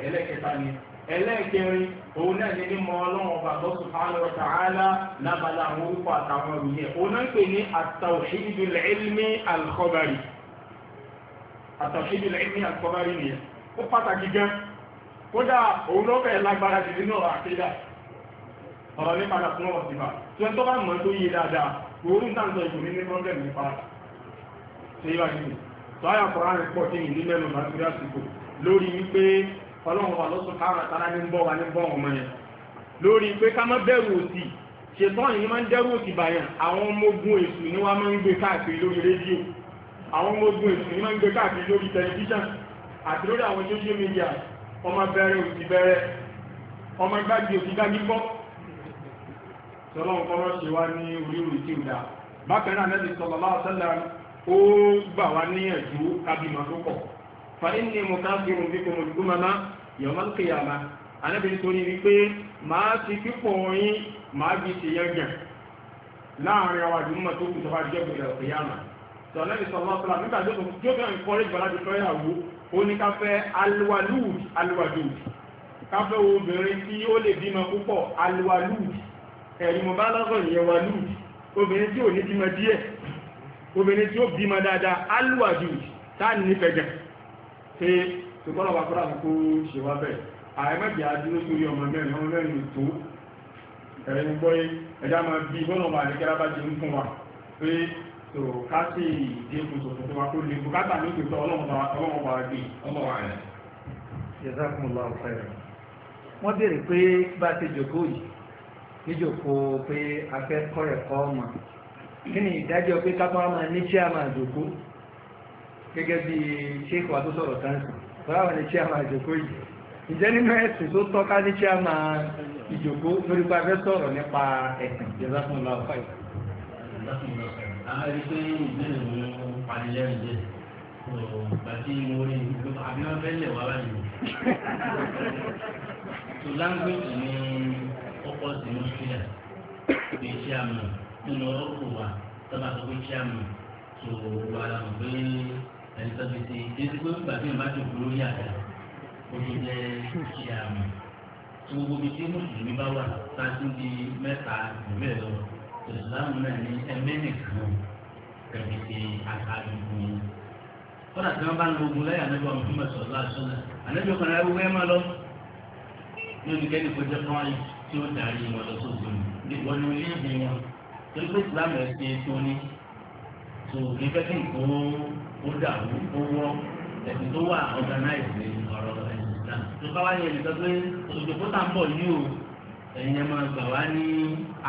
rẹ̀ nìkan lẹ́ ẹlẹ́ẹ̀kẹrin òun náà ní mímọ̀ ọlọ́run ọba Allah subhanahu wa ta'ala lábala àwọn orúkọ àtàwọn òye òun náà ń pè ní at-tawhidul ilmi al-khabari at-tawhidul ilmi al-khabari nìyẹn ó pàtàkì gan kódà òun ló fẹ́ lágbára jù nínú ọ̀rọ̀ àkéjà ọ̀rọ̀ nípa la fún ọ̀sìn bá tí wọ́n tó bá mọ̀ tó yé dáadáa òun náà sọ ìgbò nínú problem nípa ọlọ́run wà lọ́sùn káwọn àtàrà ní bọ́ wà ní bọ́ ọmọ yẹn lórí pé ká má bẹ̀rù òsì ṣetán yìí máa ń dẹ́rù òsì bàyàn àwọn ọmọ ogun èṣù ni wọ́n máa ń gbé káàkiri lórí rédíò àwọn ọmọ ogun èṣù ni máa media ọmọ bẹ̀rẹ̀ òsì bẹ̀rẹ̀ ọmọ gbági òsì gbági bọ́ sọlọ́run kọ́rọ́ ṣe wá ní orí orí tí ò dáa bákan náà nẹ́bí sallallahu alaihi wasallam ó gbà wá níyànjú kábìmọ̀ tó yọ̀mọ́ kìyàmá anábìnrin torí wípé máa ti kípò yín máa bí ṣe yẹ́gàn láàrin àwọn àjùmọ̀ tó kù tó bá jẹ́ gbogbo kìyàmá tó anábì sọ lọ́pọ̀ láti nígbà tó tó fẹ́ ìkọ́rẹ́ ìgbà láti fẹ́ ìyàwó ó ní ká fẹ́ alwalud alwalud ká fẹ́ obìnrin tí ó lè bímọ púpọ̀ alwalud ẹ̀rí mo bá lọ́gọ̀ ìyẹn walud obìnrin tí ò ní bímọ díẹ̀ obìnrin tí ó bímọ dáadáa alwalud táà ní tó kọ́ lọ́wọ́ akọ́rà kó ṣe wá bẹ́ẹ̀ àìmọ́jì adúró sórí ọmọ mẹ́rin ọmọ mẹ́rin tó ẹ̀rẹ́ ń gbọ́ ẹ̀dá máa bí bọ́nà wà ní kẹ́lábà jẹ́ ń fún wa pé tó ká sí ìdí èkó sọ̀tọ̀ tó wá kó lè bùkátà ló ti tọ́ ọlọ́mọ a fẹ́ kọ́ ẹ̀kọ́ ọmọ kí ni ìdájọ́ pé kápá máa ní chairman gẹ́gẹ́ bí sheikh wa tó báwo ni chairman ìjòkó yìí ǹjẹ́ nínú ẹ̀sìn tó tọ́ka ní chairman ìjòkó lórí pa fẹ́ sọ̀rọ̀ nípa ẹ̀sìn ìjọba fún ọlá ọ̀fà yìí. àwọn ẹni pé ìbéèrè mi ń mo rí àbí wọ́n fẹ́ lẹ̀ so language ni ọkọ̀ sí ní sílẹ̀ pé chairman nínú ọkọ̀ wa tọ́ba tó pé chairman so wàhálà mọ̀ pé ẹni tó fi ṣe èsì pé nígbà tí ìbá jòkó lórí àga ó ti jẹ ṣe àmì gbogbo ibi tí mùsùlùmí bá wà sáájú di mẹ́ta ìwé lọ ìsìláàmù náà ní ẹmẹ́nì kan kẹ̀kẹ́ ṣe àkàdùnkù yẹn. kọ́dà tí wọ́n bá ń lo ogun lẹ́yìn anábọ̀ Muhammad sọ̀rọ̀ àṣọlá anábọ̀ kan náà wúwẹ́ máa lọ ní oníkẹ́ni kò jẹ́ kán tí ó darí wọn lọ sóògùn wọn ni ilé ìgbìmọ̀ tó gbé ìsìláàmù ẹ̀ ó dàrú ó wọ́ ẹ̀sìn tó wà organize ní ọ̀rọ̀ ẹ̀sìn náà tó bá wá ní ẹ̀sìn tó pé òṣòṣòfó tà ń bọ̀ ní o ẹ̀yin ẹ̀ máa gbà wá ní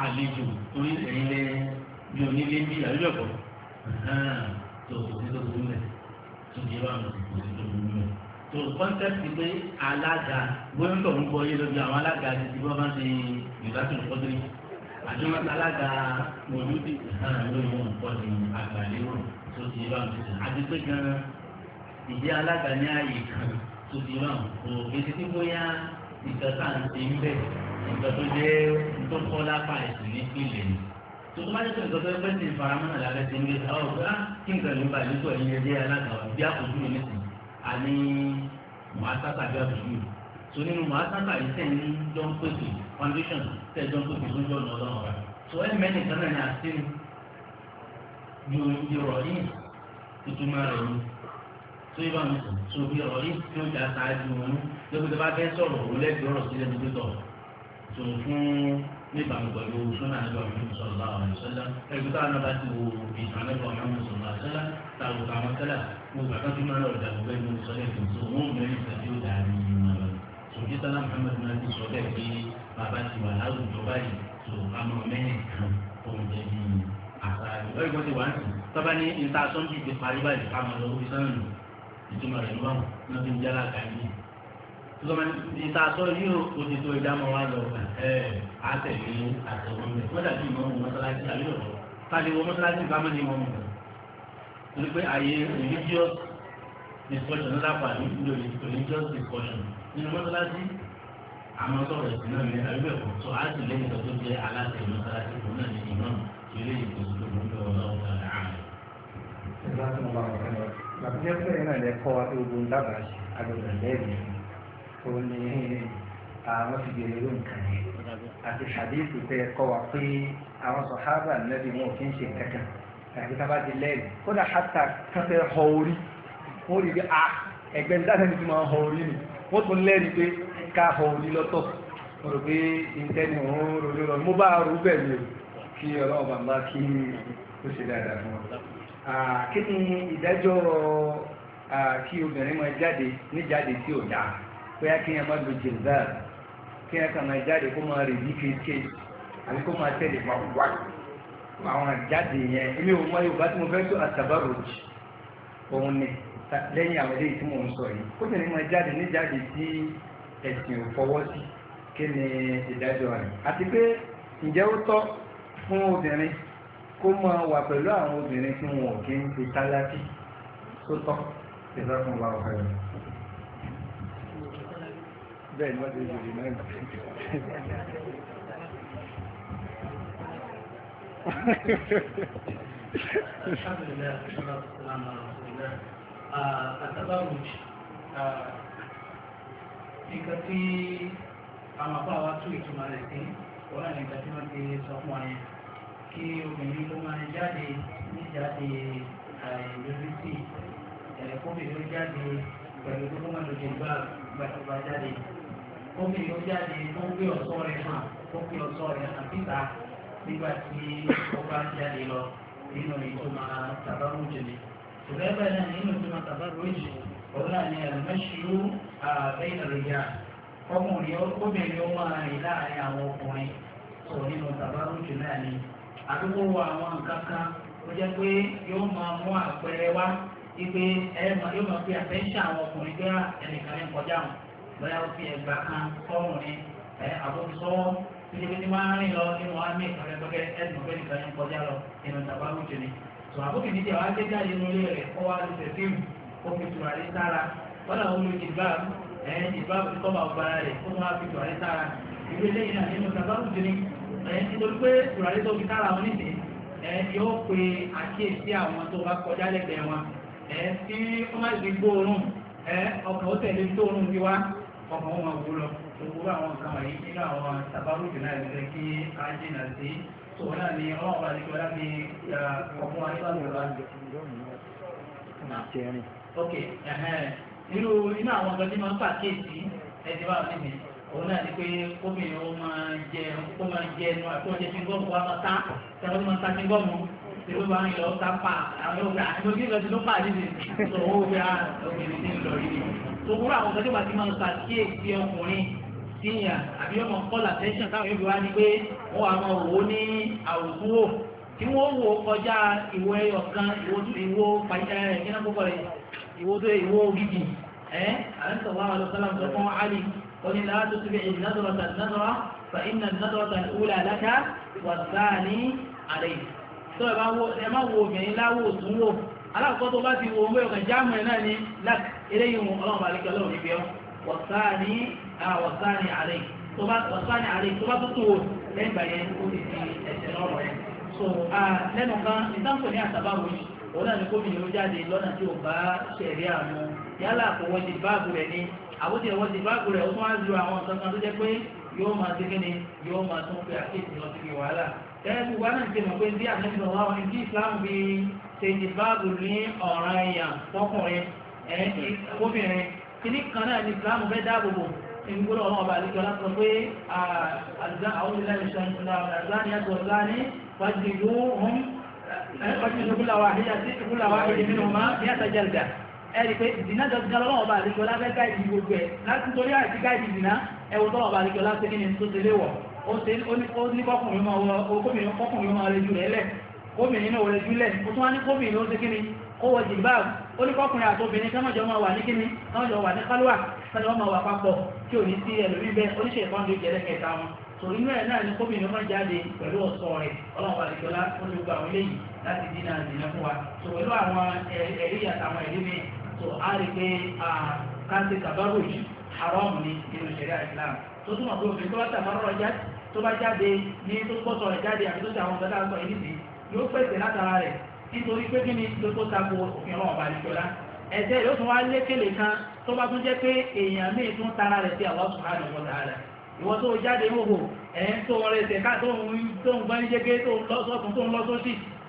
àlejò torí ẹ̀yin lẹ bí onílé bí àlejò ọ̀pọ̀ tó òṣìṣẹ́ tó burú mẹ́ tó di ẹ̀rọ àwọn òṣìṣẹ́ tó burú mẹ́ tó kọ́ńtẹ́ẹ̀tì pé alága gbóyúntọ̀ ń gbọ́ yé lóbi àwọn alága ti ti bọ́ bá ti yorùbá tó ń tó yìí àjọmọ́ta tó ti bá wọn sùn àti pé gan ìdí alága ní ààyè kan tó ti bá wọn kò gbèsè tí bóyá nǹkan tá à ń ṣe ń bẹ̀ nǹkan tó jẹ́ tó kọ́ lápá ẹ̀sìn ní ìpìlẹ̀ ni tòtò máa ń sọ nǹkan tó ń pèsè ìfaramọ́ náà lábẹ́ ti ń bẹ̀ ọ́ gbá kí nǹkan ló bá ìlú pẹ̀lú ẹgbẹ́ alága wa bí àkójú mi nìsín a ní màásàkà bí àkójú mi tó nínú màásàkà yìí tẹ̀ ń jọ ń pèsè foundation tẹ̀ jọ ń pèsè lójú ọ̀nà ọlọ́run rẹ̀ tó ẹ̀ mẹ́rin kan náà ni àti ju ìrọ̀lì ìtumọ̀ rẹ̀ ni tó yẹ báwọn sọ bí ìrọ̀lì tí ó dá sáájú wọn lókè tó bá fẹ́ sọ̀rọ̀ òun lẹ́gbẹ̀ẹ́ ọ̀rọ̀ sílẹ̀ ní pẹ́tọ̀ tó fún níbàámu pẹ̀lú sọ́nà àgbà ọ̀hún sọ̀rọ̀ àwọn ìṣẹ́lá ẹgbẹ́ táwọn náà bá ti wo ìtàn àgbà ọ̀hún sọ̀rọ̀ àṣẹ́lá tààrùkọ àwọn sẹ́là gbogbo àkàtúntì máa ń lọ ìdàgbọ́ bẹ́ẹ̀ ló ń sọ lẹ́yìn tó wọ́n mẹ́rin ìṣẹ́jú dàrí ìmọ̀ rẹ̀ sọ̀rọ̀ sọ́nà muhammed náà ti sọ bẹ́ẹ̀ pé bàbá lọ́yìn bó ti wà ní tọ́ba ní níta sọ́ńdì ti parí báyìí ká máa lọ orí sọ́nà nù ìtumọ̀ rẹ̀ níwọ̀n náà fi ń jẹ́ alága yìí tọ́ba níta sọ yóò o ti tó ìdámọ̀ ni wọ́n mọ̀ torí pé discussion ńlá pa discussion nínú mọ́sálásí àmọ́ sọ̀rọ̀ ìsìn náà ní àbí ẹ̀kọ́ sọ àtìlẹ́yìn tó jẹ́ aláṣẹ mọ́sálásí òun náà ní ìmọ̀ ìdásùn ọba ọ̀kan lọ gbàgbé jẹ́ pé náà lè kọ́ ewu dábàá agbègbè lẹ́yìn tó ní àwọn ti gbèrè ló nǹkan yẹn àti hadithu tẹ kọ́ wa pé àwọn sọ̀hábà nẹ́bí wọn ò fi ń ṣe kankan àti tábà di lẹ́yìn kódà hátà kan fẹ́ họ orí wọ́n rí bí a ẹgbẹ́ nígbà tẹ́lẹ̀ tí máa họ orí ni wọ́n tún lẹ́rìí pé ká họ lọ́tọ̀ mo rò pé ìtẹ́ni òun rò ló lọ mo bá rò bẹ́ẹ̀ ni o kí ọlọ́run bàbá kí ó ṣe dáadáa fún wa kí ni ìdájọ́ kí obìnrin máa jáde níjáde tí ò dáa bóyá kí yẹn máa lo jilbab kí yẹn kàn máa jáde kó máa rìn ní kéèké àbí kó máa tẹ̀lé pa wá àwọn àjáde yẹn ilé òun máa yóò bá tí mo fẹ́ tó àtàbáròjì òun ni lẹ́yìn àwọn eléyìí tí mò ń sọ yìí kó tẹ̀lé máa jáde níjáde tí ẹ̀sìn ò sí kí ni ìdájọ́ rẹ̀ àti pé ǹjẹ́ ó tọ́ fún obìnrin kó máa wà pẹ̀lú àwọn obìnrin tí wọn kí ń fi tálákì tó tọ́ ìlọ́kùn wa ọ̀rẹ́ rẹ̀. bẹ́ẹ̀ ni wọ́n ti jòlè náà Àtàbáwùj, nǹkan tí a máa bá wa tú ìtumọ̀ rẹ̀ sí, ọ̀rọ̀ nìkan tí wọ́n ti sọ fún wa yẹn kí obìnrin ló máa jáde ní jáde àìlórísì kóbìnrin ó jáde pẹ̀lú tó tó máa lòdì gbà gbàtọ́gbà jáde kóbìnrin ó jáde tó ń gbé ọ̀ṣọ́ rẹ̀ hàn tó gbé ọ̀ṣọ́ rẹ̀ hàn síta nígbà tí ó bá ń jáde lọ nínú ètò máa tàbárò jìnnì ṣùgbọ́n ẹgbẹ́ náà nínú ètò máa tàbárò jìnnì òun náà ni àlùmọ́ṣirú àbẹ́yìn àlùyà ọkùnrin ó kóbìnrin ó máa rìn láàrin àwọn ọkùnrin sọ nínú tàbárò jìnnì náà ni àdúgbò wa àwọn nǹkan kan ó jẹ́ pé yóò máa mú àpẹẹrẹ wá ipe ẹ̀ẹ́mà yóò máa fi àtẹ́ńṣà àwọn ọkùnrin gbé ah, ẹnìkan ní kọjá wọn bóyá ó fi ẹgbà kan sọ́run ni ẹ̀ àbọ̀sọ́wọ́ títí tí máa ń rìn lọ nínú àmì ìkọ̀rẹ́gbẹ́gẹ́ ẹ̀dùn ọ̀gbẹ́ nìkan ní kọjá lọ nínú ìtàbá lójú ni tó àbókè níbi àwọn agbẹ́jáde inú ilé rẹ̀ ó wá lu fẹ̀fíìmù ó fi tùràrí sára wọ́n làwọn ó tún wá fi tùràrí nítorí pé ìrọ̀lẹ́ tó fi kára wọn nìsín yóò pe àkíyèsí àwọn tó bá kọjá lẹ́gbẹ̀ẹ́ wọn tí wọ́n má ti gbóòórùn ọkàn ó tẹ̀lé tóórùn bí wá ọkàn ó máa wú lọ gbogbo àwọn nǹkan wọ̀nyí nínú àwọn tàbárùjù náà lè kí á jìnà sí tòun náà ni ọlọ́run bá nípa láti ọkùnrin wa nípa lọ́wọ́ ok nínú àwọn nǹkan tí máa ń pàkíyèsí ẹ ti bá wọn níbi òun náà ni pé kómìnà ó máa jẹ ó máa jẹ ẹnu àti ọjọ́ tí gbọ́mù wa máa ta tẹ̀wọ́n máa ta tí gbọ́mù tẹ̀wọ́ bá ń lọ ká pa àwọn yóò gbà àti ojú ìlọsí ló pa àdìsí sọ owó bí a ah, obìnrin ti ń lọ yìí. tòkúrò àwọn ọ̀gá tí wàá ti máa ta sí èsì ọkùnrin síyà àbí ọmọ kọ́là tẹ́sán táwọn yóò fi wá ní pé wọ́n wàá máa wò ó ní àwòkúwò tí wọ́n wò kọjá ìwọ ẹyọ kan ìwọ pàṣẹ ìwọ tó ìwọ gidi ẹ̀ àrẹ́sọ̀ wà wà lọ́sọ́lá قل لا تتبع النظرة النظرة فإن النظرة الأولى لك والثاني عليك tó ẹ̀bá wo ẹ̀má wo obìnrin láwò tún wò alákọ̀ọ́ tó bá ti wo ọmọ ìrọ̀kàn jáàmù ẹ̀ náà ní lak eléyìí wọn ọlọ́run bá lékẹ́ ọlọ́run níbi ọ́ wọ̀sáàní àwọ̀sáàní àlẹ́ tó bá wọ̀sáàní àlẹ́ tó bá tó tó wò lẹ́yìn ìgbà yẹn ó ti di ẹ̀sẹ̀ lọ́rọ̀ yẹn so lẹ́nu kan ìtàkùn ní àtàbà yìí òun náà ni kóbìnrin ó jáde lọ́nà tí ò bá ṣẹ̀rí àmú yálà kò ti báàbù rẹ̀ ní àbúté wọ́n ti báàgù rẹ̀ ó tún á ju àwọn kankan tó jẹ́ pé yóò máa ṣe kí ni yóò máa tún pé àkéèsì lọ sí wàhálà tẹ́lẹ̀ tí wọ́n náà ti mọ̀ pé bí àtẹ́sọ̀ wá wọn tí Islam fi ṣe ti báàgù ní ọ̀ràn èèyàn fọkùnrin obìnrin kìíní kan náà ni Islam fẹ́ dáàbò bò ní gbọ́dọ̀ ọmọ ọba àlejò aláṣọ pé àwọn ilé iṣẹ́ ìṣàlùmí àtọ̀ láàrin wájú yóò hún ẹ̀ẹ́dẹ́gbẹ̀rún kúláwà àdéjà sí kúláwà àdéjà nínú ọmọ ní àtàjà ìjà ẹ̀rì pé ìdìná jọjọ́ lọ́wọ́ bá àríkọ́ lábẹ́ gáìdì gbogbo ẹ̀ láti torí àti gáìdì ìdìná ẹwọ tọ́wọ́ bá àríkọ́ láti nínú tó tẹ́lé wọ̀ ó ní kọkùnrin ọmọ rẹ̀ jù rẹ̀ lẹ̀ kómìnrin náà rẹ̀ jù lẹ̀ ó tún wá ní kómìnrin ó ṣe kíni ó wọ jìlbáàbù ó ní kọkùnrin àtobìnrin kọ́mọ̀jọ́ máa wà ní kíni kọ́mọ̀jọ́ wà ní kálúwà kọ́mọ̀jọ́ máa wà papọ̀ tí ò ní sí ẹlòmí bẹ́ẹ̀ oníṣẹ́ ìfọ́njú jẹ́lẹ̀ kẹta wọn torí náà ní kómìnrin máa jáde pẹ̀lú ọ̀ṣọ́ rẹ̀ ọlọ́run àdìjọ́lá ó ní gbogbo àwọn eléyìí láti dínà ìdìnnà fún wa tó pẹ̀lú àwọn ẹ̀rí àtàwọn ẹ̀rí mi tó a rí pé káńtì tàbárò yìí haram ni nínú ìṣẹ̀rí Islam tó túmọ̀ pé òfin tó bá tàbárò ọjà tó bá jáde ní tó gbọ́sọ̀ rẹ̀ jáde àbí tó ti àwọn ọ̀gá sọ ìdí yóò pèsè látara rẹ̀ nítorí pé kí ni gbogbo tako òfin ọlọ́run ọba àdìsọ́lá ẹ̀jẹ̀ yóò tún wá lékele kan tó bá tún jẹ́ pé èèyàn míì tún tara rẹ̀ sí Allah subhanahu wa ta'ala ìwọ́n tó jáde hóhò ẹ̀yìn tó wọlé ẹsẹ̀ tó ń gbọ́n jẹ́gẹ́ tó ń lọ́sọ̀tún tó ń lọ́sọ̀tì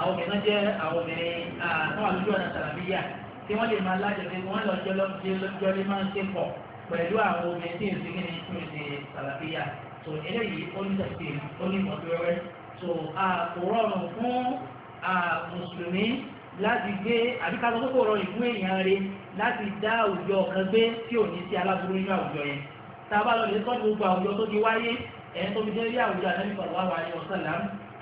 àwọn obìnrin jẹ́ àwọn obìnrin àwọn àlùjọ ọ̀nà sàràbíyà tí wọ́n lè máa lájọ pé wọ́n lọ jẹ́ lọ́jọ́ lé máa ń ṣe pọ̀ pẹ̀lú àwọn obìnrin tí èsì kìíní tún lè ṣe sàràbíyà tó eléyìí ó ní tẹ̀sí ó ní ìmọ̀tòrẹ́ tó kò rọrùn fún mùsùlùmí láti gbé àbíkálọ́ tó kò rọrùn fún èèyàn rẹ láti dá àwùjọ kan gbé tí ò ní sí aláburú nínú àwùjọ yẹn tá a bá lọ lè tọ́jú gbogbo àwùjọ tó ti wáyé ẹ̀ tó fi dé rí àwùjọ àdáníkọ̀ọ́ wá wáyé ọ̀sán láàmú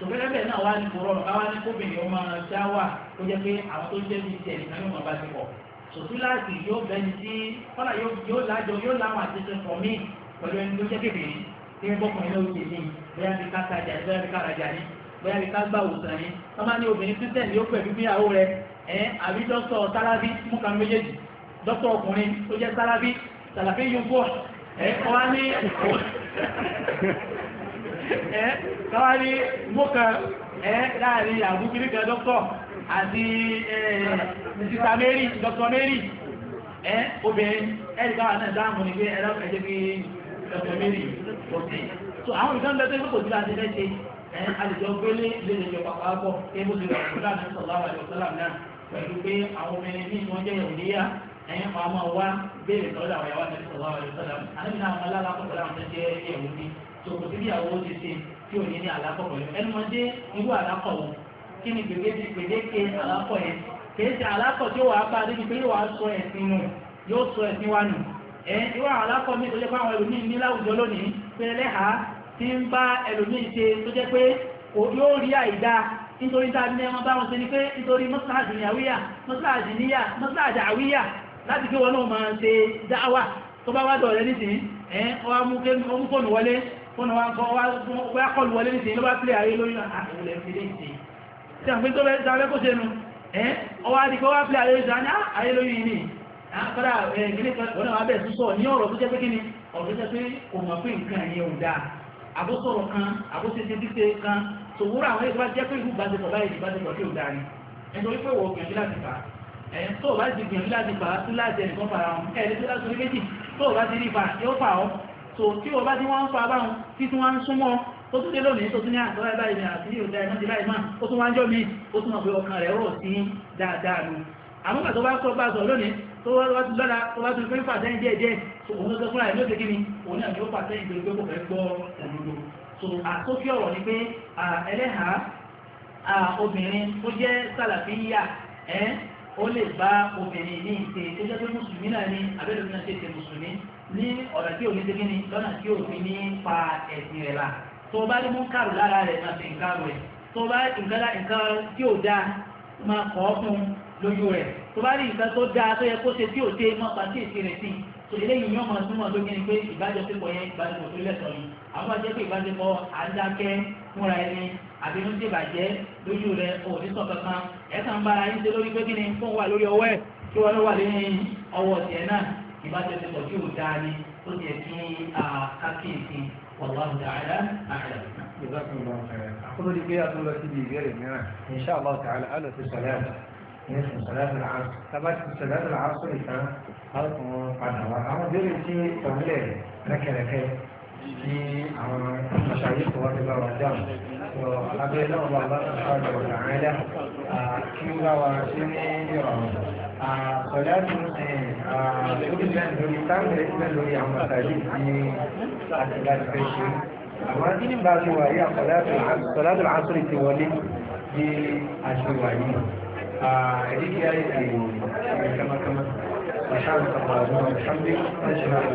sọfẹ́lẹ́fẹ́ náà wá ní kúrọ̀ káwá ní kóbìnrin ọmọ dáwà ó jẹ́ pé àwọn tó jẹ́ bíi tẹ̀lé náà yóò máa bá ti pọ̀ sòtúláàsì yóò bẹni tí kọ́lá yóò lájọ yóò láwọn àtẹ̀tẹ̀ pọ̀ mí pẹ̀lú ẹni tó jẹ́ kékeré tí wọ́n bọ́kùnrin náà ó ṣe ní bóyá bí ká tajà ní bóyá bí ká rajà ní bóyá bí ká gbà òòsàn ní wọ́n máa ní obìnrin kristẹni yóò pẹ̀lú gbéyàwó rẹ ẹ̀ àbí dókítà sálábí mú jẹ́ ní ẹ̀ káwárí mọ́kàn ẹ́ láàrin àbúkíríkà dọ́kọ̀ àti mr mary dr mary ẹ́ obìnrin ẹ̀ríkà wà náà dáàmù ní pé ẹ̀rọ ẹ̀jẹ̀ bí dr mary kò sí so àwọn ìdánilẹ́ tó ń kò sí láti fẹ́ ṣe ẹ̀ àlejò gbélé lè lè jọ pàpà pọ̀ kí ebó ti rọ̀ ọ̀dọ́ àti sọ̀lá wà lè sọ́lá náà pẹ̀lú pé àwọn obìnrin ní ìwọ̀n jẹ́ ìrìnlẹ́yà ẹ̀yìn pa máa wá béèrè lọ́dọ̀ àwọn ìyàwó àti sọ̀lá wà lè sọ́lá àlejò náà wọn lálákọ̀ọ́ tí ò ní ní àlápọ̀ pẹ̀lú ẹnu irú wọn kí ni gbèdéke àlápọ̀ yẹn kìí ṣe àlápọ̀ tí ó wà á bá débi pé yóò wá sọ ẹ̀sìn nù yóò sọ ẹ̀sìn wa nù ẹ̀ irú àlápọ̀ mi tó jẹ́ pé àwọn ẹlòmíì ní láwùjọ lónìí pé ti ń bá ẹlòmíì ṣe tó jẹ́ pé yóò rí àìdá nítorí tá a ní ẹmọ báwọn ṣe ni pé nítorí mọ́sálásì àwíyà láti fún wa sọ wá kọlù wọlé ní ìsìn ló bá pílẹ̀ ayé lórí náà àkùnlẹ̀ ah, ìpínlẹ̀ ìsìn tí a pín tó bẹ́ẹ̀ sáré kó sẹ́nu ẹ́ ọwá di kọ́ wá pílẹ̀ ayé lórí náà ah, ayé lórí ní àkọ́dà ìgbìlẹ̀ ọ̀nà wa bẹ̀ẹ̀ sọ ní ọ̀rọ̀ tó jẹ́ pé kíni ọ̀rọ̀ tó jẹ́ pé kò mọ̀ pé nǹkan ẹ̀yẹ ò dáa àbósọ̀rọ̀ kan àbóṣeṣe dípé kan tòwúrọ̀ àwọn ìgbà jẹ́ pé ìlú ìbáṣepọ̀ báyìí ìbáṣepọ̀ tí ò dáa ni ẹ̀sọ́ wípé wọ̀ gbìyànjú láti fà á ẹ̀yìn tó o bá ti gbìyànjú láti fà á tún láti ẹnìkan fara wọn ẹ̀ẹ́dẹ́gbẹ́ láti orí méjì tó o bá ti rí fà yóò fà ọ́ so tí o tí wọ́n ń fa báhùn tí tí wọ́n ń súnmọ́ ó tún dé lónìí tó tún ní àtọ́lá ìbáyìí àti ní òdá ìmọ́dé báyìí máa ó tún wá ń jọ mí ó tún mọ̀ ọkàn rẹ̀ rọ̀ sí dáadáa nù àmúgbà tó bá sọ bá sọ lónìí tó bá tún fẹ́ ó lè bá obìnrin ní ìṣe tó jẹ́ pé mùsùlùmí náà ni abẹ́lẹ̀ ní ọ̀nà tí ò segin ni lọ́nà tí ò fi ní pa ẹ̀sìn rẹ̀ la tó o bá ní múkàrù lára rẹ̀ máa fi nǹkan rẹ̀ tó o bá nǹkan nǹkan tí ò dáa máa kọ́ fún lójú rẹ̀ tó bá rí nǹkan tó dáa tó yẹ kó ṣe tí ò ṣe máa pa sí èsì rẹ̀ sí tó eléyìí yóò máa túmọ̀ tó kíni pé ìbájọpọ̀ yẹn ìbájọpọ̀ tó lẹ̀sọ̀ ni àwọn àti pé ìbájọpọ̀ àdákẹ́ fúnra ẹni àbínú ti bàjẹ́ lójú rẹ̀ òdìsọ̀ kankan ẹ̀ka ń bára yín ṣe lórí pé kíni fóun wà lórí ọwọ́ ẹ̀ kí wọ́n ló wà ọwọ́ tiẹ̀ náà ìbájọsẹ̀pọ̀ tí ò dáa ni ó yẹ kí kákìsì wallahu ta'ala a'lam. àkọ́lọ́ di pé a tún lọ síbi ìbéèrè mìíràn insha Allah ta'ala á lọ sí sọ̀lẹ́ẹ̀dà yẹsùn sọ̀lẹ́ẹ̀dà làásù tábà ti sọ̀lẹ́ẹ̀dà làásù nìkan á tún padà wá àwọn ìbéèrè tí tọ̀mílẹ̀ rẹ́kẹ̀rẹ́kẹ́ tí àwọn aṣáájú tó wá ti bá wa dáhùn alábẹ́ náà wà bá sọ̀rọ̀ àìlẹ́ kí wọ́n wá sí ní ìrọ̀rùn Àkọ̀lẹ́nu orílẹ̀ lórí táwọn ẹgbẹ́ lórí àwọn tàbí ní àtìlá ìfẹ́ ṣe. Àwọn tí ní bá ti wà yí àkọ̀lẹ́nu àṣírí ti wọlé ní àṣíwà yìí. Àìdíkí àìsí ìrìn kama kama. Àṣà ìsọ̀pọ̀ àwọn ọ̀ṣọ́bí